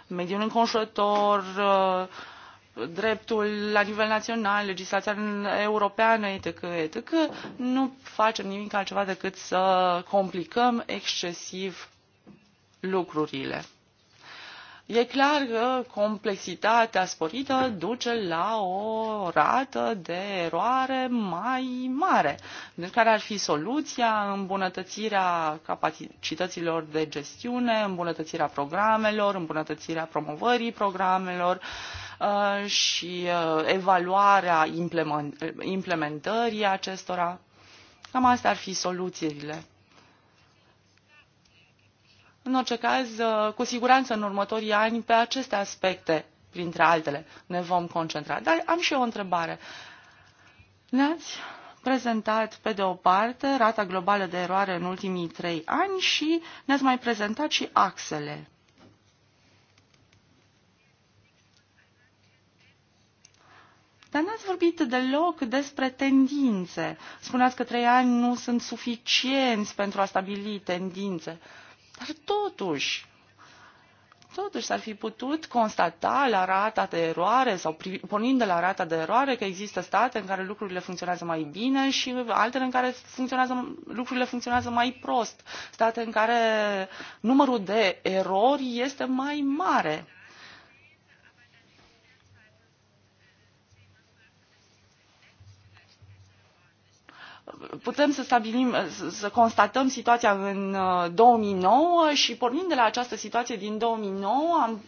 mediul înconjurător, uh, dreptul la nivel național, legislația europeană, etc., etc., nu facem nimic altceva decât să complicăm excesiv lucrurile. E clar că complexitatea sporită duce la o rată de eroare mai mare. în deci, care ar fi soluția? Îmbunătățirea capacităților de gestiune, îmbunătățirea programelor, îmbunătățirea promovării programelor uh, și uh, evaluarea implementării acestora. Cam astea ar fi soluțiile. În orice caz, uh, cu siguranță în următorii ani pe aceste aspecte, printre altele, ne vom concentra. Dar am și eu o întrebare. Ne-ați prezentat, pe de o parte, rata globală de eroare în ultimii trei ani și ne-ați mai prezentat și axele. Dar n-ați vorbit deloc despre tendințe. Spuneați că trei ani nu sunt suficienți pentru a stabili tendințe. Uh, dar totuși, totuși s-ar fi putut constata la rata de eroare sau pornind de la rata de eroare că există state în care lucrurile funcționează mai bine și altele în care funcționează, lucrurile funcționează mai prost, state în care numărul de erori este mai mare. putem să stabilim, să constatăm situația în 2009 uh, și pornind de la această situație din 2009, am,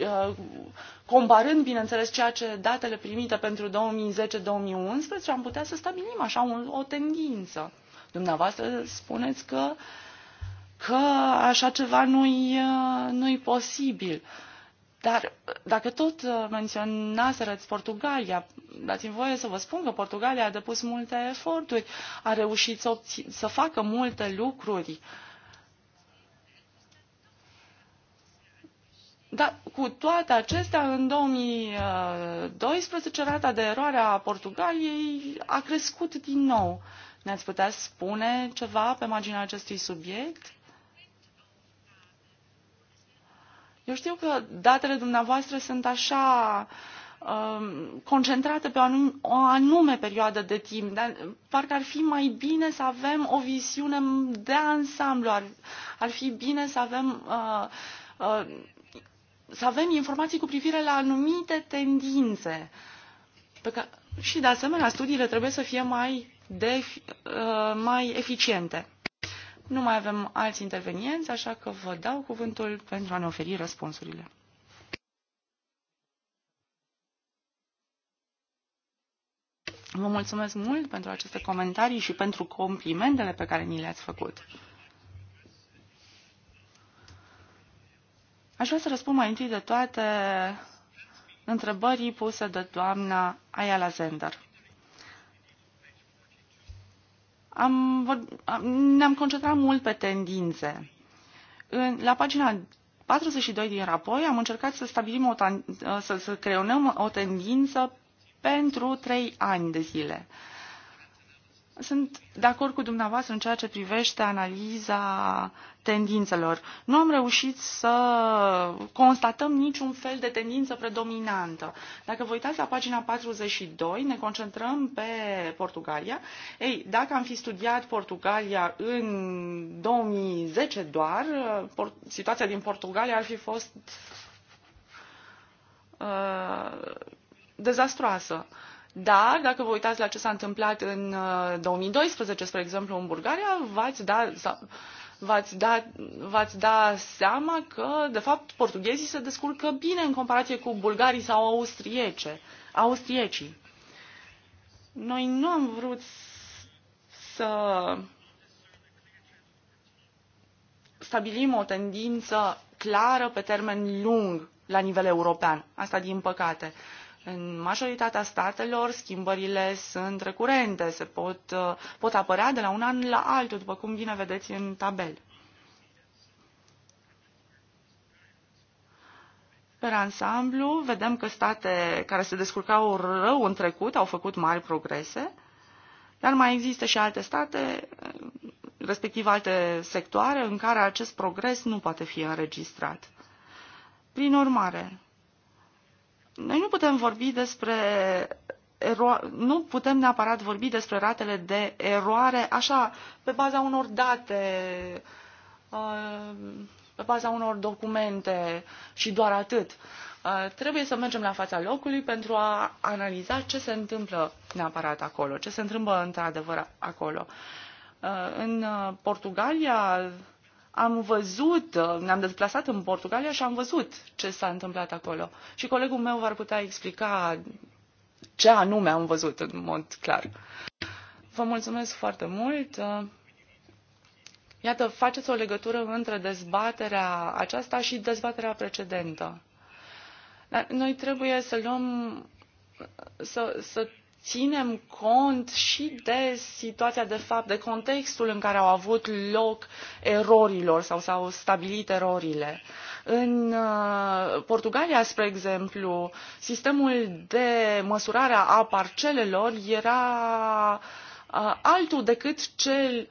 uh, comparând, bineînțeles, ceea ce datele primite pentru 2010-2011, am putea să stabilim așa un, o tendință. Dumneavoastră spuneți că, că așa ceva nu-i, uh, nu-i posibil. Uh, dar uh, dacă tot uh, menționați Portugalia, dați-mi voie să vă spun că Portugalia a depus multe eforturi, a reușit să, să facă multe lucruri. Dar cu toate acestea, în 2012, rata de eroare a Portugaliei a crescut din nou. Ne-ați putea spune ceva pe marginea acestui subiect? Eu știu că datele dumneavoastră sunt așa um, concentrate pe o anume, o anume perioadă de timp, dar parcă ar fi mai bine să avem o viziune de ansamblu, ar, ar fi bine să avem uh, uh, să avem informații cu privire la anumite tendințe. Pe ca... Și, de asemenea, studiile trebuie să fie mai, uh, mai eficiente. Nu mai avem alți intervenienți, așa că vă dau cuvântul pentru a ne oferi răspunsurile. Vă mulțumesc mult pentru aceste comentarii și pentru complimentele pe care ni le-ați făcut. Aș vrea să răspund mai întâi de toate întrebării puse de doamna Ayala Zender am, ne-am concentrat mult pe tendințe. În, la pagina 42 din rapoi am încercat să stabilim o, să, să creionăm o tendință pentru 3 ani de zile. Uh, sunt de acord cu dumneavoastră în ceea ce privește analiza tendințelor. Nu am reușit să constatăm niciun fel de tendință predominantă. Dacă vă uitați la pagina 42, ne concentrăm pe Portugalia. Ei, dacă am fi studiat Portugalia în 2010 doar, situația din Portugalia ar fi fost uh, dezastroasă. Uh, dar dacă vă uitați la ce s-a întâmplat în 2012, uh, spre exemplu, în Bulgaria, v-ați da, v-ați da, v-ați da seama că, de fapt, portughezii se descurcă bine în comparație cu bulgarii sau austriece, austriecii. Noi nu am vrut să stabilim o tendință clară pe termen lung la nivel european. Asta din păcate. Uh, în majoritatea statelor, schimbările sunt recurente, se pot, pot apărea de la un an la altul, după cum bine vedeți în tabel. Pe ansamblu, vedem că state care se descurcau rău în trecut au făcut mari progrese, dar mai există și alte state, respectiv alte sectoare, în care acest progres nu poate fi înregistrat. Prin urmare, noi nu putem vorbi despre ero- nu putem neapărat vorbi despre ratele de eroare așa pe baza unor date, uh, pe baza unor documente și doar atât. Uh, trebuie să mergem la fața locului pentru a analiza ce se întâmplă neapărat acolo, ce se întâmplă într-adevăr acolo. Uh, în Portugalia, am văzut, uh, ne-am deplasat în Portugalia și am văzut ce s-a întâmplat acolo. Și colegul meu v-ar putea explica ce anume am văzut în mod clar. Vă mulțumesc foarte mult. Uh, iată, faceți o legătură între dezbaterea aceasta și dezbaterea precedentă. Dar noi trebuie să luăm, să, să ținem cont și de situația de fapt, de contextul în care au avut loc erorilor sau s-au stabilit erorile. În uh, Portugalia, spre exemplu, sistemul de măsurare a parcelelor era uh, altul decât cel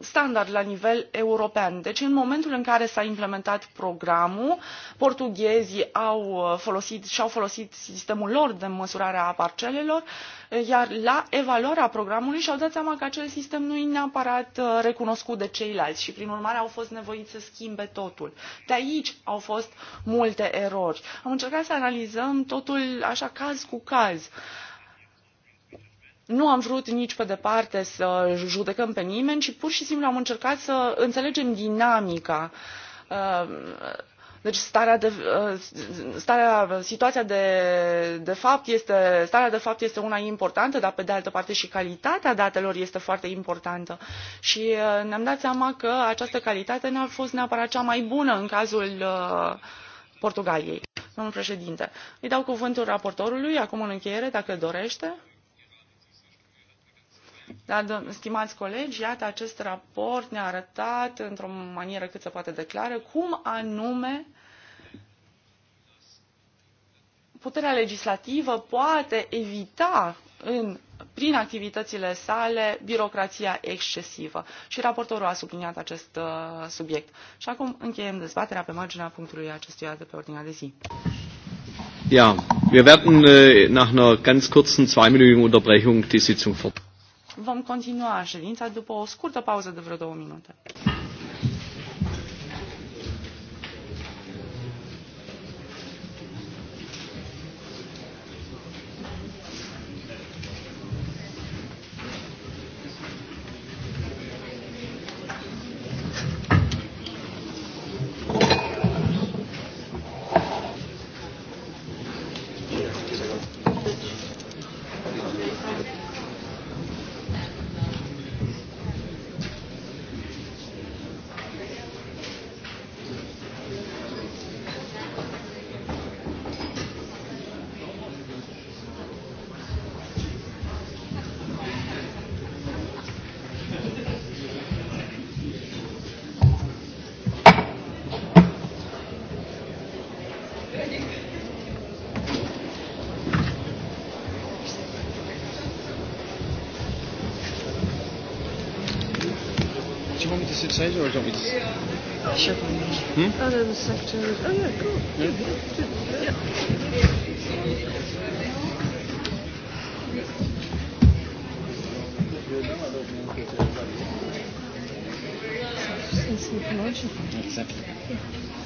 standard la nivel european. Deci în momentul în care s-a implementat programul, portughezii au uh, folosit, și-au folosit sistemul lor de măsurare a parcelelor, uh, iar la evaluarea programului și-au dat seama că acel sistem nu e neapărat uh, recunoscut de ceilalți și prin urmare au fost nevoiți să schimbe totul. De aici au fost multe erori. Am încercat să analizăm totul așa caz cu caz. Uh, nu am vrut nici pe departe să judecăm pe nimeni ci pur și simplu am încercat să înțelegem dinamica uh, deci starea de, uh, starea, situația de, de fapt este, starea de fapt este una importantă, dar pe de altă parte și calitatea datelor este foarte importantă. Și uh, ne-am dat seama că această calitate nu a fost neapărat cea mai bună în cazul Portugaliei. Domnul președinte, îi dau cuvântul raportorului acum în încheiere, dacă dorește. Dar, stimați colegi, iată, acest raport ne-a arătat într-o manieră cât se poate declară cum anume puterea legislativă poate evita în, prin activitățile sale birocrația excesivă. Și raportorul a subliniat acest uh, subiect. Și acum încheiem dezbaterea pe marginea punctului acestuia de pe ordinea de zi. Ja, wir werden äh, nach einer ganz kurzen zweiminütigen Unterbrechung die Sitzung fortsetzen. Vom continua ședința după o scurtă pauză de vreo două minute. exercise, or do you want me to? Hmm? Oh, no, the secretary. Oh, yeah, cool. Yeah. yeah. Yeah. Yeah. Yeah. Yeah.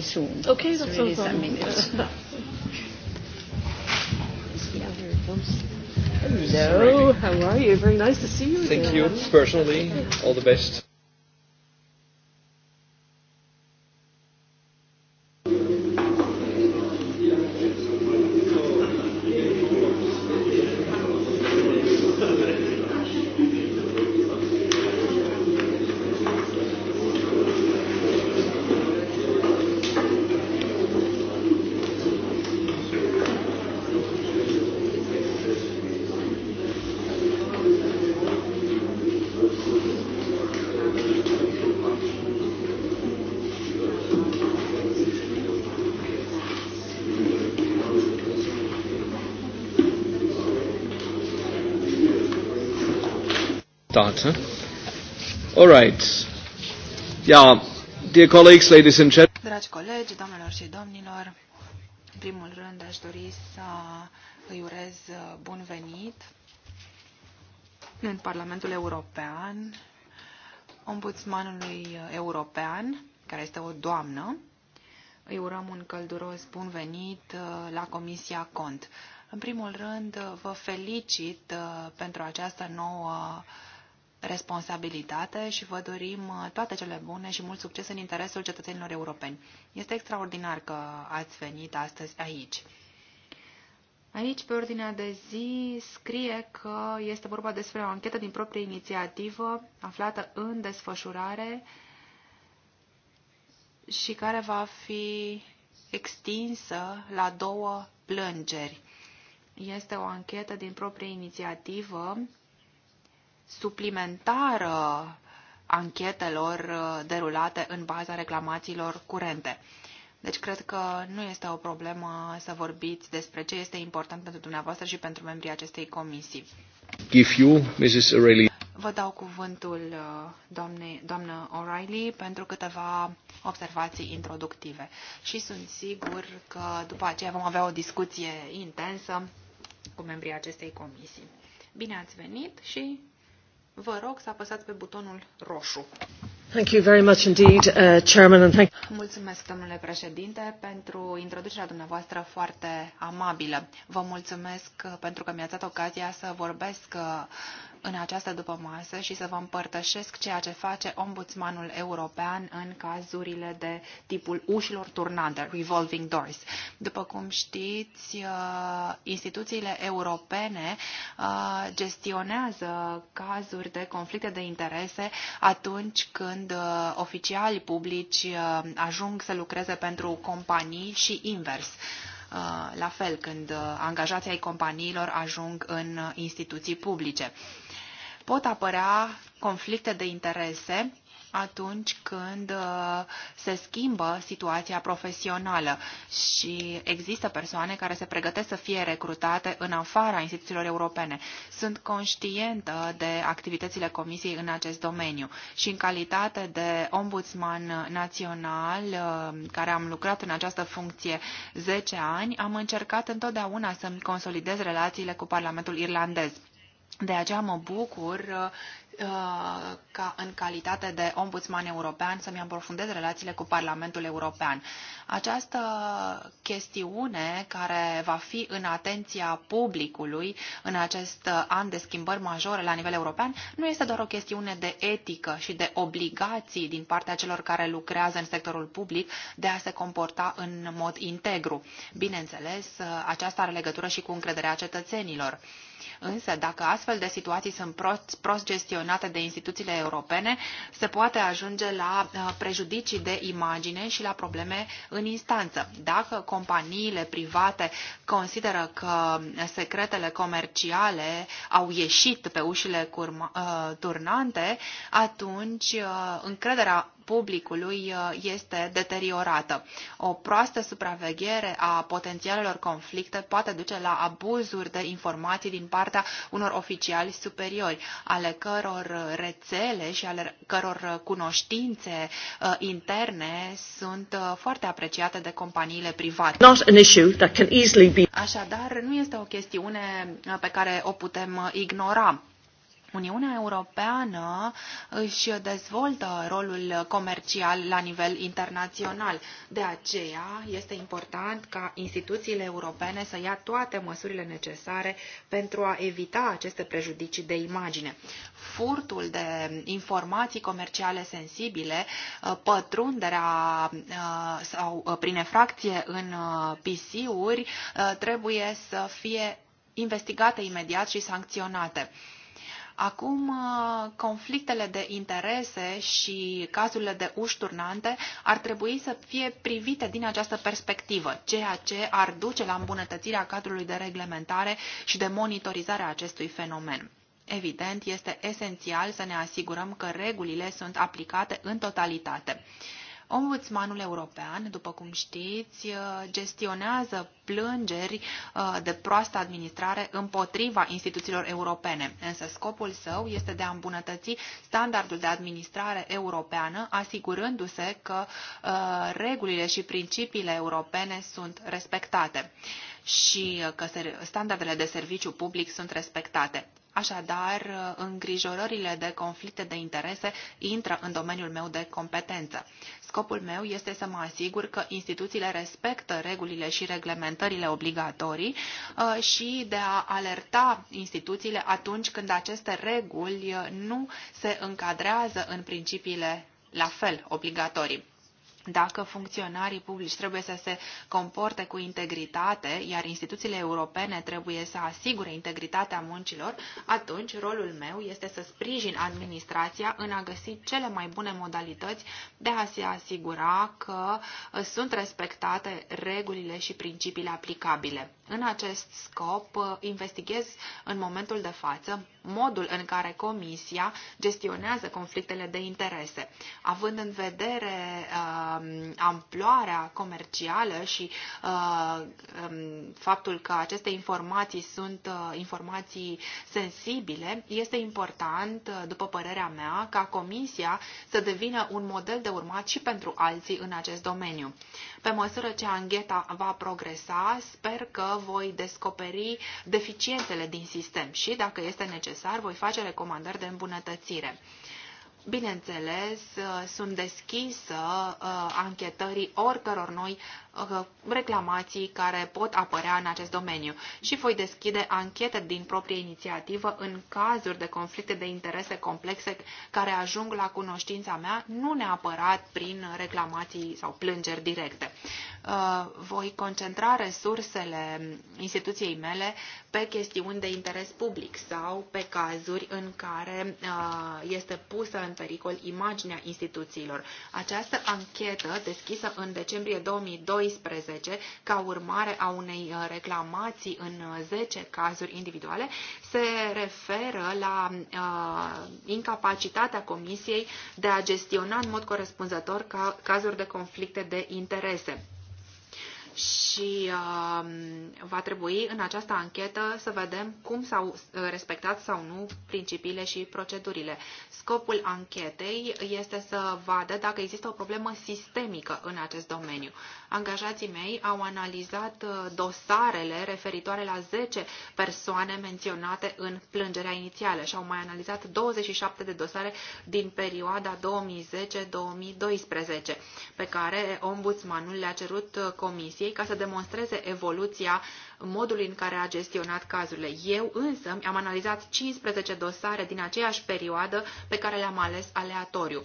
very soon. Okay, that's really no problem. (laughs) Hello, how are you? Very nice to see you. Thank again. you personally. All the best. start. Huh? All right. Yeah, dear colleagues, ladies and gentlemen. Dragi colegi, doamnelor și domnilor, în primul rând aș dori să îi urez uh, bun venit în Parlamentul European, ombudsmanului european, care este o doamnă. Îi urăm un călduros bun venit uh, la Comisia Cont. În primul rând, uh, vă felicit pentru această nouă uh, responsabilitate și vă dorim uh, toate cele bune și mult succes în interesul cetățenilor europeni. Este extraordinar că ați venit astăzi aici. Aici, pe ordinea de zi, scrie că este vorba despre o anchetă din proprie inițiativă aflată în desfășurare și care va fi extinsă la două plângeri. Este o anchetă din proprie inițiativă suplimentară anchetelor uh, derulate în baza reclamațiilor curente. Deci cred că nu este o problemă să vorbiți despre ce este important pentru dumneavoastră și pentru membrii acestei comisii. Give you, Mrs. O'Reilly. Vă dau cuvântul uh, doamne, doamnă O'Reilly pentru câteva observații introductive și sunt sigur că după aceea vom avea o discuție intensă cu membrii acestei comisii. Bine ați venit și Vă rog să apăsați pe butonul roșu. Thank you very much indeed, uh, Chairman, and thank Mulțumesc, domnule președinte, pentru introducerea dumneavoastră foarte amabilă. Vă mulțumesc uh, pentru că mi-ați dat ocazia să vorbesc uh, în această dupămasă și să vă împărtășesc ceea ce face ombudsmanul european în cazurile de tipul ușilor turnante, revolving doors. După cum știți, uh, instituțiile europene uh, gestionează cazuri de conflicte de interese atunci când uh, oficiali publici ajung să lucreze pentru companii și invers la fel când angajații ai companiilor ajung în instituții publice pot apărea conflicte de interese atunci când uh, se schimbă situația profesională și există persoane care se pregătesc să fie recrutate în afara instituțiilor europene. Sunt conștientă de activitățile Comisiei în acest domeniu și în calitate de ombudsman național, uh, care am lucrat în această funcție 10 ani, am încercat întotdeauna să-mi consolidez relațiile cu Parlamentul irlandez de aceea mă bucur Uh, ca în calitate de ombudsman european să-mi aprofundez relațiile cu Parlamentul European. Această chestiune care va fi în atenția publicului în acest an de schimbări majore la nivel european nu este doar o chestiune de etică și de obligații din partea celor care lucrează în sectorul public de a se comporta în mod integru. Bineînțeles, uh, aceasta are legătură și cu încrederea cetățenilor. Însă, dacă astfel de situații sunt prost, prost gestionate, gestionate de instituțiile europene, se poate ajunge la uh, prejudicii de imagine și la probleme în instanță. Dacă companiile private consideră că secretele comerciale au ieșit pe ușile uh, turnante, atunci uh, încrederea publicului uh, este deteriorată. O proastă supraveghere a potențialelor conflicte poate duce la abuzuri de informații din partea unor oficiali superiori, ale căror rețele și ale căror cunoștințe uh, interne sunt uh, foarte apreciate de companiile private. Așadar, nu este o chestiune pe care o putem ignora Uniunea Europeană își dezvoltă rolul comercial la nivel internațional. De aceea este important ca instituțiile europene să ia toate măsurile necesare pentru a evita aceste prejudicii de imagine. Furtul de informații comerciale sensibile, uh, pătrunderea uh, sau uh, prin efracție în PC-uri trebuie să fie investigate imediat și sancționate Acum, uh, conflictele de interese și cazurile de uși turnante ar trebui să fie privite din această perspectivă, ceea ce ar duce la îmbunătățirea cadrului de reglementare și de monitorizare a acestui fenomen. Evident, este esențial să ne asigurăm că regulile sunt aplicate în totalitate. Ombudsmanul European, după cum știți, uh, gestionează plângeri uh, de proastă administrare împotriva instituțiilor europene, însă scopul său este de a îmbunătăți standardul de administrare europeană, asigurându-se că uh, regulile și principiile europene sunt respectate și că standardele de serviciu public sunt respectate. Așadar, îngrijorările de conflicte de interese intră în domeniul meu de competență. Scopul meu este să mă asigur că instituțiile respectă regulile și reglementările obligatorii uh, și de a alerta instituțiile atunci când aceste reguli uh, nu se încadrează în principiile la fel obligatorii dacă funcționarii publici trebuie să se comporte cu integritate, iar instituțiile europene trebuie să asigure integritatea muncilor, atunci rolul meu este să sprijin administrația în a găsi cele mai bune modalități de a se asigura că uh, sunt respectate regulile și principiile aplicabile. În acest scop, uh, investighez în momentul de față modul în care Comisia gestionează conflictele de interese, având în vedere uh, Um, amploarea comercială și uh, um, faptul că aceste informații sunt uh, informații sensibile, este important, uh, după părerea mea, ca Comisia să devină un model de urmat și pentru alții în acest domeniu. Pe măsură ce angheta va progresa, sper că voi descoperi deficiențele din sistem și, dacă este necesar, voi face recomandări de îmbunătățire. Bineînțeles, uh, sunt deschisă uh, anchetării oricăror noi Uh, reclamații care pot apărea în acest domeniu și voi deschide anchete din proprie inițiativă în cazuri de conflicte de interese complexe care ajung la cunoștința mea, nu neapărat prin reclamații sau plângeri directe. Uh, voi concentra resursele instituției mele pe chestiuni de interes public sau pe cazuri în care uh, este pusă în pericol imaginea instituțiilor. Această anchetă deschisă în decembrie 2012 2012, ca urmare a unei uh, reclamații în 10 uh, cazuri individuale, se referă la uh, incapacitatea Comisiei de a gestiona în mod corespunzător ca, cazuri de conflicte de interese și uh, va trebui în această anchetă să vedem cum s-au uh, respectat sau nu principiile și procedurile. Scopul anchetei este să vadă dacă există o problemă sistemică în acest domeniu. Angajații mei au analizat uh, dosarele referitoare la 10 persoane menționate în plângerea inițială și au mai analizat 27 de dosare din perioada 2010-2012 pe care ombudsmanul le-a cerut uh, comisiei ei ca să demonstreze evoluția modului în care a gestionat cazurile. Eu însă am analizat 15 dosare din aceeași perioadă pe care le-am ales aleatoriu.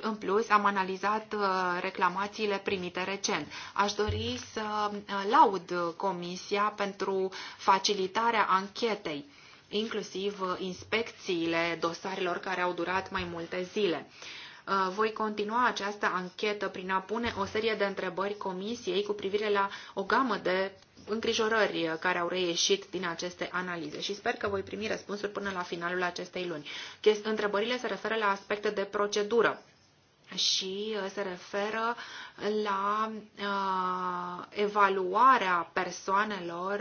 În plus, am analizat uh, reclamațiile primite recent. Aș dori să uh, laud Comisia pentru facilitarea anchetei inclusiv uh, inspecțiile dosarelor care au durat mai multe zile. Uh, voi continua această anchetă prin a pune o serie de întrebări comisiei cu privire la o gamă de îngrijorări care au reieșit din aceste analize și sper că voi primi răspunsuri până la finalul acestei luni. Întrebările se referă la aspecte de procedură și uh, se referă la uh, evaluarea persoanelor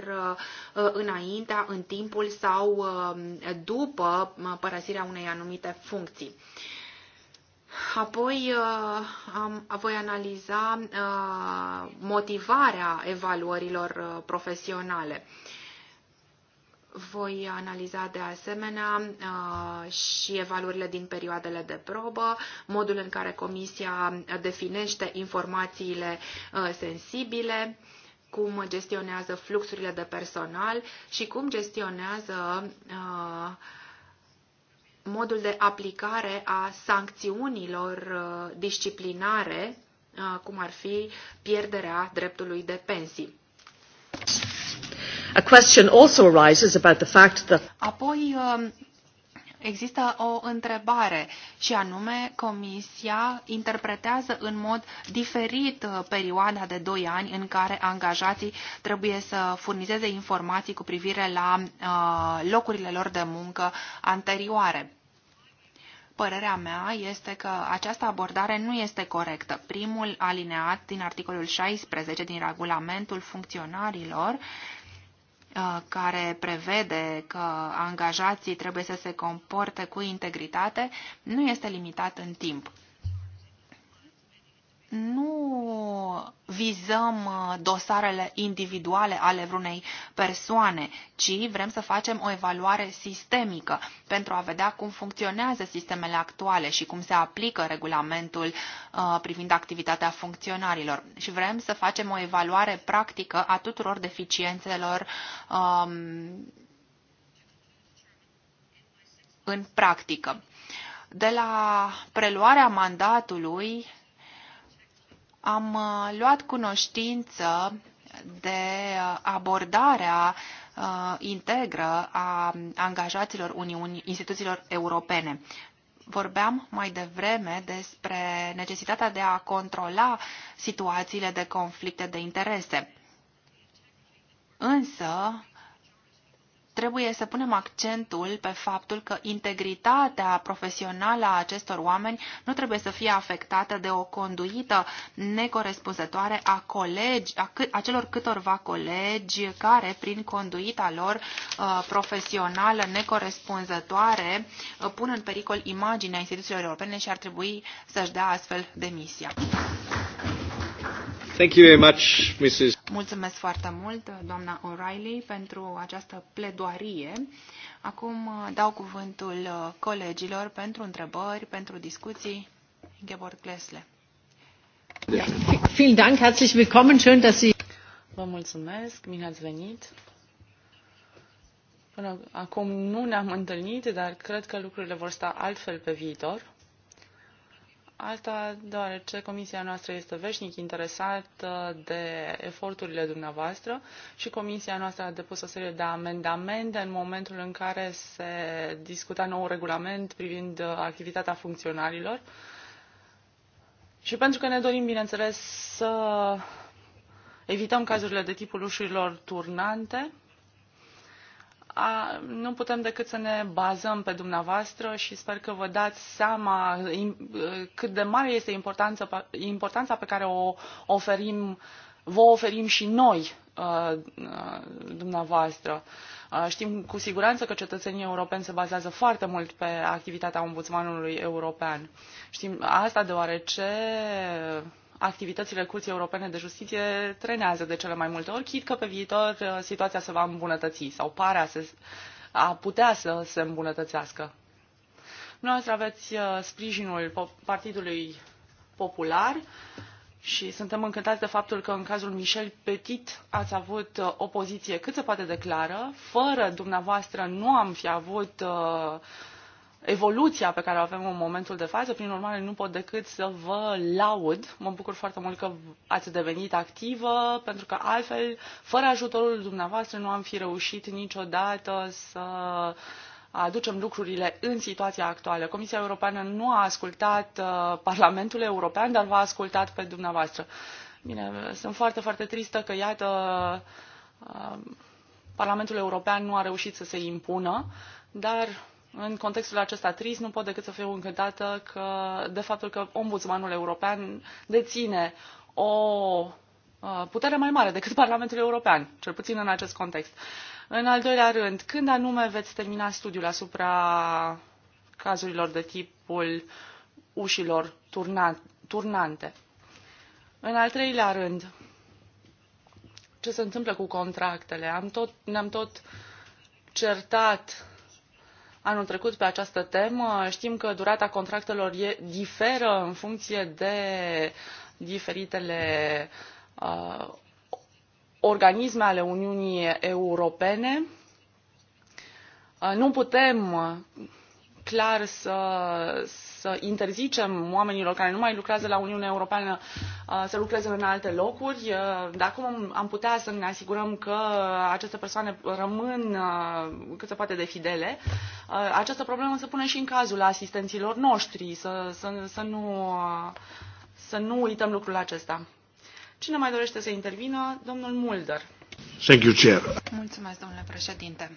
uh, uh înaintea, în timpul sau uh, după părăsirea unei anumite funcții. Uh, Apoi uh, am, voi analiza uh, motivarea evaluărilor uh, profesionale. Voi analiza de asemenea și evaluările din perioadele de probă, modul în care comisia definește informațiile sensibile, cum gestionează fluxurile de personal și cum gestionează uh, modul de aplicare a sancțiunilor uh, disciplinare, uh, cum ar fi pierderea dreptului de pensii. A question also arises about the fact that Apoi um, există o întrebare și anume comisia interpretează în mod diferit uh, perioada de 2 ani în care angajații trebuie să furnizeze informații cu privire la locurile lor de muncă anterioare. Părerea mea este că această abordare nu este corectă. Primul alineat din articolul 16 din regulamentul funcționarilor uh, care prevede că angajații trebuie să se comporte cu integritate, nu este limitat în timp nu vizăm uh, dosarele individuale ale vreunei persoane, ci vrem să facem o evaluare sistemică pentru a vedea cum funcționează sistemele actuale și cum se aplică regulamentul uh, privind activitatea funcționarilor. Și vrem să facem o evaluare practică a tuturor deficiențelor um, în practică. De la preluarea mandatului am uh, luat cunoștință de uh, abordarea uh, integră a angajaților Uniunii, instituțiilor europene. Vorbeam mai devreme despre necesitatea de a controla situațiile de conflicte de interese. Însă, trebuie să punem accentul pe faptul că integritatea profesională a acestor oameni nu trebuie să fie afectată de o conduită necorespunzătoare a colegi, a, cât, a celor câtorva colegi care, prin conduita lor uh, profesională necorespunzătoare, uh, pun în pericol imaginea instituțiilor europene și ar trebui să-și dea astfel demisia. Thank you very much, Mrs. Mulțumesc foarte mult, doamna O'Reilly, pentru această pledoarie. Acum uh, dau cuvântul uh, colegilor pentru întrebări, pentru discuții. Ingeborg Glesle. Vielen Dank, herzlich willkommen, schön, dass Sie... Vă mulțumesc, bine ați venit. Până acum nu ne-am întâlnit, dar cred că lucrurile vor sta altfel pe viitor alta deoarece comisia noastră este veșnic interesată de eforturile dumneavoastră și comisia noastră a depus o serie de amendamente în momentul în care se discuta nou regulament privind activitatea funcționarilor. Și pentru că ne dorim, bineînțeles, să evităm cazurile de tipul ușurilor turnante, a, nu putem decât să ne bazăm pe dumneavoastră și sper că vă dați seama cât de mare este importanța, importanța pe care o oferim, vă oferim și noi uh, uh, dumneavoastră. Uh, știm cu siguranță că cetățenii europeni se bazează foarte mult pe activitatea ombudsmanului european. Știm asta deoarece activitățile Curții Europene de Justiție trenează de cele mai multe ori, chid că pe viitor uh, situația se va îmbunătăți sau pare a, se, a putea să se îmbunătățească. Noastră aveți uh, sprijinul Partidului Popular și suntem încântați de faptul că în cazul Michel Petit ați avut uh, o poziție cât se poate de clară. Fără dumneavoastră nu am fi avut uh, evoluția pe care o avem în momentul de față. Prin urmare, nu pot decât să vă laud. Mă bucur foarte mult că ați devenit activă, pentru că altfel, fără ajutorul dumneavoastră, nu am fi reușit niciodată să aducem lucrurile în situația actuală. Comisia Europeană nu a ascultat uh, Parlamentul European, dar v-a ascultat pe dumneavoastră. Bine, sunt foarte, foarte tristă că, iată, uh, Parlamentul European nu a reușit să se impună, dar în contextul acesta trist, nu pot decât să fiu încântată că, de faptul că ombudsmanul european deține o uh, putere mai mare decât Parlamentul European, cel puțin în acest context. În al doilea rând, când anume veți termina studiul asupra cazurilor de tipul ușilor turnante? În al treilea rând, ce se întâmplă cu contractele? Am tot, ne-am tot certat anul trecut pe această temă. Știm că durata contractelor diferă în funcție de diferitele uh, organisme ale Uniunii Europene. Uh, nu putem clar să, să interzicem oamenilor care nu mai lucrează la Uniunea Europeană uh, să lucreze în alte locuri. Uh, Dacă am putea să ne asigurăm că aceste persoane rămân uh, cât se poate de fidele, această problemă se pune și în cazul asistenților noștri, să, să, să, nu, să nu uităm lucrul acesta. Cine mai dorește să intervină? Domnul Mulder. Thank you, Chair. Mulțumesc, domnule președinte.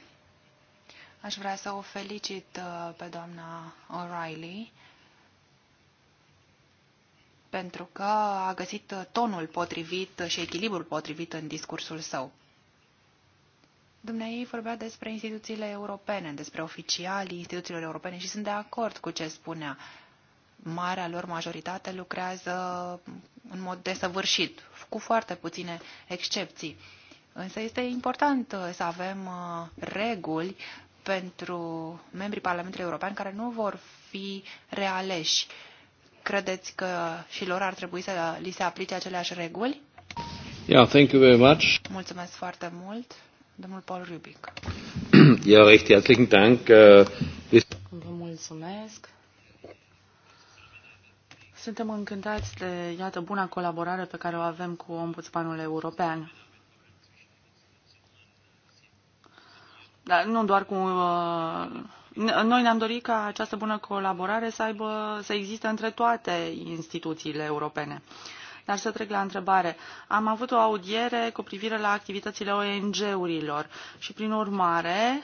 Aș vrea să o felicit uh, pe doamna O'Reilly pentru că a găsit tonul potrivit și echilibrul potrivit în discursul său. Dumnezeu vorbea despre instituțiile europene, despre oficialii instituțiilor europene și sunt de acord cu ce spunea. Marea lor majoritate lucrează în mod desăvârșit, cu foarte puține excepții. Însă este important să avem uh, reguli pentru membrii Parlamentului European care nu vor fi realeși. Credeți că și lor ar trebui să li se aplice aceleași reguli? Yeah, thank you very much. Mulțumesc foarte mult, domnul Paul Rubic. (clears throat) Ja, recht herzlichen Dank. Äh, Vă mulțumesc. Suntem încântați de, iată, buna colaborare pe care o avem cu Ombudsmanul European. Dar nu doar cu... Uh, noi ne-am dorit ca această bună colaborare să, aibă, să existe între toate instituțiile europene. Dar să trec la întrebare. Am avut o audiere cu privire la activitățile ONG-urilor și, prin urmare,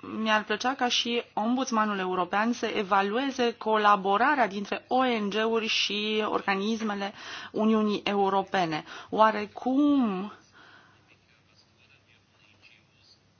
mi-ar plăcea ca și ombudsmanul european să evalueze colaborarea dintre ONG-uri și organismele Uniunii Europene. Oare cum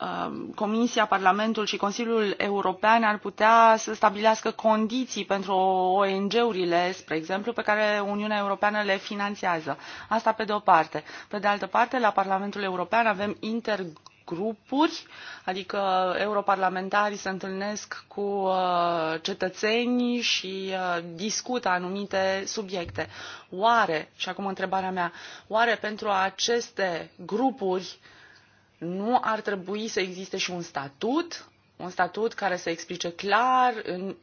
Um, Comisia, Parlamentul și Consiliul European ar putea să stabilească condiții pentru ONG-urile, spre exemplu, pe care Uniunea Europeană le finanțează. Asta pe de o parte. Pe de altă parte, la Parlamentul European avem intergrupuri, adică europarlamentarii se întâlnesc cu uh, cetățenii și uh, discută anumite subiecte. Oare, și acum întrebarea mea, oare pentru aceste grupuri nu ar trebui să existe și un statut, un statut care să explice clar în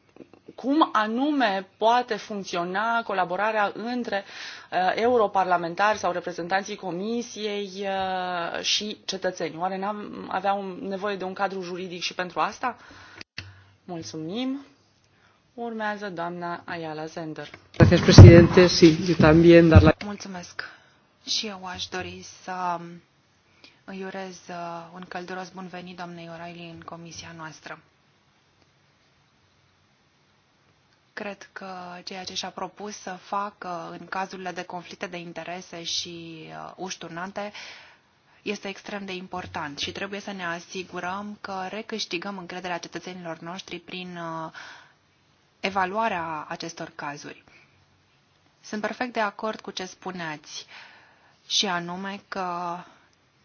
cum anume poate funcționa colaborarea între uh, europarlamentari sau reprezentanții comisiei uh, și cetățeni. Oare n-am avea un, nevoie de un cadru juridic și pentru asta? Mulțumim. Urmează doamna Ayala Zender. Mulțumesc. Și eu aș dori să îi urez uh, un călduros bun venit doamnei O'Reilly în comisia noastră. Cred că ceea ce și-a propus să facă în cazurile de conflicte de interese și uh, ușturnante este extrem de important și trebuie să ne asigurăm că recâștigăm încrederea cetățenilor noștri prin uh, evaluarea acestor cazuri. Sunt perfect de acord cu ce spuneați și anume că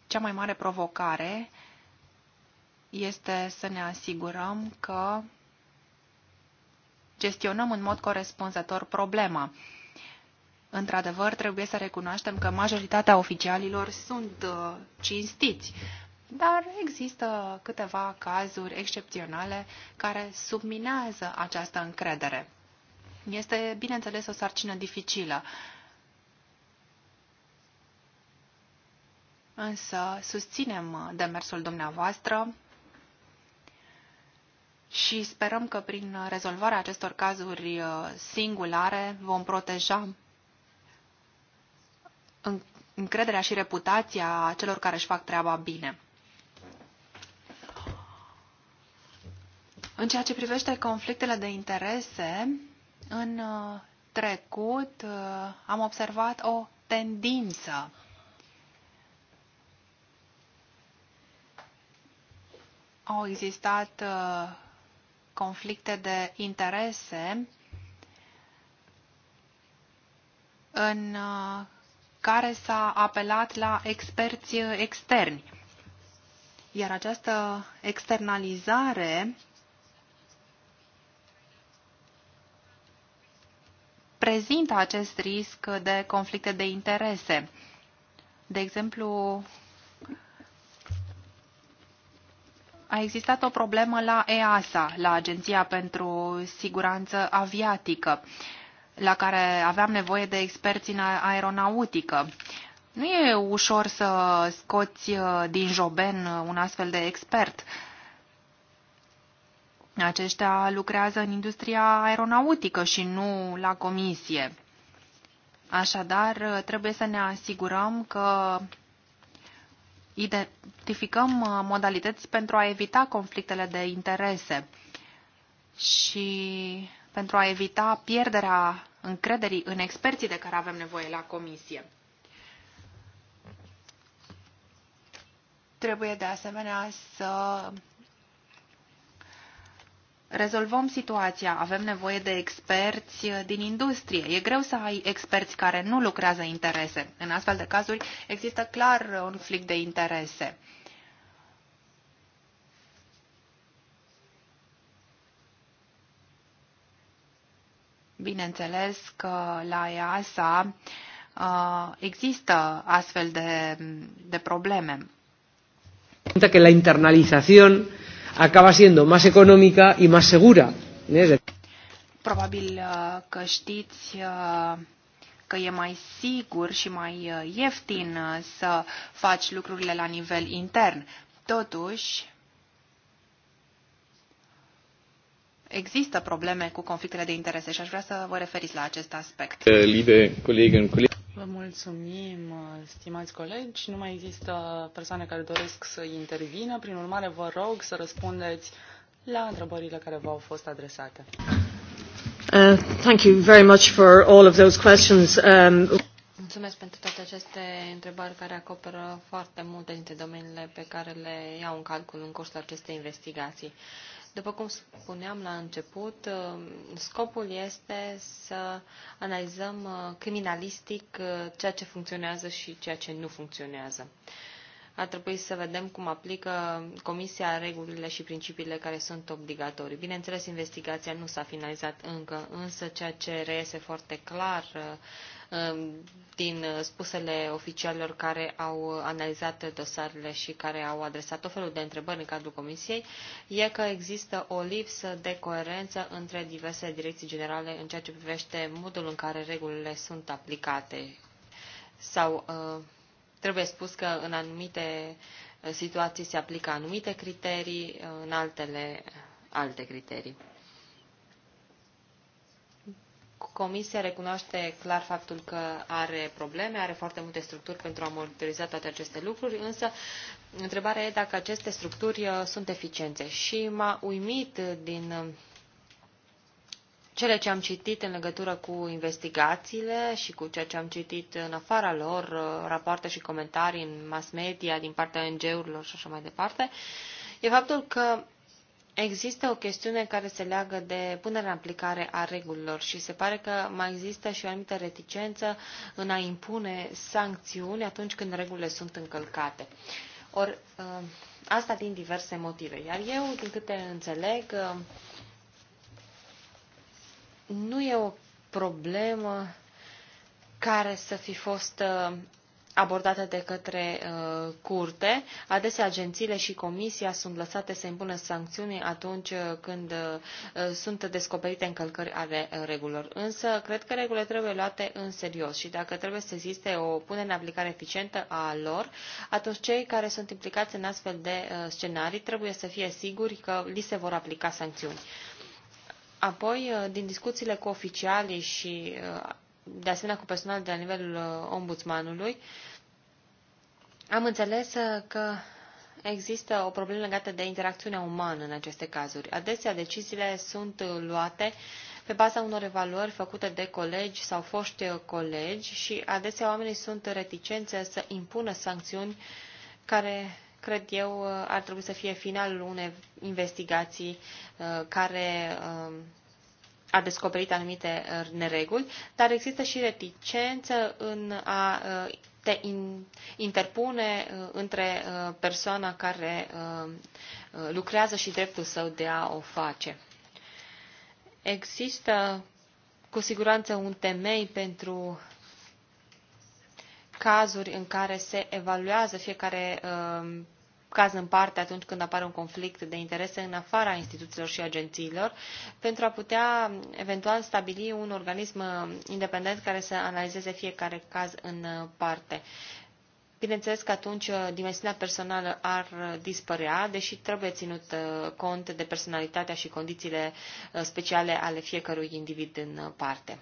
cea mai mare provocare este să ne asigurăm că gestionăm în mod corespunzător problema. Într-adevăr, trebuie să recunoaștem că majoritatea oficialilor sunt uh, cinstiți, dar există câteva cazuri excepționale care subminează această încredere. Este, bineînțeles, o sarcină dificilă, Însă susținem uh, demersul dumneavoastră și sperăm că prin rezolvarea acestor cazuri uh, singulare vom proteja încrederea și reputația celor care își fac treaba bine. În ceea ce privește conflictele de interese, în uh, trecut am observat o tendință au existat uh, conflicte de interese în uh, care s-a apelat la experți uh, externi. Iar această externalizare prezintă acest risc de conflicte de interese. De exemplu, a existat o problemă la EASA, la Agenția pentru Siguranță Aviatică, la care aveam nevoie de experți în aeronautică. Nu e ușor să scoți uh, din joben uh, un astfel de expert. Aceștia lucrează în industria aeronautică și nu la comisie. Așadar, uh, trebuie să ne asigurăm că identificăm uh, modalități pentru a evita conflictele de interese și pentru a evita pierderea încrederii în experții de care avem nevoie la comisie. Trebuie de asemenea să rezolvăm situația. Avem nevoie de experți uh, din industrie. E greu să ai experți care nu lucrează interese. În astfel de cazuri există clar un conflict de interese. Bineînțeles că la EASA uh, există astfel de, de probleme. Că la internalización acaba siendo más económica y más segura. ¿eh? Probabil uh, că știți uh, că e mai sigur și mai uh, ieftin să faci lucrurile la nivel intern. Totuși, există probleme cu conflictele de interese și aș vrea să vă referiți la acest aspect. Eh, Lide, colegi, colegi. Vă mulțumim, stimați colegi. Nu mai există persoane care doresc să intervină. Prin urmare, vă rog să răspundeți la întrebările care v-au fost adresate. Uh, thank you very much for all of those questions. Um... Mulțumesc pentru toate aceste întrebări care acoperă foarte multe dintre domeniile pe care le iau în calcul în cursul acestei investigații. Uh, după cum spuneam la început, uh, scopul este să analizăm uh, criminalistic uh, ceea ce funcționează și ceea ce nu funcționează. Ar trebui să vedem cum aplică Comisia regulile și principiile care sunt obligatorii. Bineînțeles, investigația nu s-a finalizat încă, însă ceea ce reiese foarte clar uh, Um, din uh, spusele oficialilor care au analizat dosarele și care au adresat tot felul de întrebări în cadrul Comisiei, e că există o lipsă de coerență între diverse direcții generale în ceea ce privește modul în care regulile sunt aplicate. Sau uh, trebuie spus că în anumite uh, situații se aplică anumite criterii, în altele alte criterii. Comisia recunoaște clar faptul că are probleme, are foarte multe structuri pentru a monitoriza toate aceste lucruri, însă întrebarea e dacă aceste structuri uh, sunt eficiente. Și m-a uimit din uh, cele ce am citit în legătură cu investigațiile și cu ceea ce am citit în afara lor, uh, rapoarte și comentarii în mass media din partea ONG-urilor și așa mai departe, e faptul că Există o chestiune care se leagă de punerea în aplicare a regulilor și se pare că mai există și o anumită reticență în a impune sancțiuni atunci când regulile sunt încălcate. Or, ă, asta din diverse motive. Iar eu, din câte înțeleg, ă, nu e o problemă care să fi fost ă, abordate de către uh, curte. Adesea agențiile și comisia sunt lăsate să impună sancțiuni atunci uh, când uh, uh, sunt descoperite încălcări ale uh, regulilor. Însă, cred că regulile trebuie luate în serios și dacă trebuie să existe o punere în aplicare eficientă a lor, atunci cei care sunt implicați în astfel de uh, scenarii trebuie să fie siguri că li se vor aplica sancțiuni. Apoi, din discuțiile cu oficialii și de asemenea cu personal de la nivelul uh, ombudsmanului, am înțeles uh, că există o problemă legată de interacțiunea umană în aceste cazuri. Adesea deciziile sunt uh, luate pe baza unor evaluări făcute de colegi sau foști colegi și adesea oamenii sunt reticenți să impună sancțiuni care, cred eu, ar trebui să fie finalul unei investigații care a descoperit anumite uh, nereguli, dar există și reticență în a uh, te interpune uh, între persoana care lucrează și dreptul său de a o face. Există cu siguranță un temei pentru cazuri în care se evaluează fiecare caz în parte atunci când apare un conflict de interese în afara instituțiilor și agențiilor, pentru a putea eventual stabili un organism uh, independent care să analizeze fiecare caz în uh, parte. Bineînțeles că atunci uh, dimensiunea personală ar dispărea, deși trebuie ținut cont de personalitatea și condițiile speciale ale fiecărui individ în parte.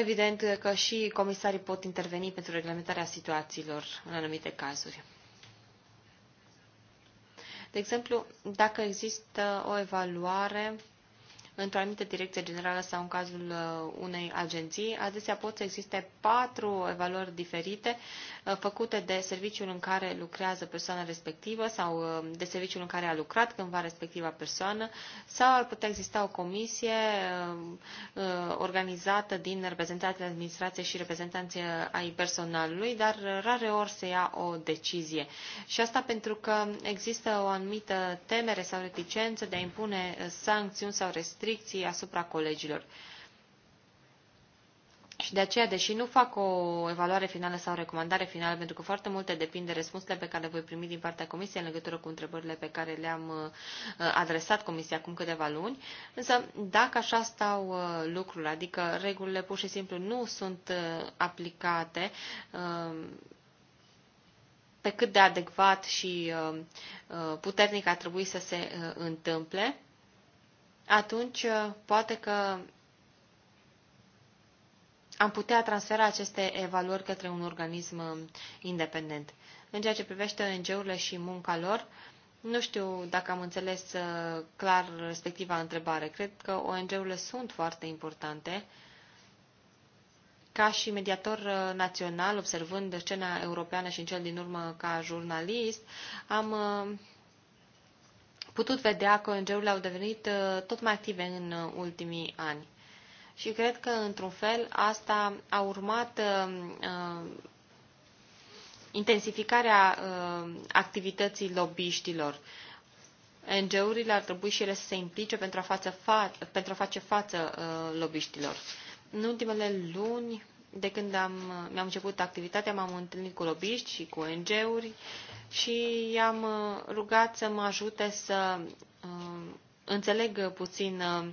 Evident că și comisarii pot interveni pentru reglementarea situațiilor în anumite cazuri. De exemplu, dacă există o evaluare într-o anumită direcție generală sau în cazul uh, unei agenții, adesea pot să existe patru evaluări diferite Uh, făcute de serviciul în care lucrează persoana respectivă sau uh, de serviciul în care a lucrat cândva respectiva persoană sau ar putea exista o comisie uh, organizată din reprezentanții administrației și reprezentanții ai personalului, dar rare ori se ia o decizie. Și asta pentru că există o anumită temere sau reticență de a impune sancțiuni sau restricții asupra colegilor. Și de aceea, deși nu fac o evaluare finală sau o recomandare finală, pentru că foarte multe depind de răspunsurile pe care le voi primi din partea Comisiei în legătură cu întrebările pe care le-am uh, adresat Comisiei acum câteva luni, însă dacă așa stau uh, lucrurile, adică regulile pur și simplu nu sunt uh, aplicate pe cât de adecvat și puternic ar trebui să se întâmple, atunci poate că am putea transfera aceste evaluări către un organism uh, independent. În ceea ce privește ONG-urile și munca lor, nu știu dacă am înțeles uh, clar respectiva întrebare. Cred că ONG-urile sunt foarte importante. Ca și mediator uh, național, observând scena europeană și în cel din urmă ca jurnalist, am putut vedea că ONG-urile au devenit tot mai active în ultimii ani și cred că, într-un fel, asta a urmat uh, uh intensificarea uh, activității lobbyștilor, NGO-urile ar trebui și ele să se implice pentru a, față fa- pentru a face față uh, lobbyștilor. În ultimele luni, de când am, mi-am început activitatea, m-am întâlnit cu lobbyști și cu NG-uri și i-am uh, rugat să mă ajute să uh, înțeleg puțin uh,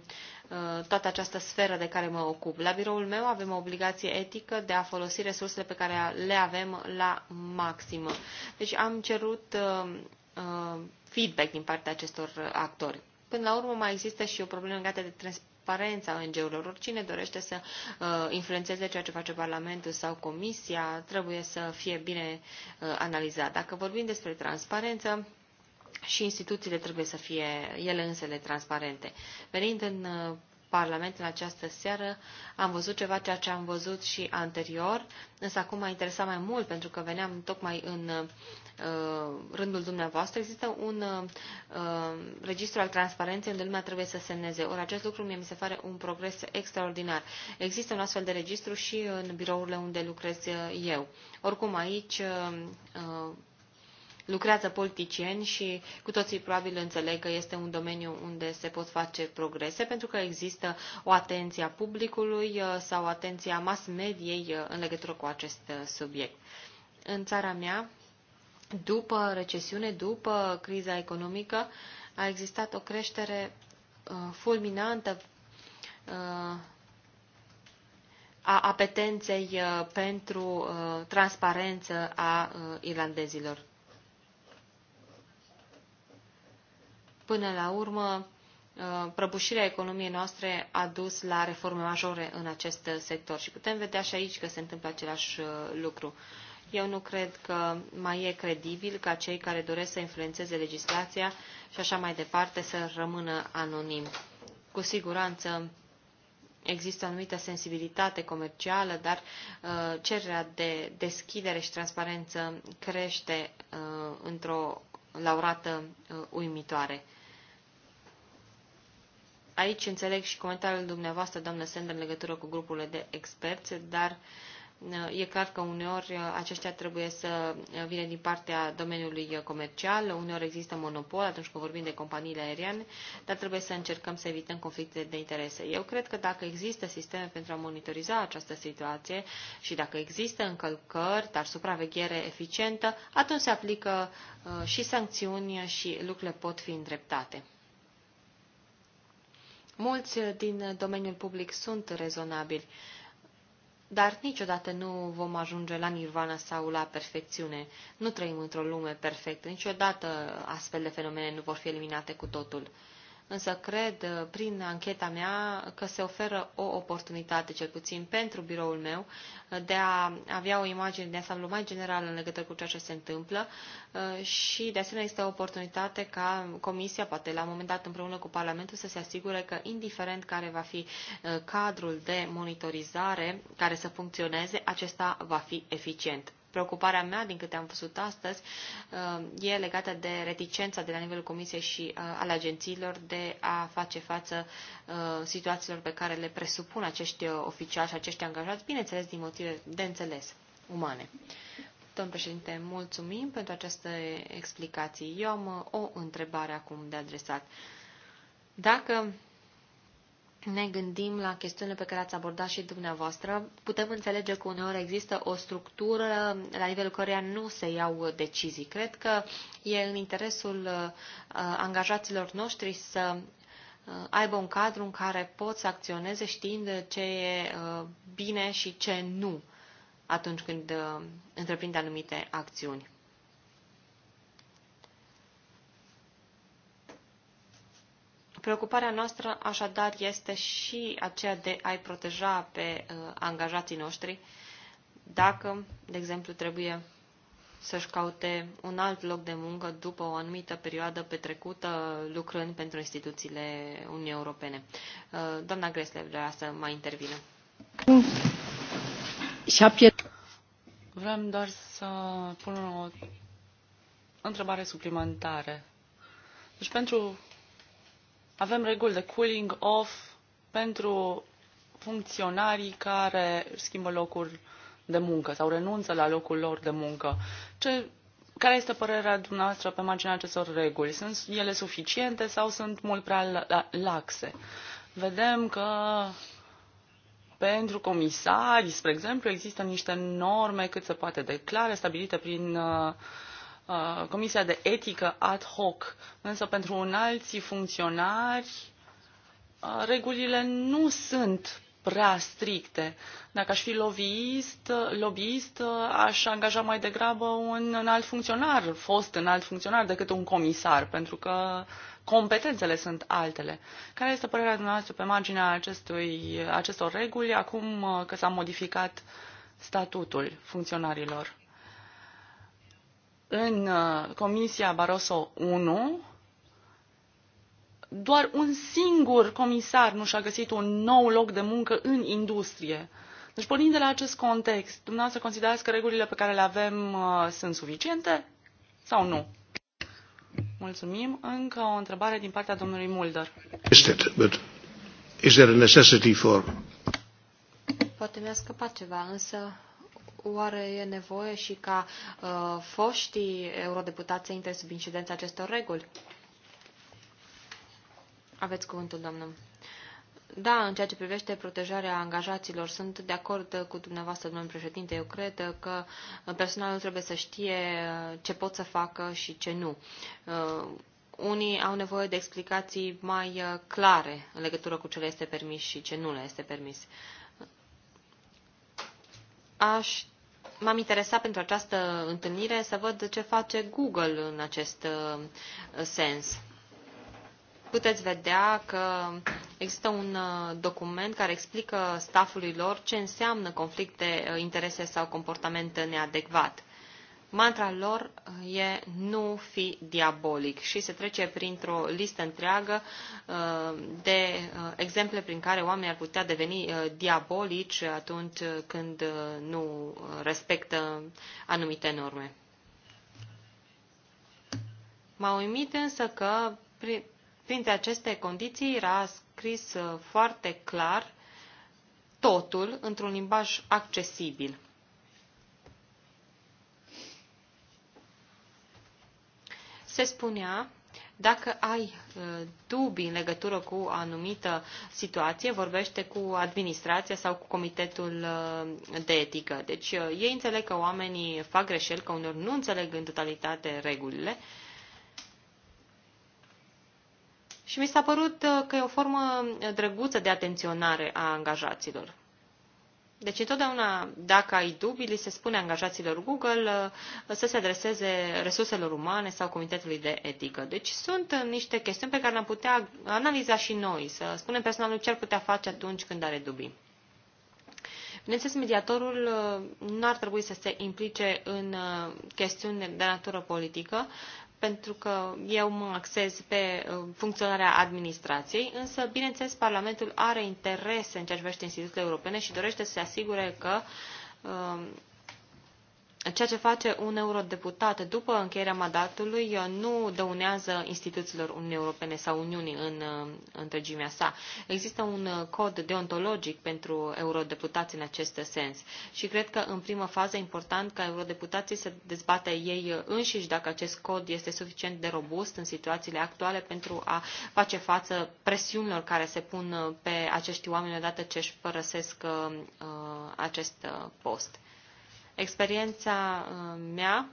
Uh, toată această sferă de care mă ocup. La biroul meu avem o obligație etică de a folosi resursele pe care le avem la maximă. Deci am cerut uh, uh, feedback din partea acestor actori. Până la urmă mai există și o problemă legată de transparența ONG-urilor. Oricine dorește să uh, influențeze ceea ce face Parlamentul sau Comisia trebuie să fie bine uh, analizat. Dacă vorbim despre transparență, și instituțiile trebuie să fie ele însele transparente. Venind în uh, Parlament în această seară, am văzut ceva ceea ce am văzut și anterior, însă acum m-a interesat mai mult pentru că veneam tocmai în uh, rândul dumneavoastră. Există un uh, registru al transparenței unde lumea trebuie să semneze. Ori acest lucru mie mi se pare un progres extraordinar. Există un astfel de registru și în birourile unde lucrez uh, eu. Oricum aici uh, uh lucrează politicieni și cu toții probabil înțeleg că este un domeniu unde se pot face progrese, pentru că există o atenție a publicului uh, sau atenția mass mediei uh, în legătură cu acest uh, subiect. În țara mea, după recesiune, după criza economică, a existat o creștere fulminantă a apetenței pentru transparență a irlandezilor. Până la urmă, uh, prăbușirea economiei noastre a dus la reforme majore în acest uh, sector și putem vedea și aici că se întâmplă același uh, lucru. Eu nu cred că mai e credibil ca cei care doresc să influențeze legislația și așa mai departe să rămână anonim. Cu siguranță există o anumită sensibilitate comercială, dar uh, cererea de deschidere și transparență crește uh, într-o laurată uh, uimitoare. Aici înțeleg și comentariul dumneavoastră, doamnă Sender, în legătură cu grupurile de experți, dar uh, e clar că uneori uh, aceștia trebuie să uh, vină din partea domeniului comercial, uneori există monopol atunci când vorbim de companiile aeriene, dar trebuie să încercăm să evităm conflicte de interese. Eu cred că dacă există sisteme pentru a monitoriza această situație și dacă există încălcări, dar supraveghere eficientă, atunci se aplică și sancțiuni și lucrurile pot fi îndreptate. Mulți uh, din uh, domeniul public sunt rezonabili, dar niciodată nu vom ajunge la nirvana sau la perfecțiune. Nu trăim într-o lume perfectă, niciodată astfel de fenomene nu vor fi eliminate cu totul însă cred uh, prin ancheta mea că se oferă o oportunitate, cel puțin pentru biroul meu, uh, de a avea o imagine de ansamblu mai generală în legătură cu ceea ce se întâmplă uh, și, de asemenea, este o oportunitate ca Comisia, poate la un moment dat împreună cu Parlamentul, să se asigure că, indiferent care va fi cadrul de monitorizare care să funcționeze, acesta va fi eficient preocuparea mea, din câte am văzut astăzi, uh, e legată de reticența de la nivelul Comisiei și uh, al agențiilor de a face față uh, situațiilor pe care le presupun acești oficiali și acești angajați, bineînțeles din motive de înțeles umane. Domnul președinte, mulțumim pentru aceste explicații. Eu am o întrebare acum de adresat. Dacă ne gândim la chestiunile pe care ați abordat și dumneavoastră, putem înțelege că uneori există o structură la nivelul căreia nu se iau decizii. Cred că e în interesul uh, angajaților noștri să uh, aibă un cadru în care pot să acționeze știind ce e uh, bine și ce nu atunci când întreprinde anumite acțiuni. Preocuparea noastră așadar este și aceea de a-i proteja pe uh, angajații noștri dacă, de exemplu, trebuie să-și caute un alt loc de muncă după o anumită perioadă petrecută lucrând pentru instituțiile Uniunii Europene. Uh, doamna Gresle vrea să mai intervină. Vreau doar să pun o întrebare suplimentare. Deci pentru avem reguli de cooling off pentru funcționarii care schimbă locuri de muncă sau renunță la locul lor de muncă. Ce, care este părerea dumneavoastră pe marginea acestor reguli? Sunt ele suficiente sau sunt mult prea laxe? Vedem că pentru comisari, spre exemplu, există niște norme cât se poate de clare, stabilite prin uh, Uh, Comisia de Etică ad hoc, însă pentru alții funcționari uh, regulile nu sunt prea stricte. Dacă aș fi lobbyist, lobbyist aș angaja mai degrabă un înalt funcționar, fost înalt funcționar, decât un comisar, pentru că competențele sunt altele. Care este părerea dumneavoastră pe marginea acestui, acestor reguli, acum uh, că s-a modificat statutul funcționarilor? în uh, Comisia Barroso 1 doar un singur comisar nu și-a găsit un nou loc de muncă în industrie. Deci, pornind de la acest context, dumneavoastră considerați că regulile pe care le avem uh, sunt suficiente sau nu? Mulțumim. Încă o întrebare din partea domnului Mulder. Este, but is there a necessity for... Poate mi-a scăpat ceva, însă oare e nevoie și ca uh, foștii eurodeputați să intre sub incidența acestor reguli? Aveți cuvântul, domnul. Da, în ceea ce privește protejarea angajaților, sunt de acord cu dumneavoastră, domnul președinte. Eu cred că personalul trebuie să știe uh, ce pot să facă și ce nu. Uh, unii au nevoie de explicații mai uh, clare în legătură cu ce le este permis și ce nu le este permis. Aș m-am interesat pentru această întâlnire să văd ce face Google în acest uh, sens. Puteți vedea că există un uh, document care explică staffului lor ce înseamnă conflict de uh, interese sau comportament neadecvat. Mantra lor uh, e nu fi diabolic și se trece printr-o listă întreagă uh, de uh, exemple prin care oamenii ar putea deveni diabolici atunci când nu respectă anumite norme. M-a uimit însă că printre aceste condiții era scris foarte clar totul într-un limbaj accesibil. se spunea dacă ai uh, dubii în legătură cu o anumită situație, vorbește cu administrația sau cu comitetul uh, de etică. Deci uh, ei înțeleg că oamenii fac greșeli, că unor nu înțeleg în totalitate regulile. Și mi s-a părut că e o formă drăguță de atenționare a angajaților. Deci întotdeauna dacă ai dubii, li se spune angajaților Google uh, să se adreseze resurselor umane sau comitetului de etică. Deci sunt uh, niște chestiuni pe care le-am putea analiza și noi, să spunem personalul ce ar putea face atunci când are dubii. Bineînțeles, mediatorul uh, nu ar trebui să se implice în chestiuni de natură politică, pentru că eu mă axez pe uh, funcționarea administrației, însă, bineînțeles, Parlamentul are interese în ceea ce privește instituțiile europene și dorește să se asigure că uh, Ceea ce face un eurodeputat după încheierea mandatului uh, nu dăunează instituțiilor Uniunii Europene sau Uniunii în uh, întregimea sa. Există un uh, cod deontologic pentru eurodeputați în acest sens și cred că în primă fază e important ca eurodeputații să dezbate ei înșiși dacă acest cod este suficient de robust în situațiile actuale pentru a face față presiunilor care se pun pe acești oameni odată ce își părăsesc acest post. Experiența uh, mea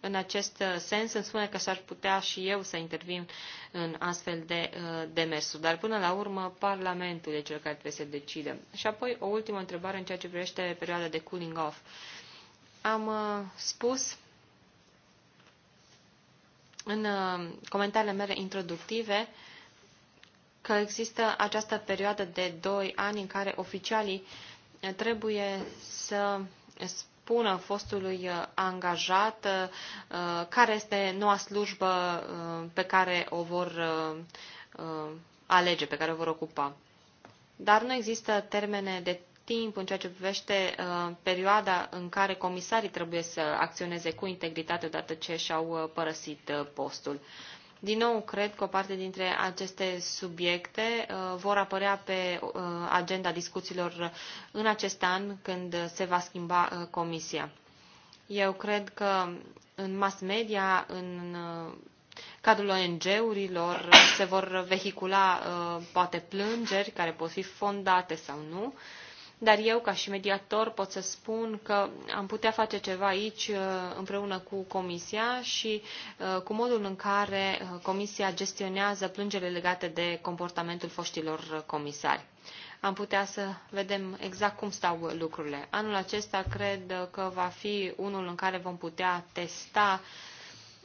în acest uh, sens îmi spune că s-ar putea și eu să intervin în astfel de uh, demersuri. Dar până la urmă, Parlamentul e cel care trebuie să decide. Și apoi o ultimă întrebare în ceea ce privește perioada de cooling off. Am spus în comentariile mele introductive că există această perioadă de 2 ani în care oficialii uh, trebuie să spună fostului uh, angajat uh, care este noua slujbă uh, pe care o vor alege, pe care o vor ocupa. Dar nu există termene de timp în ceea ce privește uh, perioada în care comisarii trebuie să acționeze cu integritate odată ce și-au părăsit uh, postul. Uh, din nou, cred că o parte dintre aceste subiecte uh, vor apărea pe uh, agenda discuțiilor în acest an, când se va schimba uh, comisia. Eu cred că în mass media, în cadrul ONG-urilor, se vor vehicula poate plângeri care pot fi fondate sau nu, dar eu, ca și mediator, pot să spun că am putea face ceva aici uh, împreună cu Comisia și uh, cu modul în care uh, Comisia gestionează plângere legate de comportamentul foștilor comisari am putea să vedem exact cum stau lucrurile. Anul acesta cred că va fi unul în care vom putea testa uh,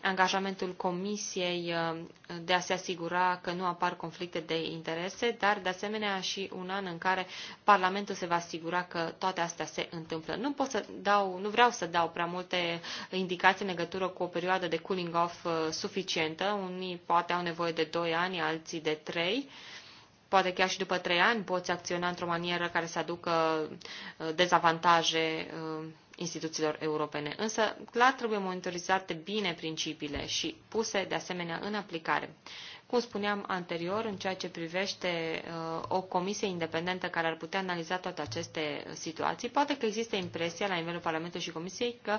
angajamentul Comisiei uh, de a se asigura că nu apar conflicte de interese, dar de asemenea și un an în care Parlamentul se va asigura că toate astea se întâmplă. Nu, pot să dau, nu vreau să dau prea multe indicații în legătură cu o perioadă de cooling off uh, suficientă. Unii poate au nevoie de 2 ani, alții de 3 poate chiar și după trei ani poți acționa într-o manieră care să aducă uh, dezavantaje instituțiilor europene. Însă, clar trebuie monitorizate bine principiile și puse, de asemenea, în aplicare. Cum spuneam anterior, în ceea ce privește uh, o comisie independentă care ar putea analiza toate aceste situații, poate că există impresia la nivelul Parlamentului și Comisiei că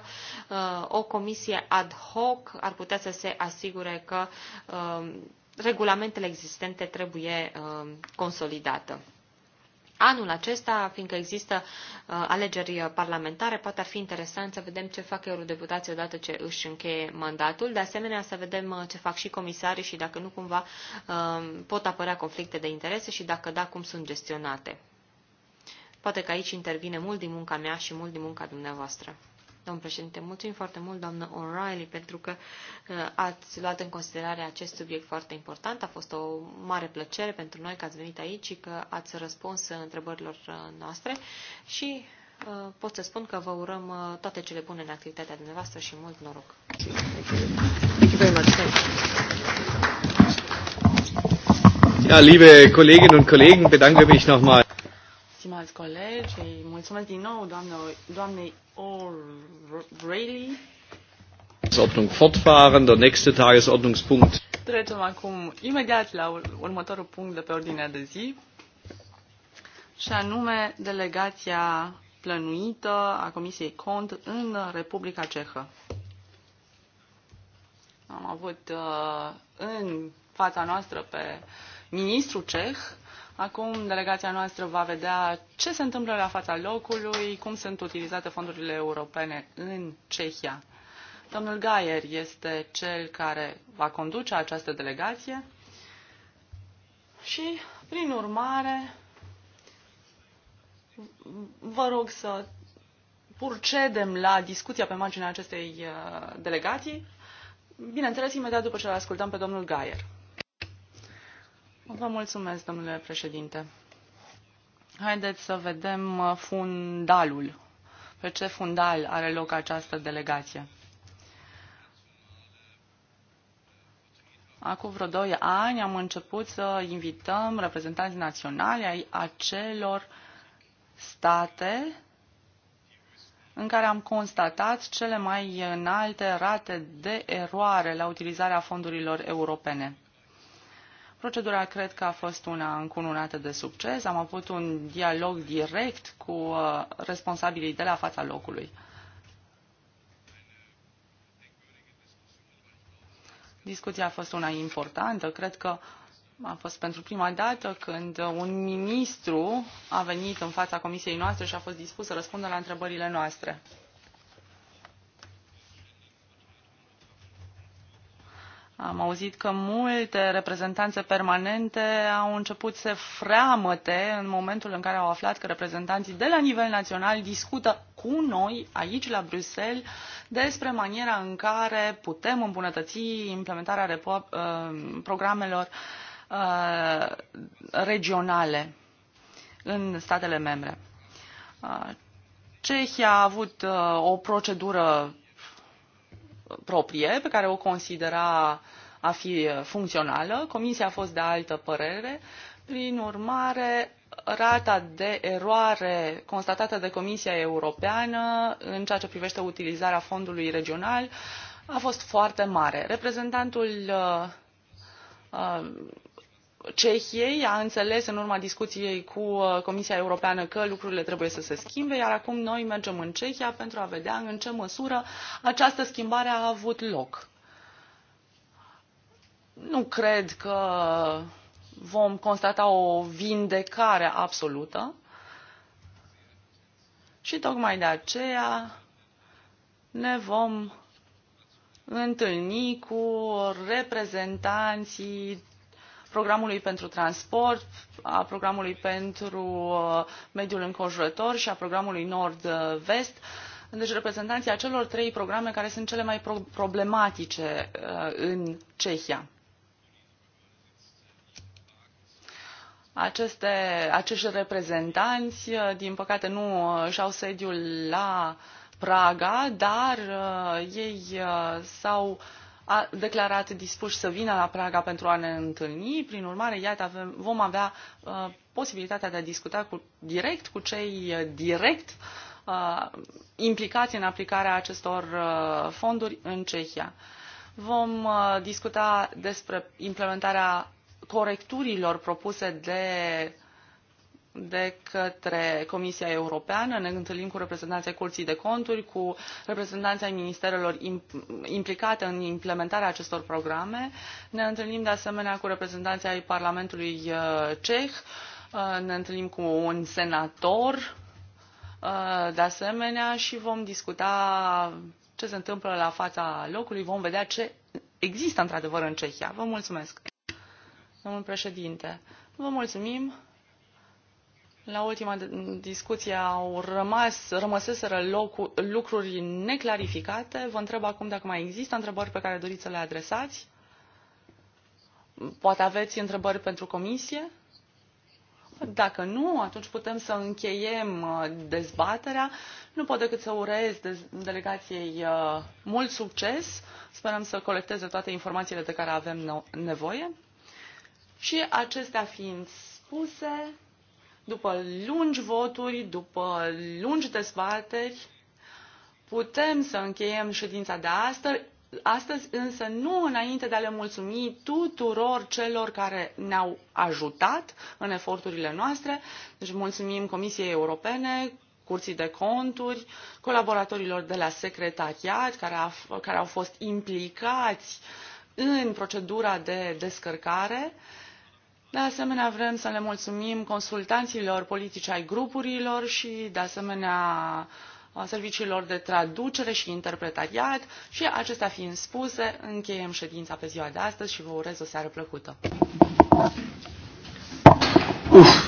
uh, o comisie ad hoc ar putea să se asigure că uh, regulamentele existente trebuie uh, consolidată anul acesta, fiindcă există uh, alegeri parlamentare, poate ar fi interesant să vedem ce fac eurodeputații odată ce își încheie mandatul. De asemenea, să vedem uh, ce fac și comisarii și dacă nu cumva uh, pot apărea conflicte de interese și dacă da, cum sunt gestionate. Poate că aici intervine mult din munca mea și mult din munca dumneavoastră domnul președinte. Mulțumim foarte mult, doamnă O'Reilly, pentru că uh, ați luat în considerare acest subiect foarte important. A fost o mare plăcere pentru noi că ați venit aici și că ați răspuns întrebărilor uh, noastre și uh, pot să spun că vă urăm toate cele bune în activitatea dumneavoastră și mult noroc. Ja, liebe Kolleginnen und Kollegen, bedanke mich nochmal stimați colegi, mulțumesc din nou doamne, doamnei O'Reilly. Trecem acum imediat la următorul punct de pe ordinea de zi, și anume delegația plănuită a Comisiei Cont în Republica Cehă. Am avut uh, în fața noastră pe ministrul ceh, Acum delegația noastră va vedea ce se întâmplă la fața locului, cum sunt utilizate fondurile europene în Cehia. Domnul Gaier este cel care va conduce această delegație și, prin urmare, vă rog să purcedem la discuția pe marginea acestei uh, delegații, bineînțeles imediat după ce îl ascultăm pe domnul Gaier. Vă mulțumesc, domnule președinte. Haideți să vedem uh, fundalul. Pe ce fundal are loc această delegație? Acum vreo doi ani am început să invităm reprezentanți naționali ai acelor state în care am constatat cele mai înalte rate de eroare la utilizarea fondurilor europene. Procedura cred că a fost una încununată de succes. Am avut un dialog direct cu uh, responsabilii de la fața locului. Discuția a fost una importantă. Cred că a fost pentru prima dată când un ministru a venit în fața comisiei noastre și a fost dispus să răspundă la întrebările noastre. Am auzit că multe reprezentanțe permanente au început să freamăte în momentul în care au aflat că reprezentanții de la nivel național discută cu noi aici la Bruxelles despre maniera în care putem îmbunătăți implementarea uh, programelor uh, regionale în statele membre. Uh, Cehia a avut o procedură proprie pe care o considera a fi funcțională. Comisia a fost de altă părere. Prin urmare, rata de eroare constatată de Comisia Europeană în ceea ce privește utilizarea fondului regional a fost foarte mare. Reprezentantul uh, uh, Cehiei a înțeles în urma discuției cu uh, Comisia Europeană că lucrurile trebuie să se schimbe, iar acum noi mergem în Cehia pentru a vedea în ce măsură această schimbare a avut loc. Nu cred că vom constata o vindecare absolută și tocmai de aceea ne vom întâlni cu reprezentanții programului pentru transport, a programului pentru uh, mediul înconjurător și a programului nord-vest. Deci reprezentanții acelor trei programe care sunt cele mai pro problematice uh, în Cehia. Aceste, acești reprezentanți, uh, din păcate, nu și-au sediul la Praga, dar ei s-au uh, a declarat dispuși să vină la Praga pentru a ne întâlni. Prin urmare, iată, avem, vom avea uh, posibilitatea de a discuta cu, direct cu cei uh, direct uh, implicați în aplicarea acestor uh, fonduri în Cehia. Vom uh, discuta despre implementarea corecturilor propuse de uh, de către Comisia Europeană. Ne întâlnim cu reprezentanții Curții de Conturi, cu reprezentanții ai ministerelor implicate în implementarea acestor programe. Ne întâlnim de asemenea cu reprezentanții ai Parlamentului uh, Ceh, uh, ne întâlnim cu un senator uh, de asemenea și vom discuta ce se întâmplă la fața locului, vom vedea ce există într-adevăr în Cehia. Vă mulțumesc, domnul președinte. Vă mulțumim. La ultima discuție au rămas, rămăseseră lucruri neclarificate. Vă întreb acum dacă mai există întrebări pe care doriți să le adresați. Poate aveți întrebări pentru comisie? Dacă nu, atunci putem să încheiem uh, dezbaterea. Nu pot decât să urez delegației uh, mult succes. Sperăm să colecteze toate informațiile de care avem nevoie. Și acestea fiind spuse, după lungi voturi, după lungi dezbateri, putem să încheiem ședința de astăzi, astăzi, însă nu înainte de a le mulțumi tuturor celor care ne-au ajutat în eforturile noastre. Deci mulțumim Comisiei Europene, Curții de Conturi, colaboratorilor de la secretariat care, a, care au fost implicați în procedura de descărcare. Uh, de asemenea, vrem să le mulțumim consultanților politici ai grupurilor și, de asemenea, serviciilor de traducere și interpretariat și acestea fiind spuse, încheiem ședința pe ziua de astăzi și vă urez o seară plăcută. Uf.